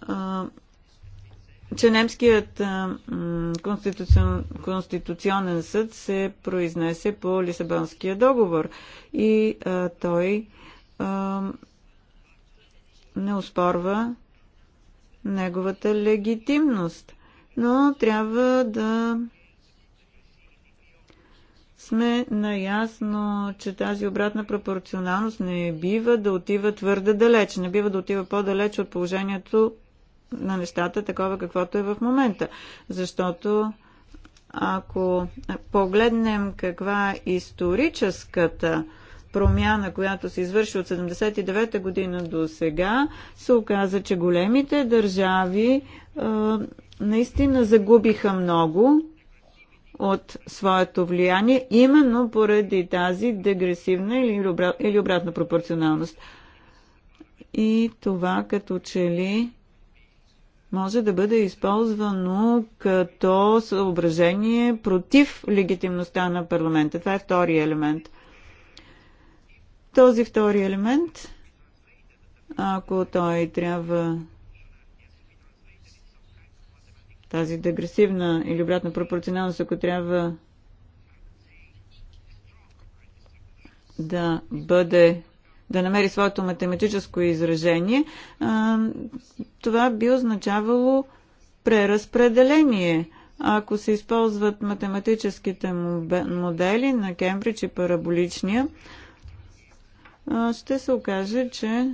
Speaker 3: а, че немският конституцион, конституционен съд се произнесе по Лисабонския договор и а, той а, не успорва неговата легитимност. Но трябва да сме наясно, че тази обратна пропорционалност не бива да отива твърде далеч, не бива да отива по-далеч от положението на нещата, такова каквото е в момента. Защото ако погледнем каква е историческата промяна, която се извърши от 79-та година до сега, се оказа, че големите държави а, е, наистина загубиха много от своето влияние, именно поради тази дегресивна или, обрат, или обратна пропорционалност. И това като че ли може да бъде използвано като съображение против легитимността на парламента. Това е втория елемент. Този втори елемент, ако той трябва тази дегресивна или обратна пропорционалност, ако трябва да бъде да намери своето математическо изражение, това би означавало преразпределение. Ако се използват математическите модели на Кембридж и параболичния, ще се окаже, че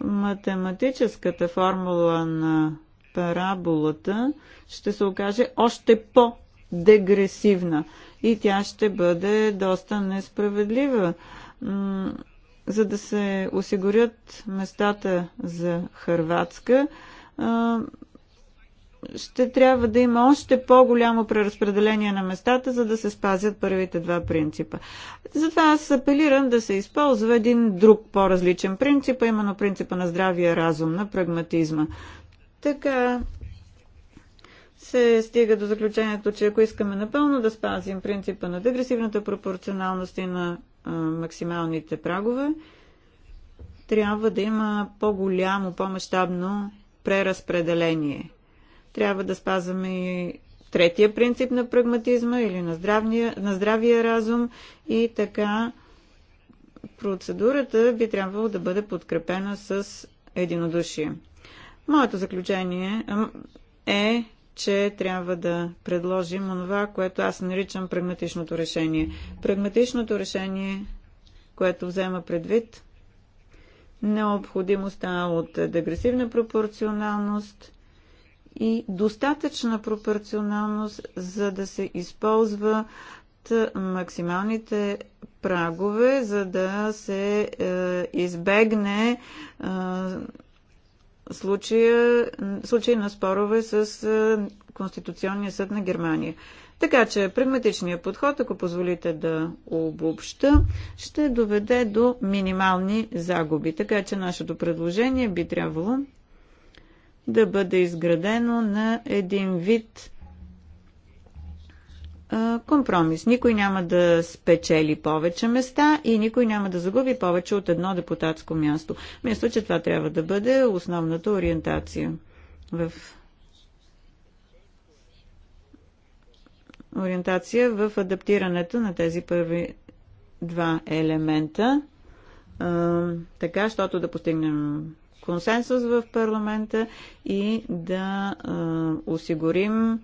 Speaker 3: математическата формула на параболата ще се окаже още по-дегресивна и тя ще бъде доста несправедлива. За да се осигурят местата за Хърватска, ще трябва да има още по-голямо преразпределение на местата, за да се спазят първите два принципа. Затова аз апелирам да се използва един друг по-различен принцип, а именно принципа на здравия разум, на прагматизма. Така се стига до заключението, че ако искаме напълно да спазим принципа на дегресивната пропорционалност и на а, максималните прагове, трябва да има по-голямо, по-масштабно преразпределение – трябва да спазваме и третия принцип на прагматизма или на, здравния, на здравия разум и така процедурата би трябвало да бъде подкрепена с единодушие. Моето заключение е, че трябва да предложим онова, което аз наричам прагматичното решение. Прагматичното решение, което взема предвид необходимостта от дегресивна пропорционалност – и достатъчна пропорционалност, за да се използват максималните прагове, за да се е, избегне е, случая, случай на спорове с е, Конституционния съд на Германия. Така че прагматичният подход, ако позволите да обобща, ще доведе до минимални загуби. Така че нашето предложение би трябвало да бъде изградено на един вид компромис. Никой няма да спечели повече места и никой няма да загуби повече от едно депутатско място. Мисля, че това трябва да бъде основната ориентация в ориентация в адаптирането на тези първи два елемента, така, щото да постигнем консенсус в парламента и да осигурим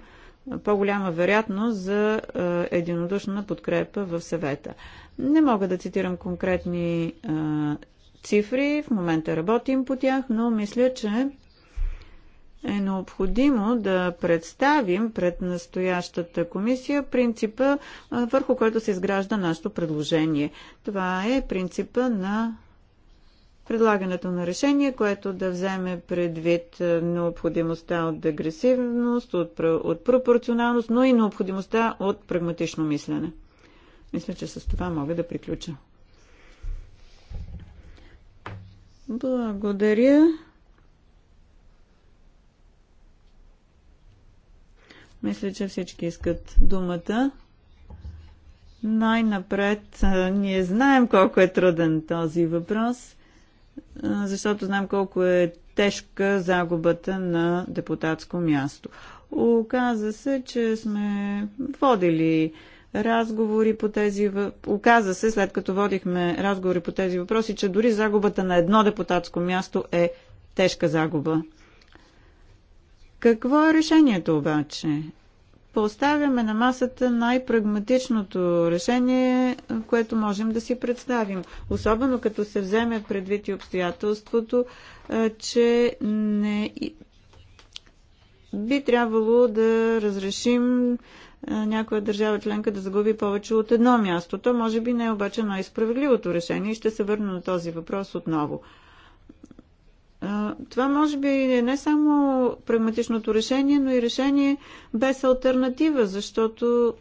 Speaker 3: по-голяма вероятност за единодушна подкрепа в съвета. Не мога да цитирам конкретни цифри, в момента работим по тях, но мисля, че е необходимо да представим пред настоящата комисия принципа, върху който се изгражда нашето предложение. Това е принципа на предлагането на решение, което да вземе предвид е, необходимостта от агресивност, от, от пропорционалност, но и необходимостта от прагматично мислене. Мисля, че с това мога да приключа. Благодаря. Мисля, че всички искат думата. Най-напред, е, ние знаем колко е труден този въпрос – защото знам колко е тежка загубата на депутатско място. Оказа се, че сме водили разговори по тези... въпроси. Оказа се, след като водихме разговори по тези въпроси, че дори загубата на едно депутатско място е тежка загуба. Какво е решението обаче? поставяме на масата най-прагматичното решение, което можем да си представим. Особено като се вземе предвид и обстоятелството, че не би трябвало да разрешим някоя държава членка да загуби повече от едно място. То може би не е обаче най-справедливото решение и ще се върна на този въпрос отново. Това може би е не само прагматичното решение, но и решение без альтернатива, защото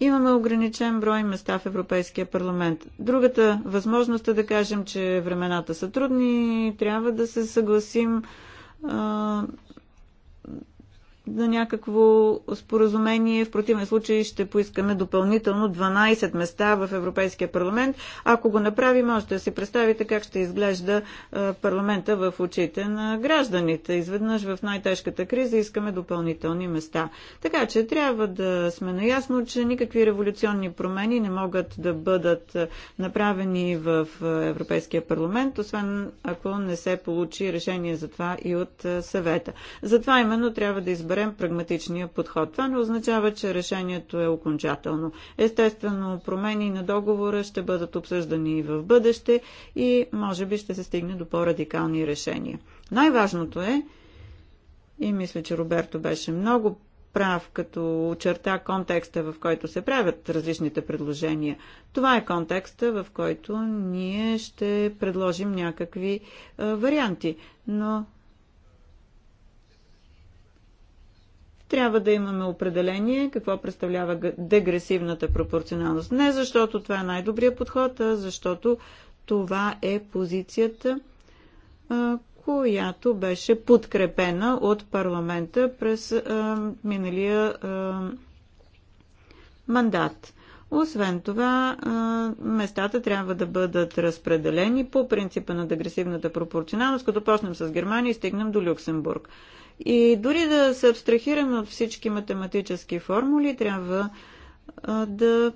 Speaker 3: имаме ограничен брой места в Европейския парламент. Другата възможност е да кажем, че времената са трудни, трябва да се съгласим за някакво споразумение. В противен случай ще поискаме допълнително 12 места в Европейския парламент. Ако го направи, можете да си представите как ще изглежда е, парламента в очите на гражданите. Изведнъж в най-тежката криза искаме допълнителни места. Така че трябва да сме наясно, че никакви революционни промени не могат да бъдат е, направени в е, Европейския парламент, освен ако не се получи решение за това и от съвета. Затова именно трябва да изберем изберем прагматичния подход. Това не означава, че решението е окончателно. Естествено, промени на договора ще бъдат обсъждани и в бъдеще и може би ще се стигне до по-радикални решения. Най-важното е, и мисля, че Роберто беше много прав, като очерта контекста, в който се правят различните предложения. Това е контекста, в който ние ще предложим някакви а, варианти. Но трябва да имаме определение какво представлява дегресивната пропорционалност. Не защото това е най-добрият подход, а защото това е позицията, която беше подкрепена от парламента през миналия мандат. Освен това, местата трябва да бъдат разпределени по принципа на дегресивната пропорционалност, като почнем с Германия и стигнем до Люксембург. И дори да се абстрахираме от всички математически формули, трябва да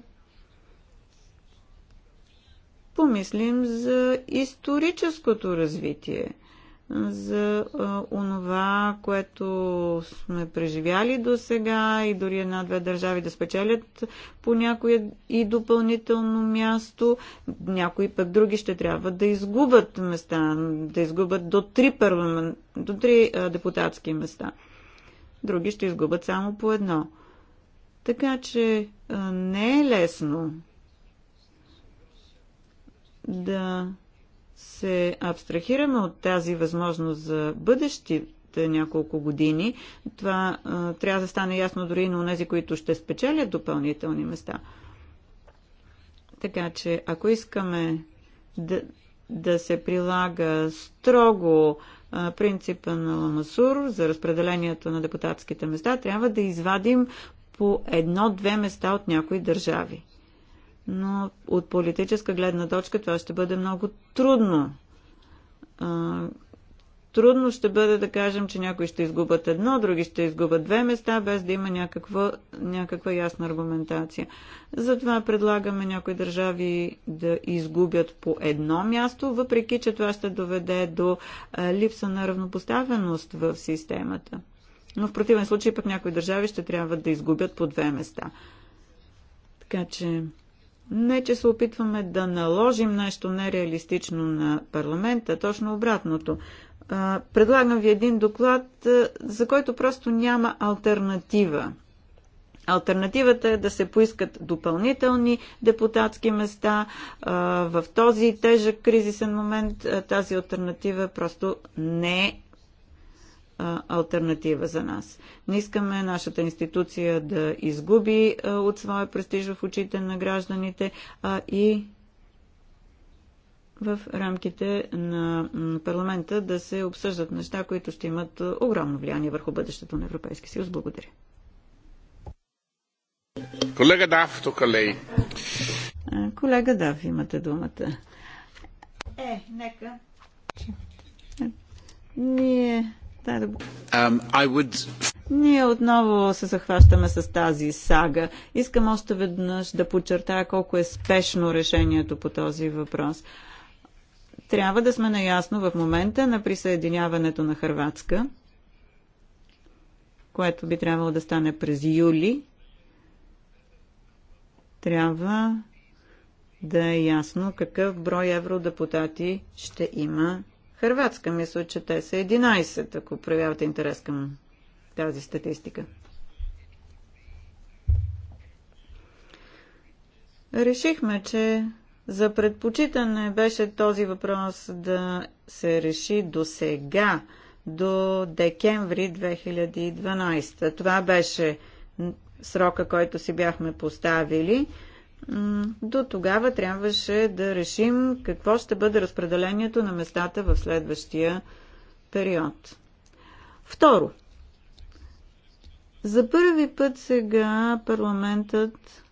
Speaker 3: помислим за историческото развитие – за а, онова, което сме преживяли до сега и дори една-две държави да спечелят по някое и допълнително място. Някои пък други ще трябва да изгубят места, да изгубят до три, парламент, до три а, депутатски места. Други ще изгубят само по едно. Така че а, не е лесно да се абстрахираме от тази възможност за бъдещите няколко години, това а, трябва да стане ясно дори и на тези, които ще спечелят допълнителни места. Така че, ако искаме да, да се прилага строго а, принципа на Ламасур за разпределението на депутатските места, трябва да извадим по едно-две места от някои държави но от политическа гледна точка това ще бъде много трудно. Трудно ще бъде да кажем, че някои ще изгубят едно, други ще изгубят две места, без да има някаква, някаква ясна аргументация. Затова предлагаме някои държави да изгубят по едно място, въпреки че това ще доведе до липса на равнопоставеност в системата. Но в противен случай пък някои държави ще трябва да изгубят по две места. Така че не, че се опитваме да наложим нещо нереалистично на парламента, точно обратното. Предлагам ви един доклад, за който просто няма альтернатива. Альтернативата е да се поискат допълнителни депутатски места. В този тежък кризисен момент тази альтернатива просто не е альтернатива за нас. Не искаме нашата институция да изгуби от своя престиж в очите на гражданите, а и в рамките на парламента да се обсъждат неща, които ще имат огромно влияние върху бъдещето на Европейски съюз. Благодаря.
Speaker 1: Колега Дав, тук лей.
Speaker 3: Колега Дав, имате думата. Е, нека. Ние да, да... Um, would... Ние отново се захващаме с тази сага. Искам още веднъж да подчертая колко е спешно решението по този въпрос. Трябва да сме наясно в момента на присъединяването на Харватска, което би трябвало да стане през юли. Трябва да е ясно какъв брой евродепутати ще има Хрватска, мисля, че те са 11, ако проявявате интерес към тази статистика. Решихме, че за предпочитане беше този въпрос да се реши до сега, до декември 2012. Това беше срока, който си бяхме поставили. До тогава трябваше да решим какво ще бъде разпределението на местата в следващия период. Второ. За първи път сега парламентът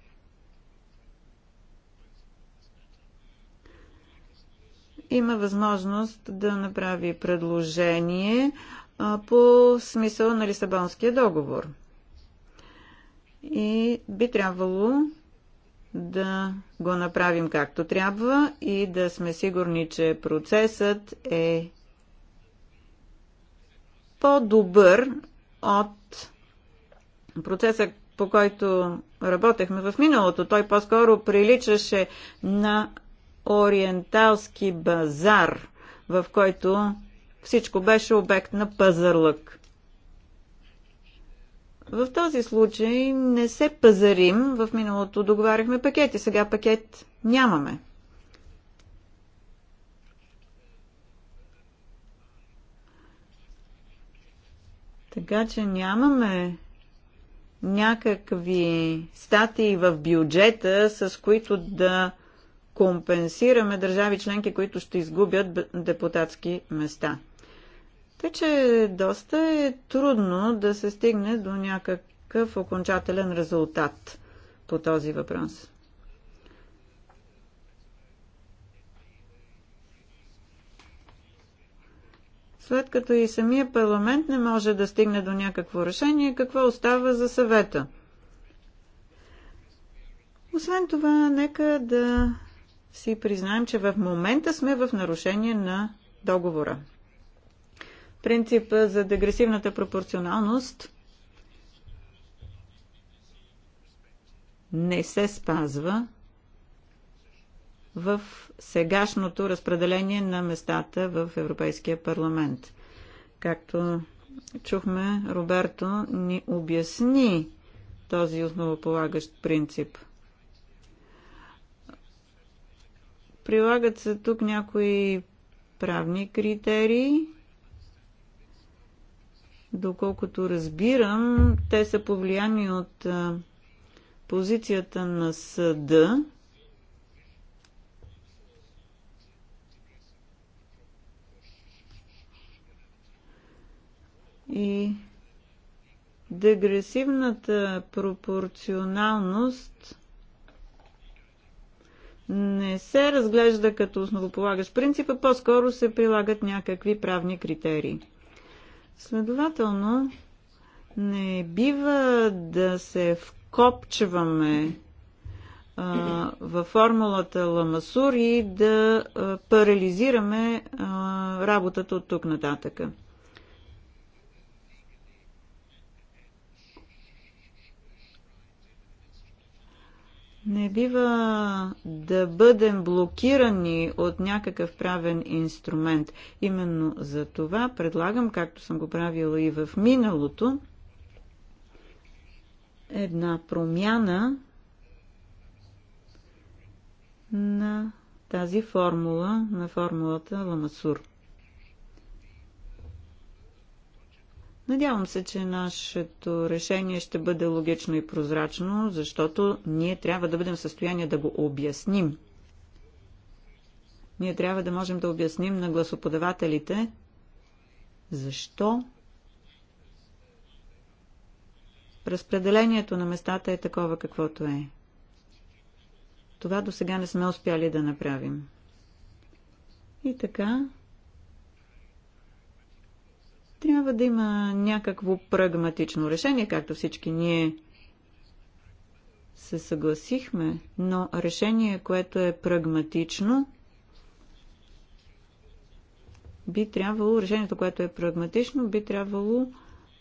Speaker 3: има възможност да направи предложение по смисъл на Лисабонския договор. И би трябвало да го направим както трябва и да сме сигурни, че процесът е по-добър от процеса, по който работехме в миналото. Той по-скоро приличаше на ориенталски базар, в който всичко беше обект на пазарлък. В този случай не се пазарим. В миналото договаряхме пакети, сега пакет нямаме. Така че нямаме някакви статии в бюджета, с които да компенсираме държави членки, които ще изгубят депутатски места. Тъй, че доста е трудно да се стигне до някакъв окончателен резултат по този въпрос. След като и самия парламент не може да стигне до някакво решение, какво остава за съвета? Освен това, нека да си признаем, че в момента сме в нарушение на договора принципа за дегресивната пропорционалност не се спазва в сегашното разпределение на местата в Европейския парламент. Както чухме, Роберто ни обясни този основополагащ принцип. Прилагат се тук някои правни критерии – Доколкото разбирам, те са повлияни от позицията на съда. И дегресивната пропорционалност не се разглежда като основополагащ принцип, а по-скоро се прилагат някакви правни критерии. Следователно, не бива да се вкопчваме във формулата Ламасур и да а, парализираме а, работата от тук нататъка. Не бива да бъдем блокирани от някакъв правен инструмент. Именно за това предлагам, както съм го правила и в миналото, една промяна на тази формула, на формулата Ламасур. Надявам се, че нашето решение ще бъде логично и прозрачно, защото ние трябва да бъдем в състояние да го обясним. Ние трябва да можем да обясним на гласоподавателите защо разпределението на местата е такова каквото е. Това до сега не сме успяли да направим. И така, трябва да има някакво прагматично решение, както всички ние се съгласихме, но решение, което е прагматично, би трябвало, решението, което е прагматично, би трябвало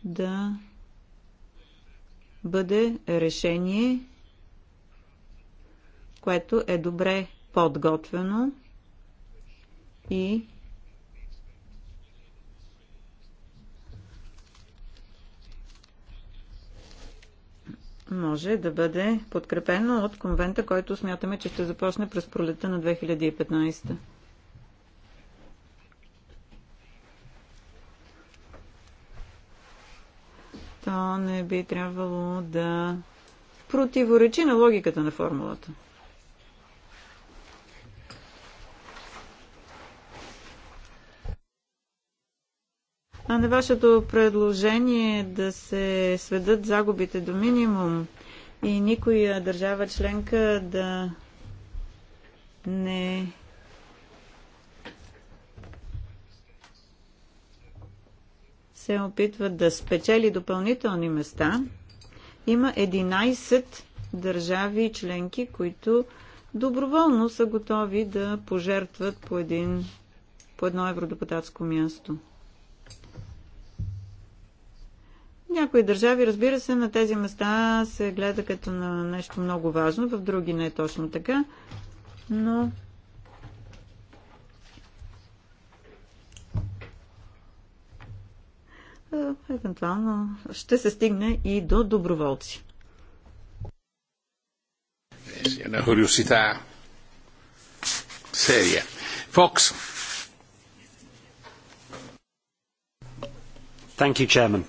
Speaker 3: да бъде решение, което е добре подготвено и може да бъде подкрепено от конвента, който смятаме, че ще започне през пролета на 2015. То не би трябвало да противоречи на логиката на формулата. на вашето предложение да се сведат загубите до минимум и никоя държава членка да не се опитва да спечели допълнителни места, има 11 държави и членки, които доброволно са готови да пожертват по, един, по едно евродепутатско място. Някои държави, разбира се, на тези места се гледа като на нещо много важно, в други не е точно така, но евентуално ще се стигне и до доброволци.
Speaker 1: Една curiosità
Speaker 3: Thank you, Chairman.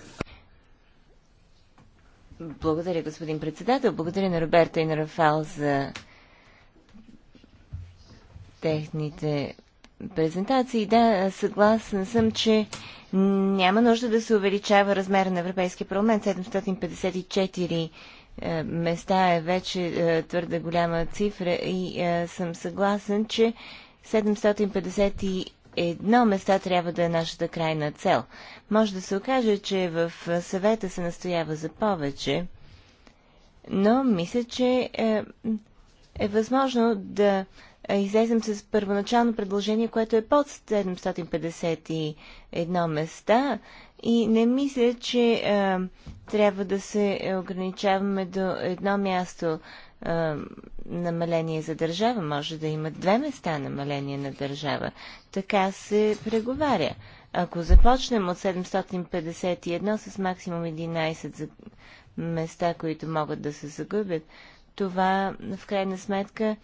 Speaker 2: Благодаря, господин председател. Благодаря на Роберта и на Рафал за техните презентации. Да, съгласен съм, че няма нужда да се увеличава размера на Европейския парламент. 754 е, места е вече е, твърде голяма цифра и е, съм съгласен, че 754 едно места трябва да е нашата крайна цел. Може да се окаже, че в съвета се настоява за повече, но мисля, че е, е възможно да излезем с първоначално предложение, което е под 751 места и не мисля, че е, трябва да се ограничаваме до едно място а, намаление за държава, може да има две места намаление на държава. Така се преговаря. Ако започнем от 751 с максимум 11 за места, които могат да се загубят, това в крайна сметка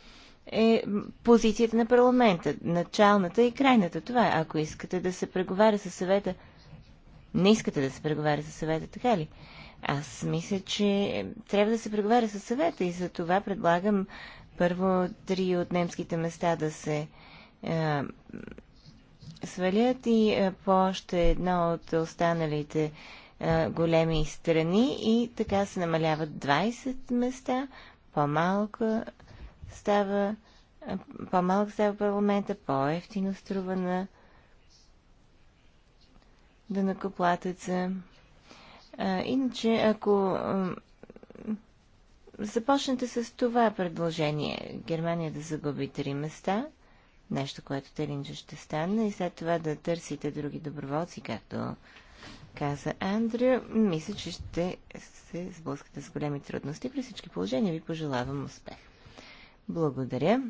Speaker 2: е позицията на парламента, началната и крайната. Това е, ако искате да се преговаря със съвета. Не искате да се преговаря със съвета, така ли? Аз мисля, че трябва да се преговаря със съвета и за това предлагам първо три от немските места да се а, е, свалят и е, по още едно от останалите а, е, големи страни и така се намаляват 20 места, по-малко става по-малък става парламента, по-ефтино струва на данакоплатеца иначе, ако започнете с това предложение, Германия да загуби три места, нещо, което Телинджа ще стане, и след това да търсите други доброволци, както каза Андрю, мисля, че ще се сблъскате с големи трудности. При всички положения ви пожелавам успех. Благодаря.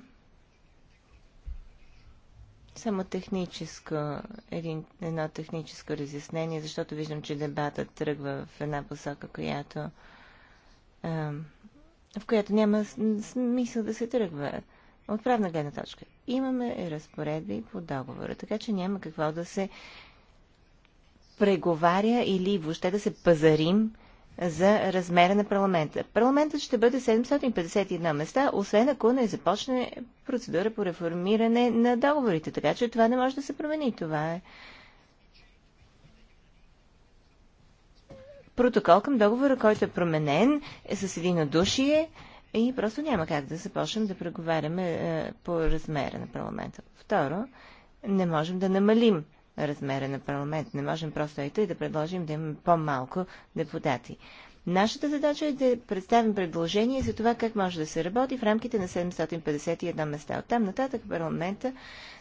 Speaker 2: Само техническо, един, едно техническо разяснение, защото виждам, че дебатът тръгва в една посока, която, в която няма смисъл да се тръгва. От правна гледна точка. Имаме разпоредби по договора, така че няма какво да се преговаря или въобще да се пазарим за размера на парламента. Парламентът ще бъде 751 места, освен ако не започне процедура по реформиране на договорите, така че това не може да се промени. Това е протокол към договора, който е променен е с единодушие и просто няма как да започнем да преговаряме е, по размера на парламента. Второ, не можем да намалим размера на парламент. Не можем просто и тъй да предложим да имаме по-малко депутати. Нашата задача е да представим предложение за това как може да се работи в рамките на 751 места. От там нататък парламента,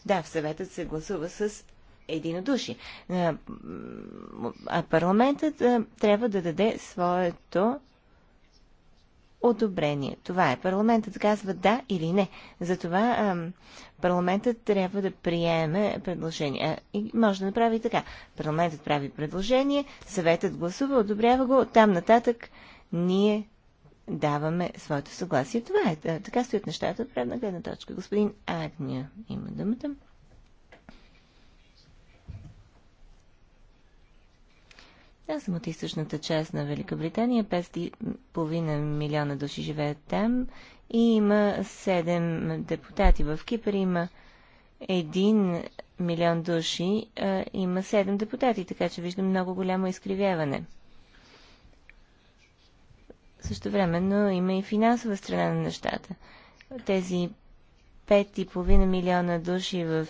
Speaker 2: да, в съветът се гласува с единодуши. А парламентът трябва да даде своето одобрение. Това е. Парламентът казва да или не. Затова ам, парламентът трябва да приеме предложение. А, и може да направи така. Парламентът прави предложение, съветът гласува, одобрява го, там нататък ние даваме своето съгласие. Това е. Така стоят нещата от предна гледна точка. Господин Агния има думата. Аз съм от източната част на Великобритания. 5,5 милиона души живеят там. И има 7 депутати в Кипър. Има 1 милион души. А, има 7 депутати, така че виждам много голямо изкривяване. Също но има и финансова страна на нещата. Тези 5,5 милиона души в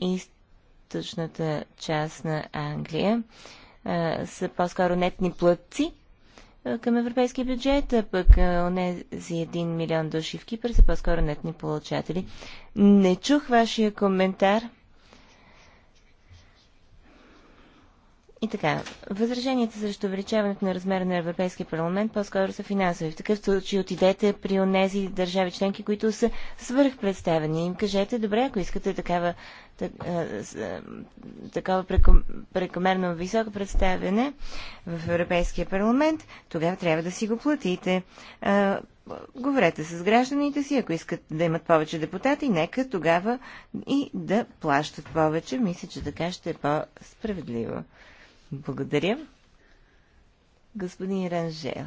Speaker 2: източната част на Англия са по-скоро нетни плътци към европейския бюджет, а пък онези 1 милион души в Кипър са по-скоро нетни получатели. Не чух вашия коментар. И така, възраженията срещу увеличаването на размера на Европейския парламент по-скоро са финансови. В такъв случай отидете при онези държави членки, които са свърхпредставени. Им кажете, добре, ако искате такава е, е, такова прекомерно високо представяне в Европейския парламент, тогава трябва да си го платите. Е, говорете с гражданите си, ако искат да имат повече депутати, нека тогава и да плащат повече. Мисля, че така ще е по-справедливо. Благодаря. Господин Ранжел,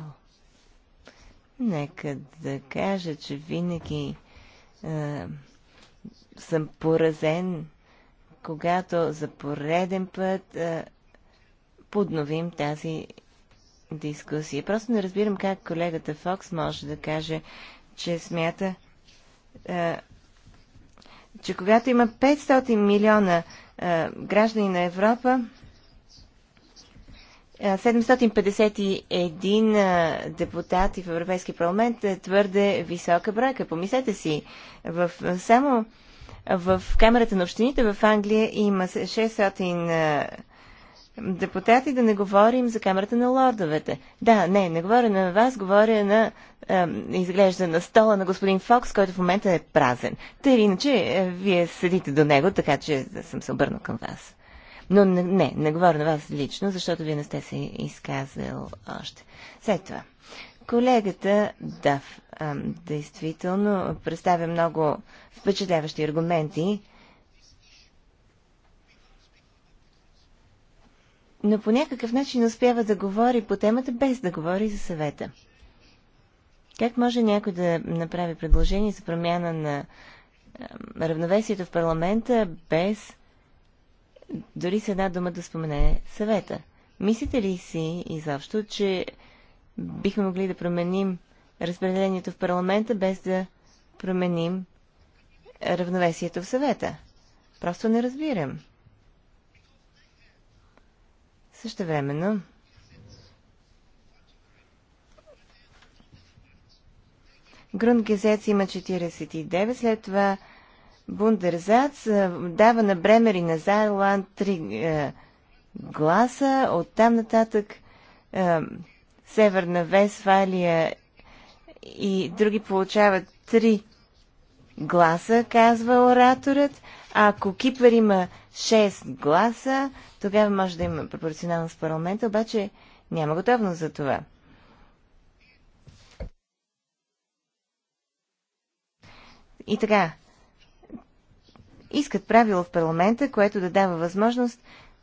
Speaker 2: нека да кажа, че винаги съм поразен когато за пореден път а, подновим тази дискусия. Просто не разбирам как колегата Фокс може да каже, че смята, а, че когато има 500 милиона а, граждани на Европа, 751 депутати в Европейския парламент е твърде висока бройка. Помислете си, в само в Камерата на общините в Англия има 600 депутати, да не говорим за Камерата на лордовете. Да, не, не говоря на вас, говоря на изглежда на стола на господин Фокс, който в момента е празен. Та или иначе, вие седите до него, така че съм се обърнал към вас. Но не, не, не говоря на вас лично, защото вие не сте се изказал още. След това, Колегата Дав действително представя много впечатляващи аргументи, но по някакъв начин успява да говори по темата без да говори за съвета. Как може някой да направи предложение за промяна на равновесието в парламента без дори с една дума да спомене съвета? Мислите ли си изобщо, че бихме могли да променим разпределението в парламента, без да променим равновесието в съвета. Просто не разбирам. Също времено, Грунгезец има 49, след това Бундерзац дава на Бремер и на Зайланд 3 е, гласа, оттам нататък е, Северна Весфалия и други получават три гласа, казва ораторът. А ако Кипър има 6 гласа, тогава може да има пропорционалност в парламента, обаче няма готовност за това. И така, искат правило в парламента, което да дава възможност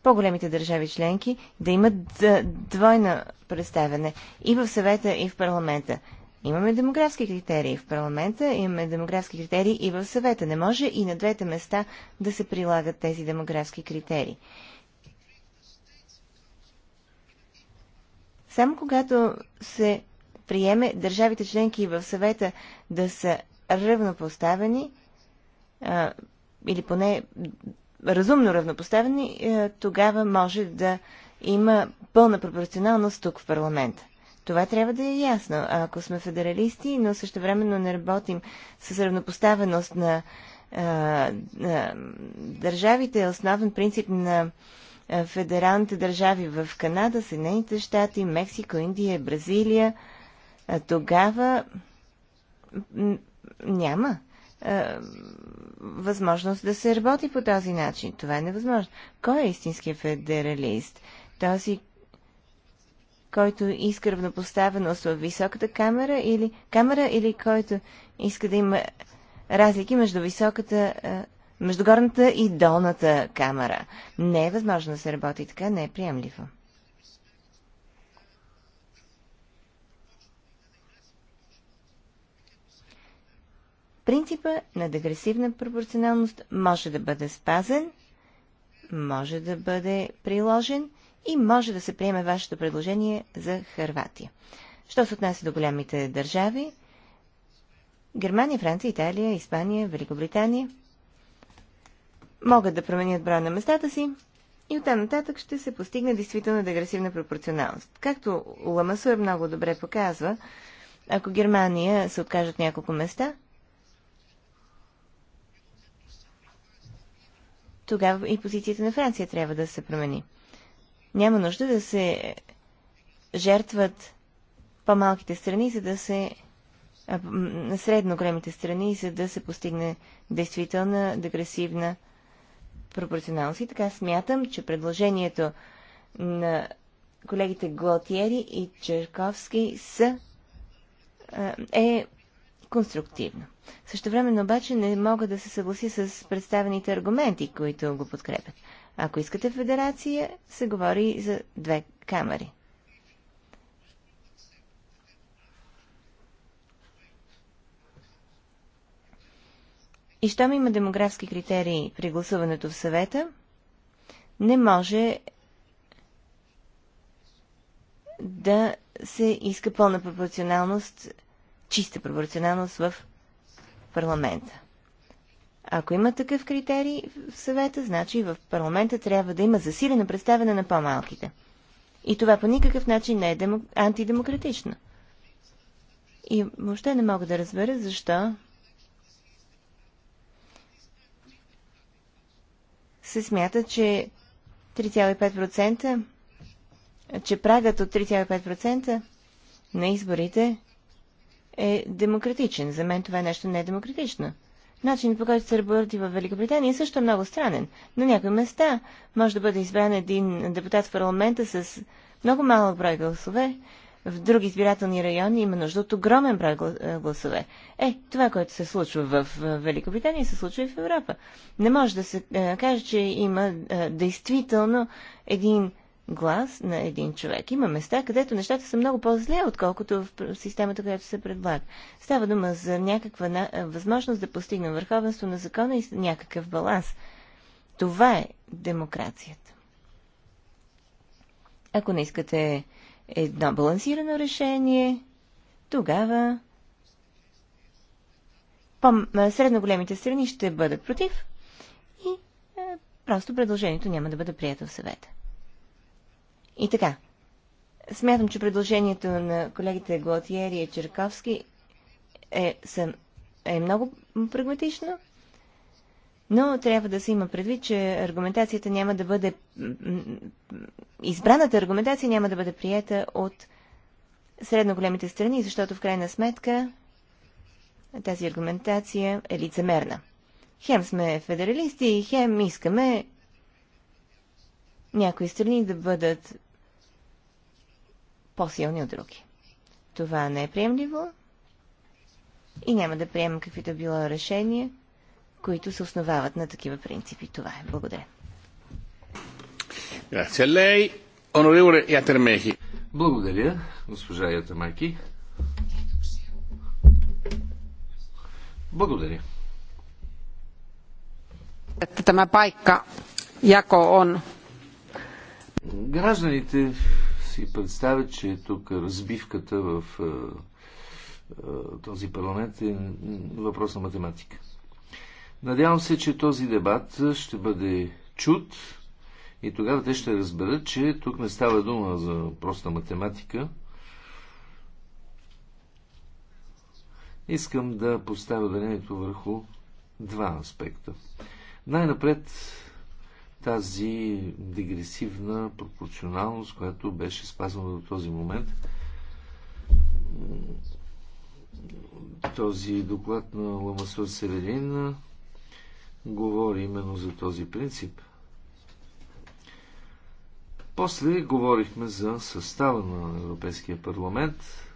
Speaker 2: по-големите държави членки да имат двойна представяне и в съвета, и в парламента. Имаме демографски критерии в парламента, имаме демографски критерии и в съвета. Не може и на двете места да се прилагат тези демографски критерии. Само когато се приеме държавите членки в съвета да са равнопоставени, или поне разумно равнопоставени, е, тогава може да има пълна пропорционалност тук в парламента. Това трябва да е ясно. Ако сме федералисти, но също времено не работим с равнопоставеност на, а, е, на държавите, е основен принцип на е, федералните държави в Канада, Съединените щати, Мексико, Индия, Бразилия, тогава няма а, е, възможност да се работи по този начин. Това е невъзможно. Кой е истинският федералист? Този, който иска равнопоставеност в високата камера или, камера или който иска да има разлики между високата, а, е, между горната и долната камера. Не е възможно да се работи така, не е приемливо. Принципа на дегресивна пропорционалност може да бъде спазен, може да бъде приложен и може да се приеме вашето предложение за Харватия. Що се отнася до голямите държави? Германия, Франция, Италия, Испания, Великобритания могат да променят броя на местата си и оттам нататък ще се постигне действително дегресивна пропорционалност. Както Ламасур много добре показва, ако Германия се откажат няколко места – тогава и позицията на Франция трябва да се промени. Няма нужда да се жертват по-малките страни, за да се на средно големите страни, за да се постигне действителна дегресивна пропорционалност. И така смятам, че предложението на колегите Глотиери и Черковски са, е конструктивно. Също времено обаче не мога да се съгласи с представените аргументи, които го подкрепят. Ако искате федерация, се говори за две камери. И щом има демографски критерии при гласуването в съвета, не може да се иска пълна пропорционалност чиста пропорционалност в парламента. Ако има такъв критерий в съвета, значи в парламента трябва да има засилено представяне на по-малките. И това по никакъв начин не е демо... антидемократично. И въобще не мога да разбера защо се смята, че 3,5%, че прагът от 3,5% на изборите е демократичен. За мен това е нещо не демократично. Начинът по който се работи в Великобритания е също е много странен. На някои места може да бъде избран един депутат в парламента с много малък брой гласове, в други избирателни райони има нужда от огромен брой е, гласове. Е, това, което се случва в Великобритания, се случва и в Европа. Не може да се е, каже, че има действително един глас на един човек. Има места, където нещата са много по-зле, отколкото в системата, която се предлага. Става дума за някаква на... Е, възможност да постигнем върховенство на закона и някакъв баланс. Това е демокрацията. Ако не искате едно балансирано решение, тогава е, средно големите страни ще бъдат против и е, просто предложението няма да бъде прието в съвета. И така, смятам, че предложението на колегите Глотиери и Черковски е, са, е много прагматично, но трябва да се има предвид, че аргументацията няма да бъде... Избраната аргументация няма да бъде приета от средно големите страни, защото в крайна сметка тази аргументация е лицемерна. Хем сме федералисти, хем искаме някои страни да бъдат по-силни от други. Това не е приемливо и няма да приемам каквито е било решения, които се основават на такива принципи. Това е. Благодаря.
Speaker 1: Благодаря, госпожа Ятамаки. Благодаря.
Speaker 3: пайка, яко он.
Speaker 1: Гражданите си представя, че тук разбивката в е, е, този парламент е въпрос на математика. Надявам се, че този дебат ще бъде чут и тогава те ще разберат, че тук не става дума за проста математика. Искам да поставя дарението върху два аспекта. Най-напред тази дегресивна пропорционалност, която беше спазвана до този момент. Този доклад на Ламасур Селедин говори именно за този принцип. После говорихме за състава на Европейския парламент.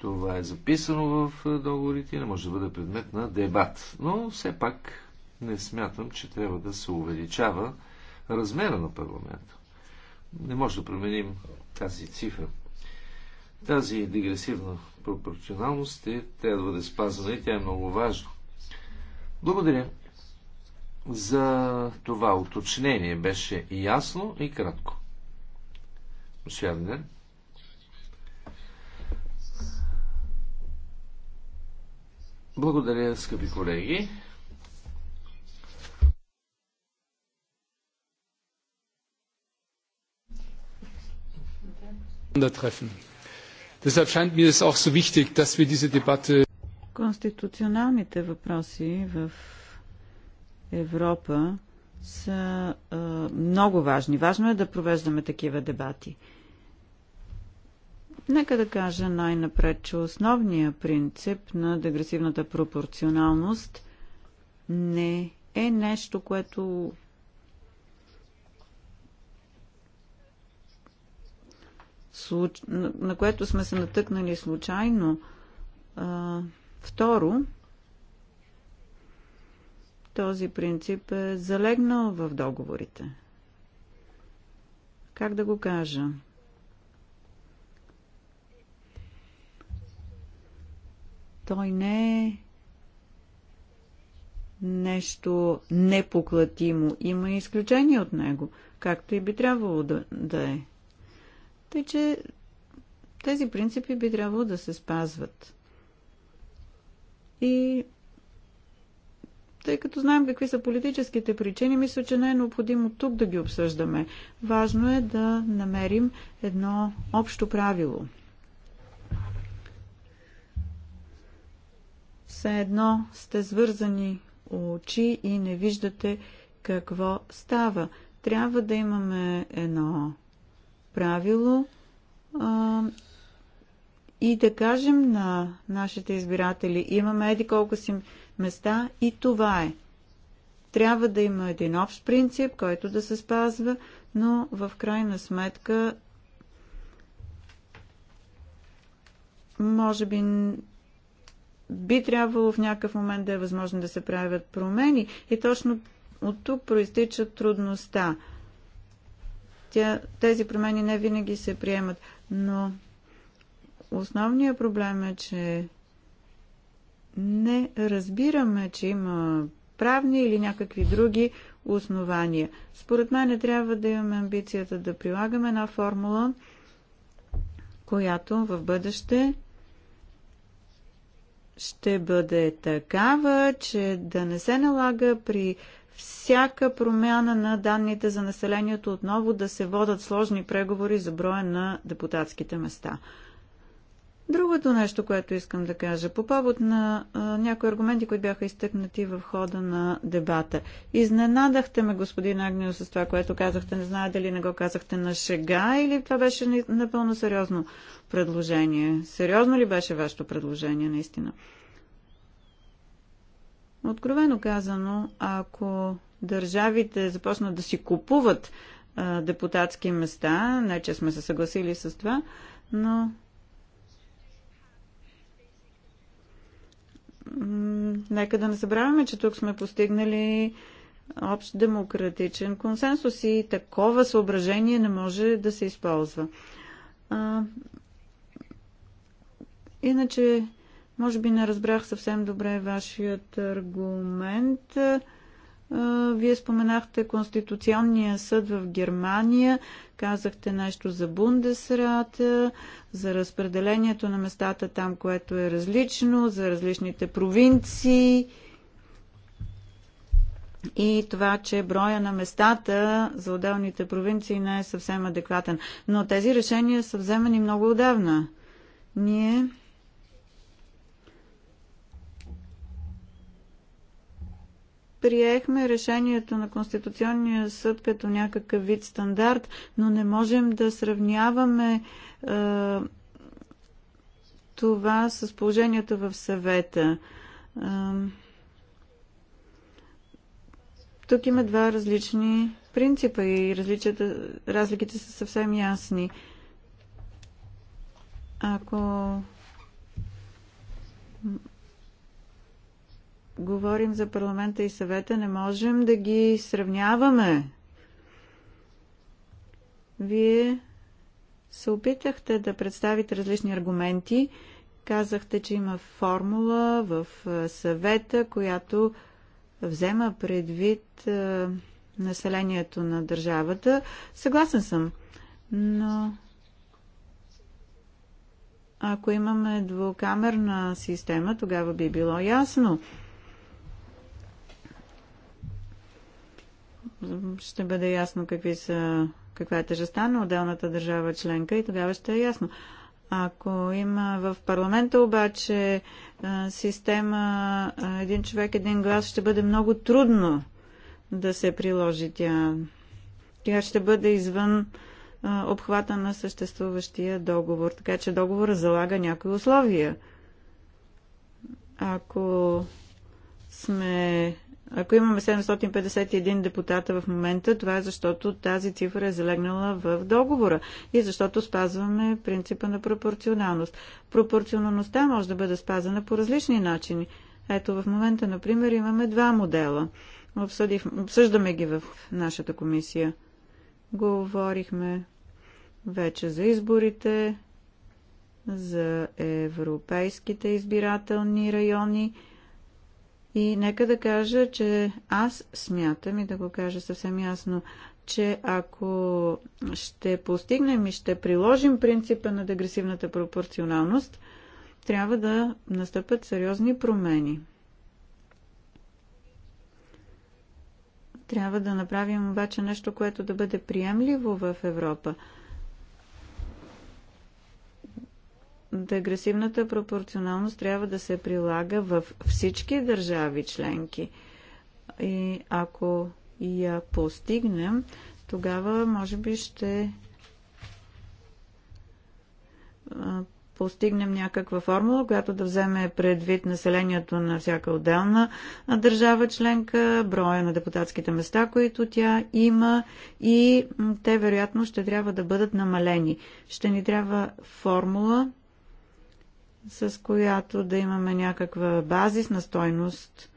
Speaker 1: Това е записано в договорите и не може да бъде предмет на дебат. Но все пак не смятам, че трябва да се увеличава размера на парламента. Не може да променим тази цифра. Тази дегресивна пропорционалност е, трябва да бъде спазена и тя е много важна. Благодаря за това уточнение. Беше и ясно и кратко. Шернер. Благодаря, скъпи колеги. treffen. Deshalb scheint mir es auch so wichtig, dass wir diese Debatte
Speaker 3: Конституционалните въпроси в Европа са а, много важни. Важно е да провеждаме такива дебати. Нека да кажа най-напред, че основният принцип на дегресивната пропорционалност не е нещо, което на което сме се натъкнали случайно. Второ, този принцип е залегнал в договорите. Как да го кажа? Той не е нещо непоклатимо. Има изключение от него, както и би трябвало да, да е и че тези принципи би трябвало да се спазват. И тъй като знаем какви са политическите причини, мисля, че не е необходимо тук да ги обсъждаме. Важно е да намерим едно общо правило. Все едно сте свързани очи и не виждате какво става. Трябва да имаме едно правило а, и да кажем на нашите избиратели, имаме еди колко си места и това е. Трябва да има един общ принцип, който да се спазва, но в крайна сметка може би би трябвало в някакъв момент да е възможно да се правят промени и точно от тук проистича трудността. Тя, тези промени не винаги се приемат, но основният проблем е, че не разбираме, че има правни или някакви други основания. Според мен трябва да имаме амбицията да прилагаме една формула, която в бъдеще ще бъде такава, че да не се налага при всяка промяна на данните за населението отново да се водат сложни преговори за броя на депутатските места. Другото нещо, което искам да кажа, по повод на а, някои аргументи, които бяха изтъкнати в хода на дебата. Изненадахте ме, господин Агнио, с това, което казахте. Не знае дали не го казахте на шега или това беше напълно сериозно предложение. Сериозно ли беше вашето предложение, наистина? Откровено казано, ако държавите започнат да си купуват депутатски места, не че сме се съгласили с това, но нека да не забравяме, че тук сме постигнали общ демократичен консенсус и такова съображение не може да се използва. иначе може би не разбрах съвсем добре вашият аргумент. Вие споменахте Конституционния съд в Германия, казахте нещо за Бундесрата, за разпределението на местата там, което е различно, за различните провинции и това, че броя на местата за отделните провинции не е съвсем адекватен. Но тези решения са вземани много отдавна. Ние приехме решението на Конституционния съд като някакъв вид стандарт, но не можем да сравняваме е, това с положението в съвета. Е, тук има два различни принципа и разликите са съвсем ясни. Ако говорим за парламента и съвета, не можем да ги сравняваме. Вие се опитахте да представите различни аргументи. Казахте, че има формула в съвета, която взема предвид населението на държавата. Съгласен съм, но ако имаме двукамерна система, тогава би било ясно. ще бъде ясно какви са, каква е тежестта на отделната държава членка и тогава ще е ясно. Ако има в парламента обаче система един човек, един глас, ще бъде много трудно да се приложи тя. Тя ще бъде извън обхвата на съществуващия договор. Така че договор залага някои условия. Ако сме ако имаме 751 депутата в момента, това е защото тази цифра е залегнала в договора и защото спазваме принципа на пропорционалност. Пропорционалността може да бъде спазана по различни начини. Ето в момента, например, имаме два модела. Обсъдих, обсъждаме ги в нашата комисия. Говорихме вече за изборите, за европейските избирателни райони – и нека да кажа, че аз смятам и да го кажа съвсем ясно, че ако ще постигнем и ще приложим принципа на дегресивната пропорционалност, трябва да настъпят сериозни промени. Трябва да направим обаче нещо, което да бъде приемливо в Европа – интеграсивната пропорционалност трябва да се прилага във всички държави членки. И ако я постигнем, тогава може би ще постигнем някаква формула, която да вземе предвид населението на всяка отделна държава членка, броя на депутатските места, които тя има и те вероятно ще трябва да бъдат намалени. Ще ни трябва формула, с която да имаме някаква базисна стойност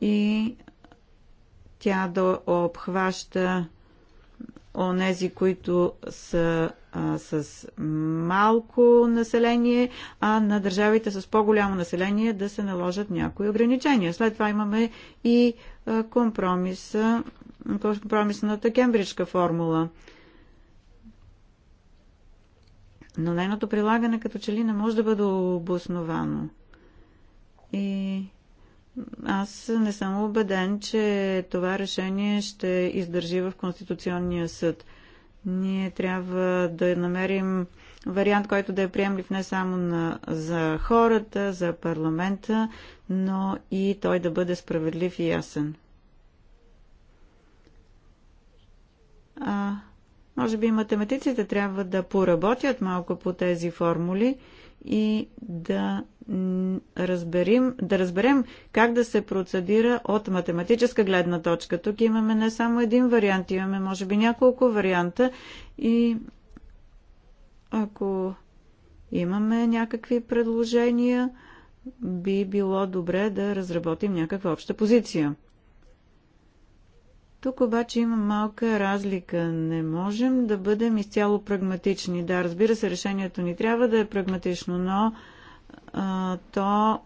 Speaker 3: и тя да обхваща онези, които са а, с малко население, а на държавите с по-голямо население да се наложат някои ограничения. След това имаме и компромис, компромисната кембриджка формула. Но нейното прилагане като че ли не може да бъде обосновано. И аз не съм убеден, че това решение ще издържи в Конституционния съд. Ние трябва да намерим вариант, който да е приемлив не само на, за хората, за парламента, но и той да бъде справедлив и ясен. А, може би математиците трябва да поработят малко по тези формули и да разберем, да разберем как да се процедира от математическа гледна точка. Тук имаме не само един вариант, имаме може би няколко варианта и ако имаме някакви предложения, би било добре да разработим някаква обща позиция. Тук обаче има малка разлика. Не можем да бъдем изцяло прагматични. Да, разбира се, решението ни трябва да е прагматично, но а, то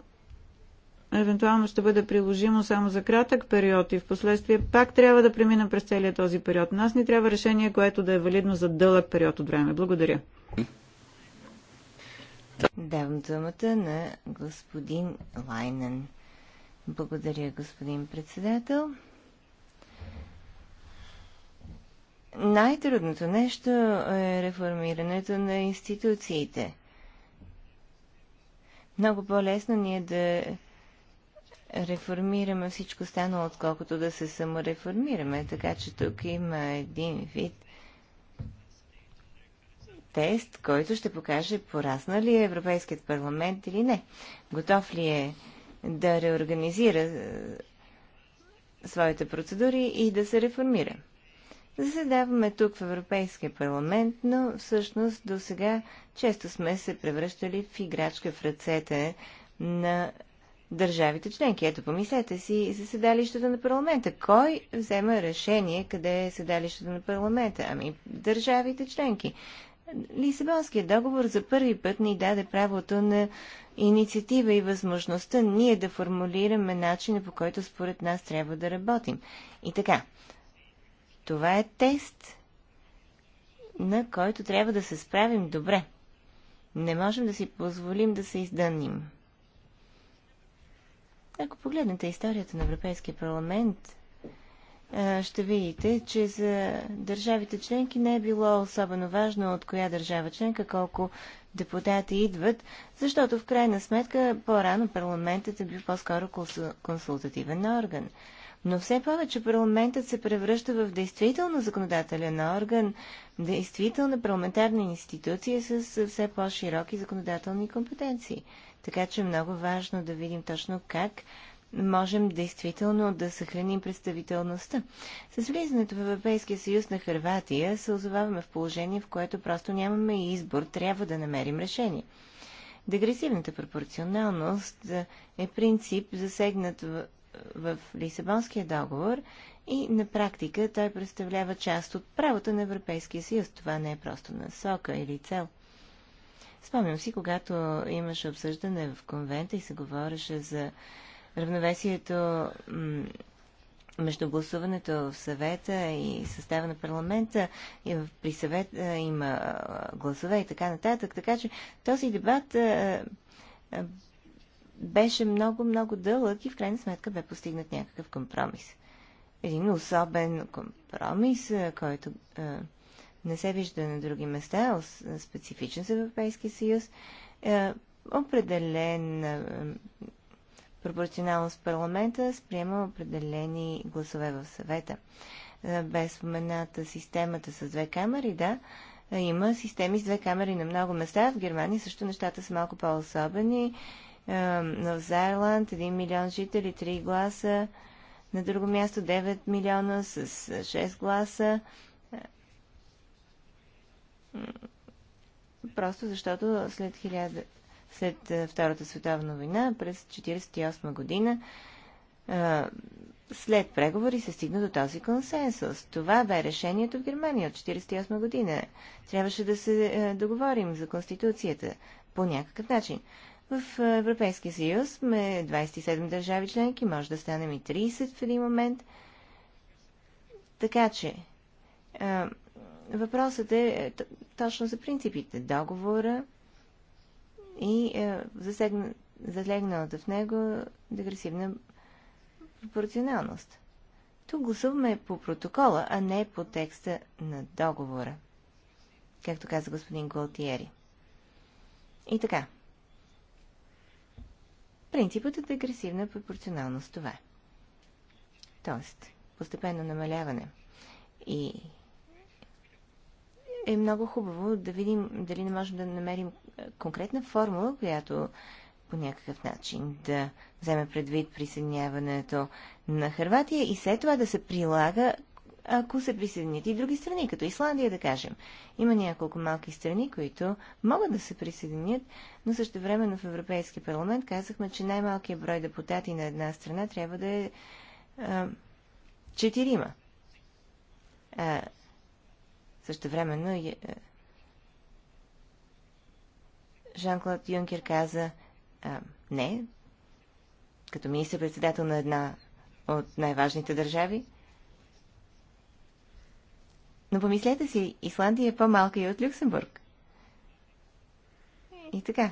Speaker 3: евентуално ще бъде приложимо само за кратък период и в последствие пак трябва да преминем през целия този период. Нас ни трябва решение, което да е валидно за дълъг период от време. Благодаря.
Speaker 2: Давам думата на господин Лайнен. Благодаря, господин председател. Най-трудното нещо е реформирането на институциите. Много по-лесно ни е да реформираме всичко станало, отколкото да се самореформираме. Така че тук има един вид тест, който ще покаже порасна ли е Европейският парламент или не. Готов ли е да реорганизира е, своите процедури и да се реформира заседаваме тук в Европейския парламент, но всъщност до сега често сме се превръщали в играчка в ръцете на държавите членки. Ето, помислете си за седалището на парламента. Кой взема решение къде е седалището на парламента? Ами, държавите членки. Лисабонският договор за първи път ни даде правото на инициатива и възможността ние да формулираме начина по който според нас трябва да работим. И така, това е тест, на който трябва да се справим добре. Не можем да си позволим да се издъним. Ако погледнете историята на Европейския парламент, ще видите, че за държавите членки не е било особено важно от коя държава членка колко депутати идват, защото в крайна сметка по-рано парламентът е бил по-скоро консултативен орган. Но все повече парламентът се превръща в действително законодателен орган, действителна парламентарна институция с все по-широки законодателни компетенции. Така че е много важно да видим точно как можем действително да съхраним представителността. С влизането в Европейския съюз на Харватия се озоваваме в положение, в което просто нямаме избор, трябва да намерим решение. Дегресивната пропорционалност е принцип, засегнат в Лисабонския договор и на практика той представлява част от правото на Европейския съюз. Това не е просто насока или цел. Спомням си, когато имаше обсъждане в конвента и се говореше за равновесието между гласуването в съвета и състава на парламента, и при съвета има гласове и така нататък. Така че този дебат беше много, много дълъг и в крайна сметка бе постигнат някакъв компромис. Един особен компромис, който е, не се вижда на други места, специфичен за Европейския съюз, е, определен е, пропорционално с парламента, сприема определени гласове в съвета. Е, без спомената системата с две камери, да, има системи с две камери на много места. В Германия също нещата са малко по-особени. Е, е, Нов Зайланд, 1 милион жители, 3 гласа. На друго място 9 милиона с 6 гласа. Е, просто защото след, 1000, след е, Втората световна война през 1948 година след преговори се стигна до този консенсус. Това бе решението в Германия от 1948 година. Трябваше да се договорим за Конституцията по някакъв начин. В Европейския съюз сме 27 държави членки, може да станем и 30 в един момент. Така че, а, въпросът е, е точно за принципите. Договора и а, е, засегна, залегналата в него дегресивна пропорционалност. Тук гласуваме по протокола, а не по текста на договора, както каза господин Голтиери. И така, Принципът от е агресивна пропорционалност това е. Тоест, постепенно намаляване. И е много хубаво да видим дали не можем да намерим е, конкретна формула, която по някакъв начин да вземе предвид присъединяването на Харватия и след това да се прилага ако се присъединят и други страни, като Исландия, да кажем. Има няколко малки страни, които могат да се присъединят, но също времено в Европейски парламент казахме, че най-малкият брой депутати на една страна трябва да е четирима. също времено Жан-Клод Юнкер каза а, не, като министър-председател на една от най-важните държави, но помислете си, Исландия е по-малка и от Люксембург. И така.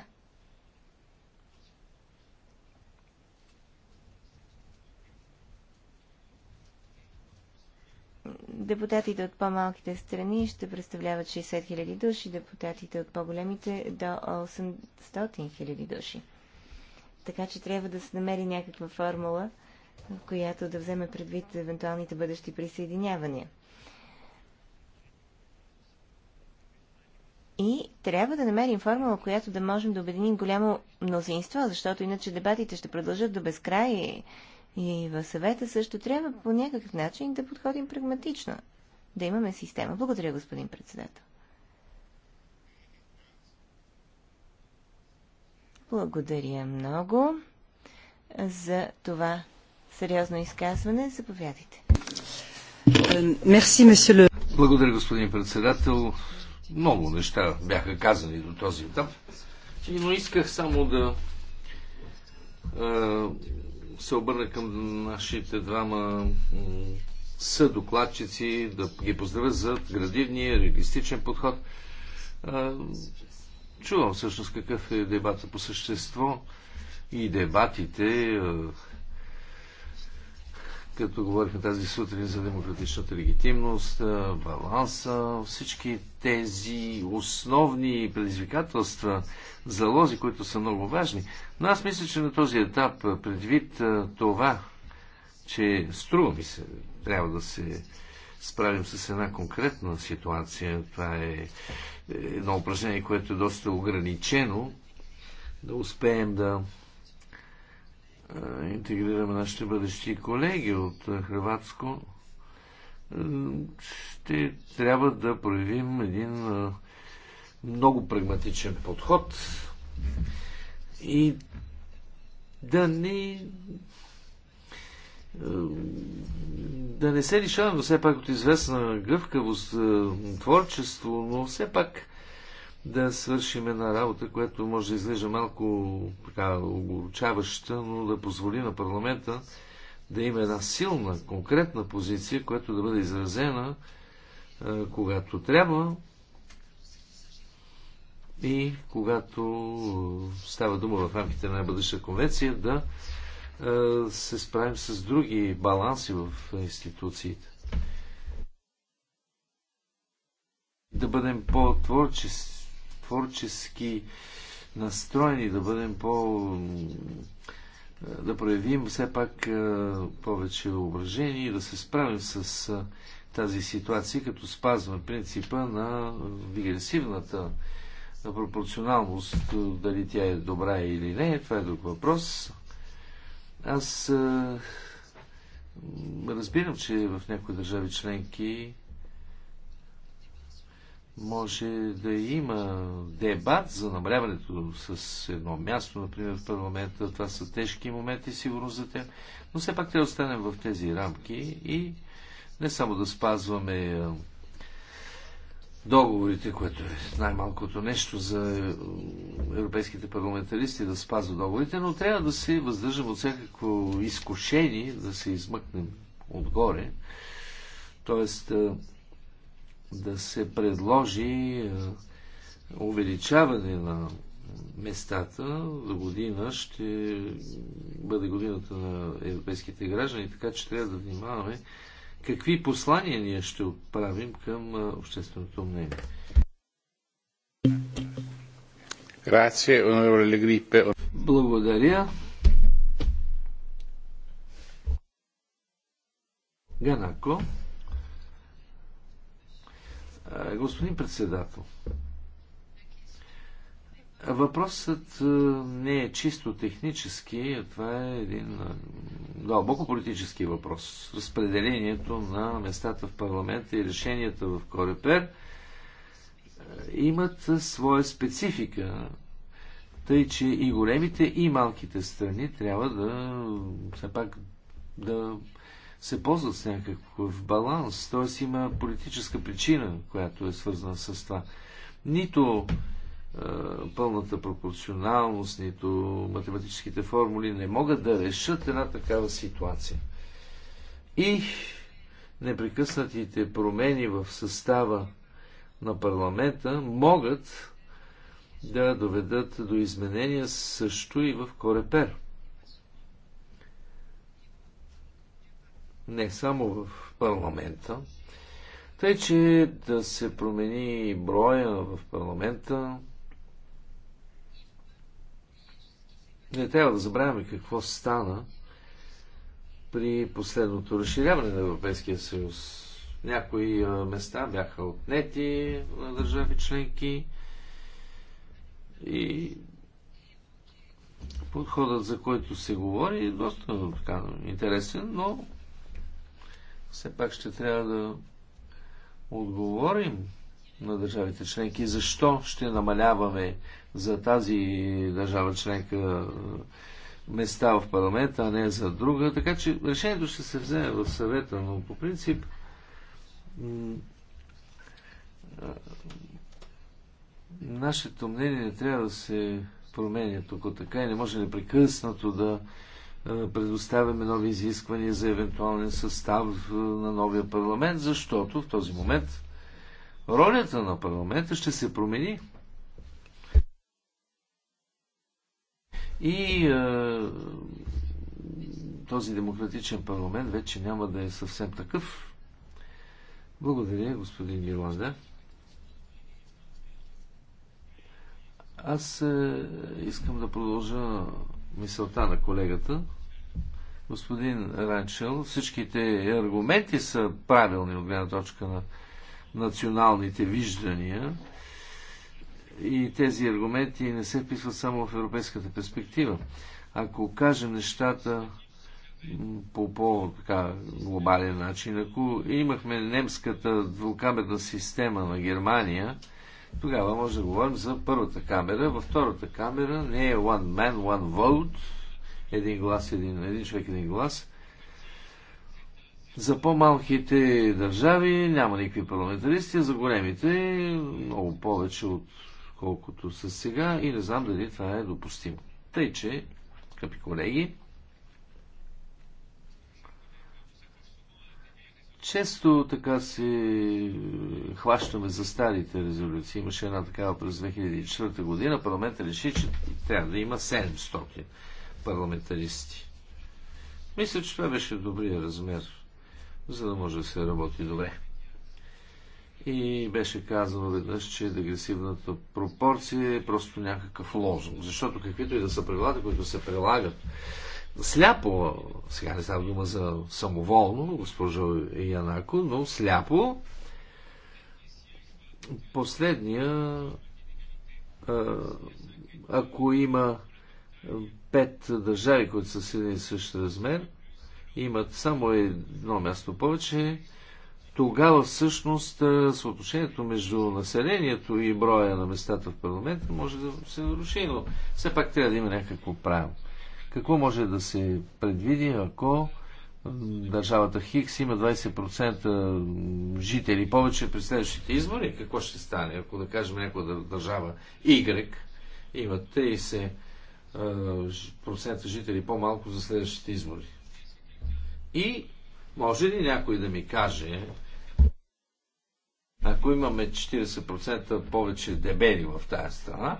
Speaker 2: Депутатите от по-малките страни ще представляват 60 000 души, депутатите от по-големите до 800 000 души. Така че трябва да се намери някаква формула, която да вземе предвид евентуалните бъдещи присъединявания. И трябва да намерим формула, която да можем да обединим голямо мнозинство, защото иначе дебатите ще продължат до безкрай. И в съвета също трябва по някакъв начин да подходим прагматично, да имаме система. Благодаря, господин председател. Благодаря много за това сериозно изказване. Заповядайте.
Speaker 1: Благодаря, господин председател. Много неща бяха казани до този етап, но исках само да се обърна към нашите двама съдокладчици, да ги поздравя за градивния, реалистичен подход. Чувам всъщност какъв е дебата по същество и дебатите като говорихме тази сутрин за демократичната легитимност, баланса, всички тези основни предизвикателства, залози, които са много важни. Но аз мисля, че на този етап, предвид това, че струва ми се, трябва да се справим с една конкретна ситуация. Това е, е едно упражнение, което е доста ограничено. Да успеем да интегрираме нашите бъдещи колеги от Хрватско, ще трябва да проявим един много прагматичен подход и да не да не се лишаваме все пак от известна гъвкавост, творчество, но все пак да свършим една работа, която може да изглежда малко така огорчаваща, но да позволи на парламента да има една силна, конкретна позиция, която да бъде изразена когато трябва и когато става дума в рамките на бъдеща конвенция да се справим с други баланси в институциите. Да бъдем по-творчески творчески настроени, да бъдем по... Е, да проявим все пак е, повече уважение и да се справим с е, тази ситуация, като спазваме принципа на дигресивната на пропорционалност, дали тя е добра или не, това е друг въпрос. Аз разбирам, че в някои държави членки може да има дебат за намаляването с едно място, например в парламента. Това са тежки моменти, сигурно за тях. Но все пак трябва да останем в тези рамки и не само да спазваме договорите, което е най-малкото нещо за европейските парламентаристи да спазват договорите, но трябва да се въздържам от всякакво изкушение, да се измъкнем отгоре. Тоест, да се предложи е, увеличаване на местата до година ще бъде годината на европейските граждани, така че трябва да внимаваме какви послания ние ще отправим към е, общественото мнение. Благодаря. Ганако. Господин председател, въпросът не е чисто технически, а това е един дълбоко политически въпрос. Разпределението на местата в парламента и решенията в Корепер имат своя специфика. Тъй, че и големите, и малките страни трябва да все пак да се ползват с някакъв баланс, т.е. има политическа причина, която е свързана с това. Нито е, пълната пропорционалност, нито математическите формули не могат да решат една такава ситуация. И непрекъснатите промени в състава на парламента могат да доведат до изменения също и в Корепер. не само в парламента. Тъй, че да се промени броя в парламента, не трябва да забравяме какво стана при последното разширяване на Европейския съюз. Някои места бяха отнети на държави членки и подходът, за който се говори, е доста така, интересен, но все пак ще трябва да отговорим на държавите членки. Защо ще намаляваме за тази държава членка места в парламента, а не за друга. Така че решението ще се вземе в съвета, но по принцип нашето мнение не трябва да се променя тук така и не може непрекъснато да е, предоставяме нови изисквания за евентуален състав е, на новия парламент, защото в този момент ролята на парламента ще се промени. И е, този демократичен парламент вече няма да е съвсем такъв. Благодаря, господин Ирланда. Аз е, искам да продължа мисълта на колегата господин Ранчел, всичките аргументи са правилни от гледна точка на националните виждания и тези аргументи не се вписват само в европейската перспектива. Ако кажем нещата по по-глобален начин, ако имахме немската двукамерна система на Германия, тогава може да говорим за първата камера. Във втората камера не е one man, one vote, един глас, един, един човек, един глас. За по-малките държави няма никакви парламентаристи, а за големите много повече от колкото са сега и не знам дали това е допустимо. Тъй, че, скъпи колеги, често така се хващаме за старите резолюции. Имаше една такава през 2004 година. Парламентът реши, че трябва да има 700 парламентаристи. Мисля, че това беше добрия размер, за да може да се работи добре. И беше казано веднъж, че дегресивната пропорция е просто някакъв лозунг. Защото каквито и да са правилата, които се прилагат сляпо, сега не става дума за самоволно, госпожо Янако, но сляпо, последния, ако има пет държави, които са с един и същ размер, имат само едно място повече, тогава всъщност съотношението между населението и броя на местата в парламента може да се наруши, но все пак трябва да има някакво правило. Какво може да се предвиди, ако държавата Хикс има 20% жители повече при следващите избори? Какво ще стане, ако да кажем някоя държава Y има 30 процента жители по-малко за следващите избори. И може ли някой да ми каже, ако имаме 40% повече дебели в тази страна,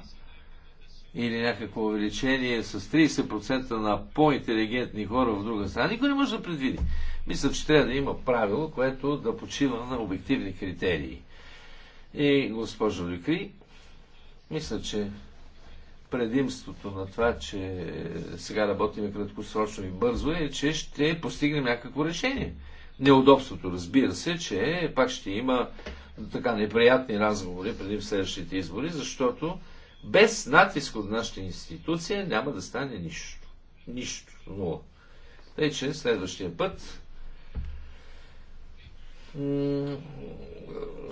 Speaker 1: или някакво увеличение с 30% на по-интелигентни хора в друга страна, никой не може да предвиди. Мисля, че трябва да има правило, което да почива на обективни критерии. И, госпожо Люкри, мисля, че предимството на това, че сега работим краткосрочно и бързо е, че ще постигнем някакво решение. Неудобството, разбира се, че пак ще има така неприятни разговори преди следващите избори, защото без натиск от нашата институция няма да стане нищо. Нищо. Нула. Тъй, че следващия път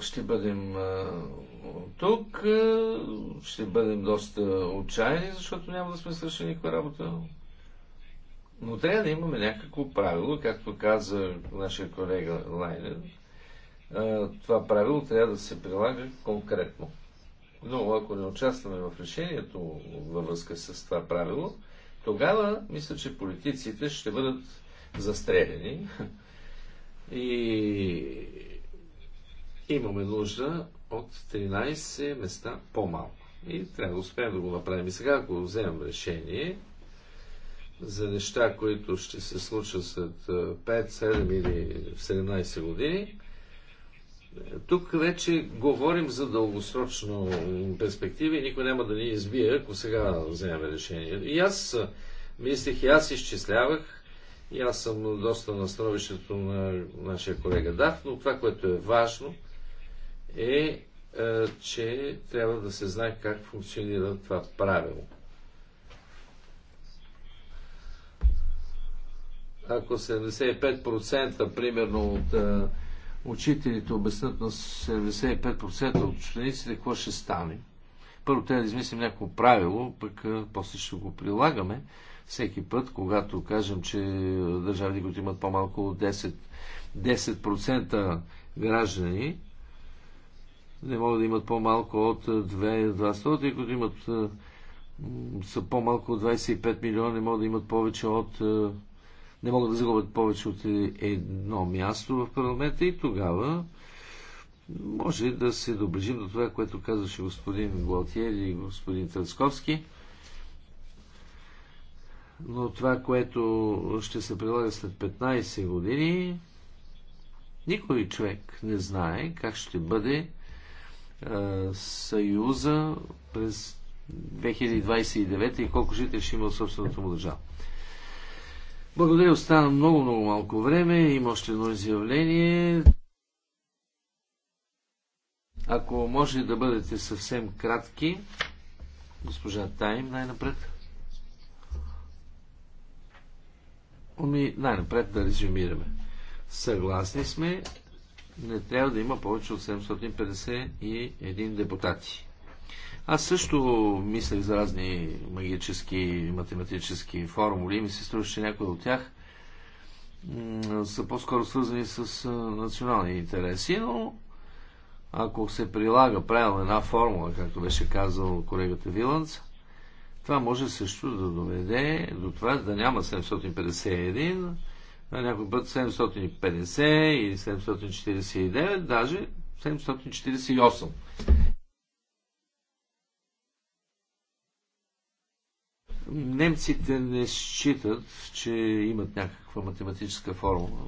Speaker 1: ще бъдем тук, ще бъдем доста отчаяни, защото няма да сме свършили никаква работа. Но трябва да имаме някакво правило, както каза нашия колега Лайнер. Това правило трябва да се прилага конкретно. Но ако не участваме в решението във връзка с това правило, тогава мисля, че политиците ще бъдат застрелени и имаме нужда от 13 места по-малко. И трябва да успеем да го направим. И сега, ако вземем решение за неща, които ще се случат след 5, е, 7 или 17 години, е, тук вече говорим за дългосрочно перспектива и никой няма да ни избие, ако сега вземем решение. И аз е, мислех, и аз изчислявах, и аз съм доста на становището на нашия колега Дах, но това, което е важно – е, е, че трябва да се знае как функционира това правило. Ако 75% примерно от е, учителите обяснат на 75% от учениците, какво ще стане? Първо трябва да измислим някакво правило, пък е, после ще го прилагаме. Всеки път, когато кажем, че държавите, които имат по-малко от 10, 10% граждани, не могат да имат по-малко от 200, е, които имат е, са по-малко от 25 милиона, не могат да имат повече от е, не могат да загубят повече от едно място в парламента и тогава може да се доближим до това, което казваше господин Гуалтиер и господин Търсковски. Но това, което ще се прилага след 15 години, никой човек не знае как ще бъде Съюза през 2029 и колко жители ще има в собственото му държава. Благодаря, остана много, много малко време. Има още едно изявление. Ако може да бъдете съвсем кратки, госпожа Тайм най-напред. Ами, най-напред да резюмираме. Съгласни сме не трябва да има повече от 751 депутати. Аз също мислех за разни магически и математически формули и ми се струва, че някои от тях са по-скоро свързани с национални интереси, но ако се прилага правилно една формула, както беше казал колегата Виланц, това може също да доведе до това да няма 751, на някой път 750 или 749, даже 748. Немците не считат, че имат някаква математическа формула.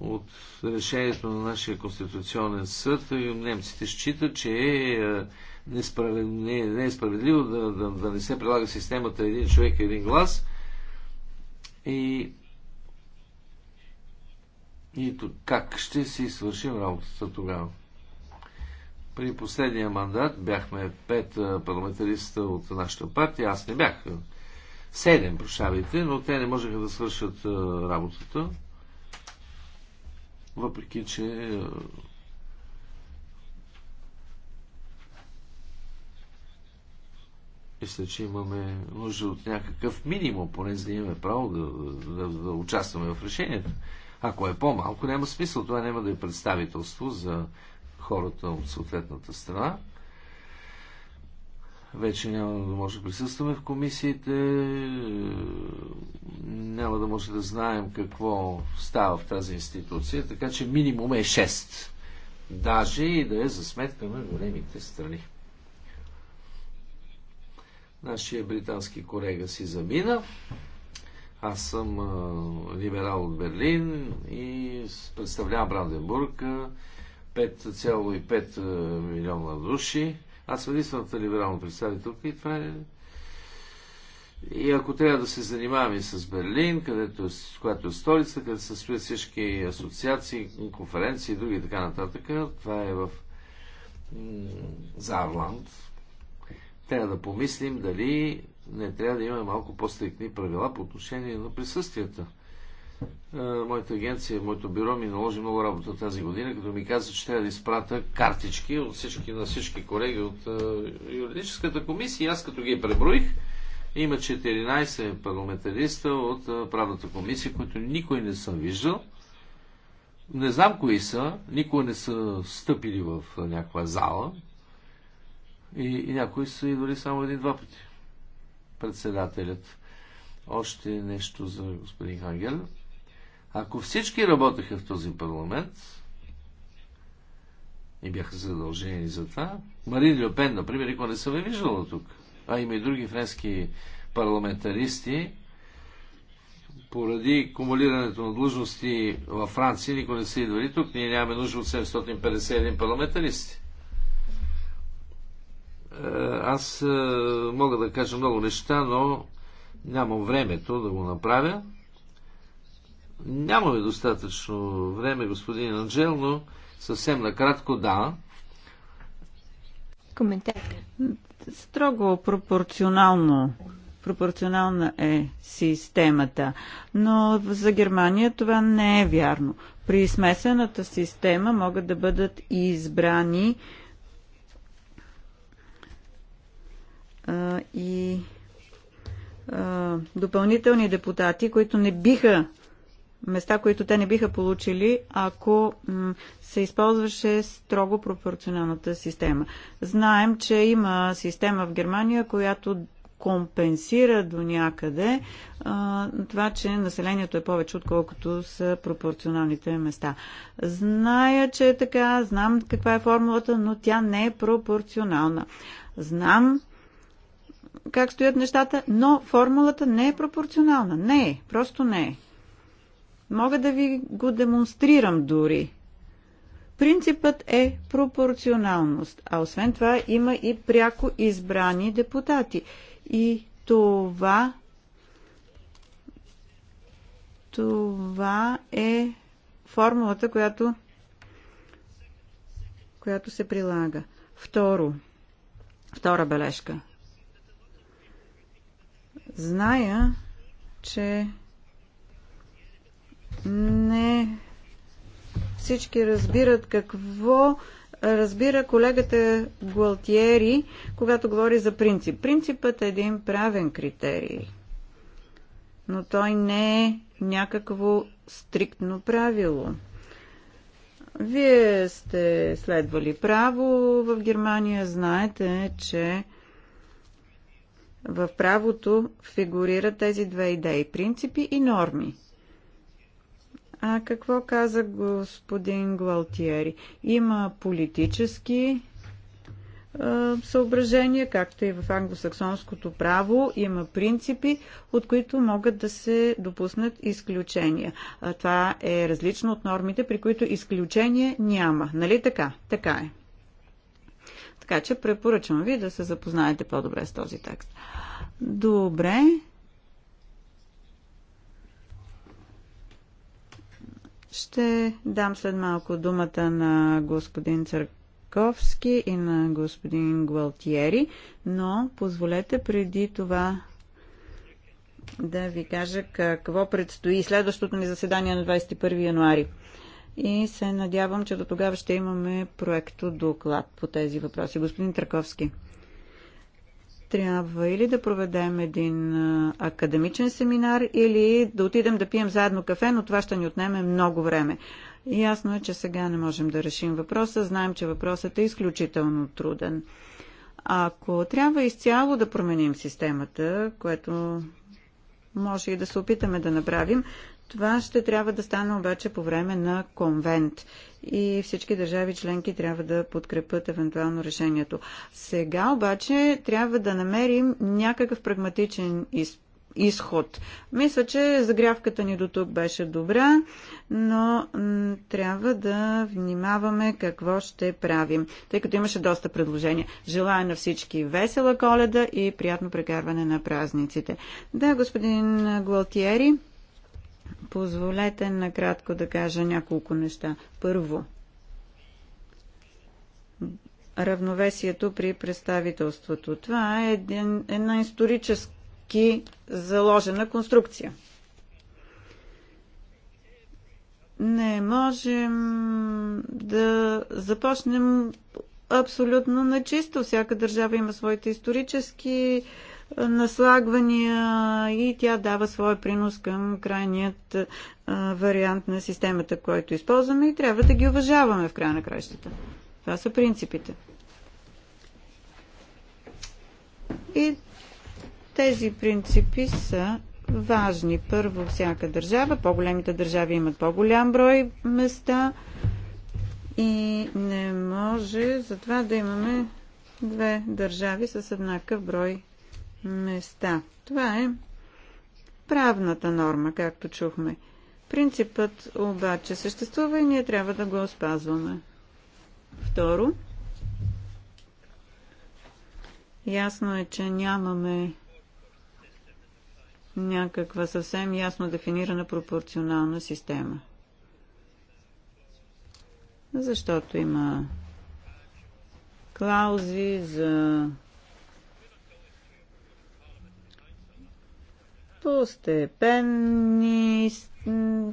Speaker 1: От решението на нашия Конституционен съд е, немците считат, че е, е несправедливо не, е справедливо да, да, да не се прилага системата един човек и един глас. И и как ще си свършим работата тогава? При последния мандат бяхме пет парламентариста от нашата партия. Аз не бях. Седем, прощавайте, но те не можеха да свършат работата. Въпреки, че мисля, че имаме нужда от някакъв минимум, поне за да имаме право да, да, да участваме в решението. Ако е по-малко, няма смисъл. Това няма да е представителство за хората от съответната страна. Вече няма да може да присъстваме в комисиите, няма да може да знаем какво става в тази институция, така че минимум е 6. Даже и да е за сметка на големите страни. Нашия британски колега си замина. Аз съм либерал от Берлин и представлявам Бранденбург 5,5 милиона души. Аз съм единствената либерална представителка и това е и ако трябва да се занимаваме с Берлин, където, е, която е столица, където се стоят всички асоциации, конференции и други и така нататък, това е в Зарланд. Трябва да помислим дали не трябва да имаме малко по-стрикни правила по отношение на присъствията. Моята агенция, моето бюро ми наложи много работа тази година, като ми каза, че трябва да изпрата картички от всички, на всички колеги от юридическата комисия. Аз като ги преброих, има 14 парламентариста от правната комисия, които никой не съм виждал. Не знам кои са, никога не са стъпили в някаква зала и, и някои са идвали само един-два пъти. Председателят. Още нещо за господин Хангел. Ако всички работеха в този парламент и бяха задължени за това, Марин Люпен, например, никога не съм я виждала тук, а има и други френски парламентаристи, поради кумулирането на длъжности във Франция, никой не са идвали тук. Ние нямаме нужда от 751 парламентаристи. Е, аз е, мога да кажа много неща, но нямам времето да го направя. Нямаме достатъчно време, господин Анджел, но съвсем накратко да.
Speaker 2: Коментар.
Speaker 3: Строго пропорционално пропорционална е системата. Но за Германия това не е вярно. При смесената система могат да бъдат избрани а, и а, допълнителни депутати, които не биха места, които те не биха получили, ако се използваше строго пропорционалната система. Знаем, че има система в Германия, която компенсира до някъде а, това, че населението е повече, отколкото са пропорционалните места. Зная, че е така, знам каква е формулата, но тя не е пропорционална. Знам, как стоят нещата, но формулата не е пропорционална. Не е, просто не е. Мога да ви го демонстрирам дори. Принципът е пропорционалност, а освен това има и пряко избрани депутати. И това това е формулата, която, която се прилага. Второ, втора бележка – Зная, че не всички разбират какво разбира колегата Гуалтиери, когато говори за принцип. Принципът е един правен критерий, но той не е някакво стриктно правило. Вие сте следвали право в Германия, знаете, че в правото фигурират тези две идеи – принципи и норми. А какво каза господин Гвалтиери? Има политически съображения, както и в англосаксонското право, има принципи, от които могат да се допуснат изключения. Това е различно от нормите, при които изключение няма. Нали така? Така е. Така че препоръчвам ви да се запознаете по-добре с този текст. Добре. Ще дам след малко думата на господин Църковски и на господин Гуалтиери, но позволете преди това да ви кажа какво предстои следващото ни заседание на 21 януари и се надявам, че до тогава ще имаме проекто доклад по тези въпроси. Господин Траковски, трябва или да проведем един академичен семинар, или да отидем да пием заедно кафе, но това ще ни отнеме много време. Ясно е, че сега не можем да решим въпроса. Знаем, че въпросът е изключително труден. Ако трябва изцяло да променим системата, което може и да се опитаме да направим, това ще трябва да стане обаче по време на конвент и всички държави членки трябва да подкрепят евентуално решението. Сега обаче трябва да намерим някакъв прагматичен из... изход. Мисля, че загрявката ни до тук беше добра, но трябва да внимаваме какво ще правим, тъй като имаше доста предложения. Желая на всички весела коледа и приятно прекарване на празниците. Да, господин Гуалтиери. Позволете накратко да кажа няколко неща. Първо, равновесието при представителството. Това е един, една исторически заложена конструкция. Не можем да започнем абсолютно начисто. Всяка държава има своите исторически наслагвания и тя дава своя принос към крайният вариант на системата, който използваме и трябва да ги уважаваме в края на кращата. Това са принципите. И тези принципи са важни. Първо, всяка държава, по-големите държави имат по-голям брой места и не може затова да имаме две държави с еднакъв брой места. Това е правната норма, както чухме. Принципът обаче съществува и ние трябва да го спазваме. Второ, ясно е, че нямаме някаква съвсем ясно дефинирана пропорционална система. Защото има клаузи за постепенни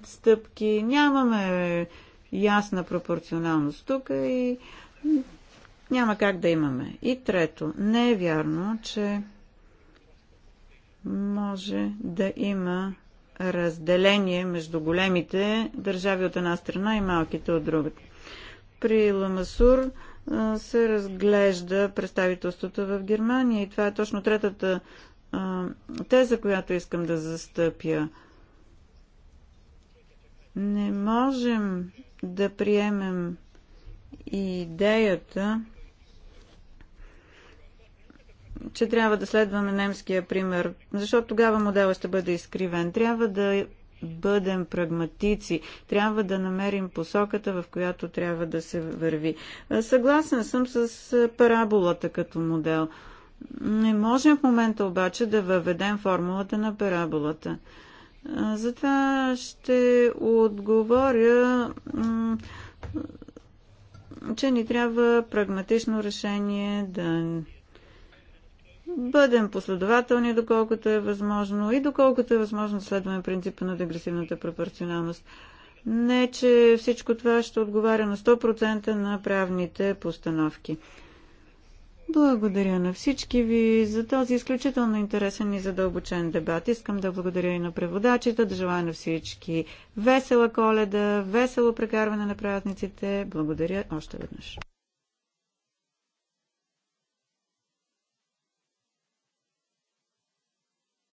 Speaker 3: стъпки, нямаме ясна пропорционалност тук и няма как да имаме. И трето, не е вярно, че може да има разделение между големите държави от една страна и малките от другата. При Ламасур се разглежда представителството в Германия и това е точно третата теза, която искам да застъпя. Не можем да приемем идеята, че трябва да следваме немския пример, защото тогава модела ще бъде изкривен. Трябва да бъдем прагматици, трябва да намерим посоката, в която трябва да се върви. Съгласен съм с параболата като модел. Не можем в момента обаче да въведем формулата на параболата. Затова ще отговоря, че ни трябва прагматично решение да бъдем последователни, доколкото е възможно и доколкото е възможно следваме принципа на дегресивната пропорционалност. Не, че всичко това ще отговаря на 100% на правните постановки. Благодаря на всички ви за този изключително интересен и задълбочен дебат. Искам да благодаря и на преводачите, да желая на всички весела коледа, весело прекарване на празниците. Благодаря още веднъж.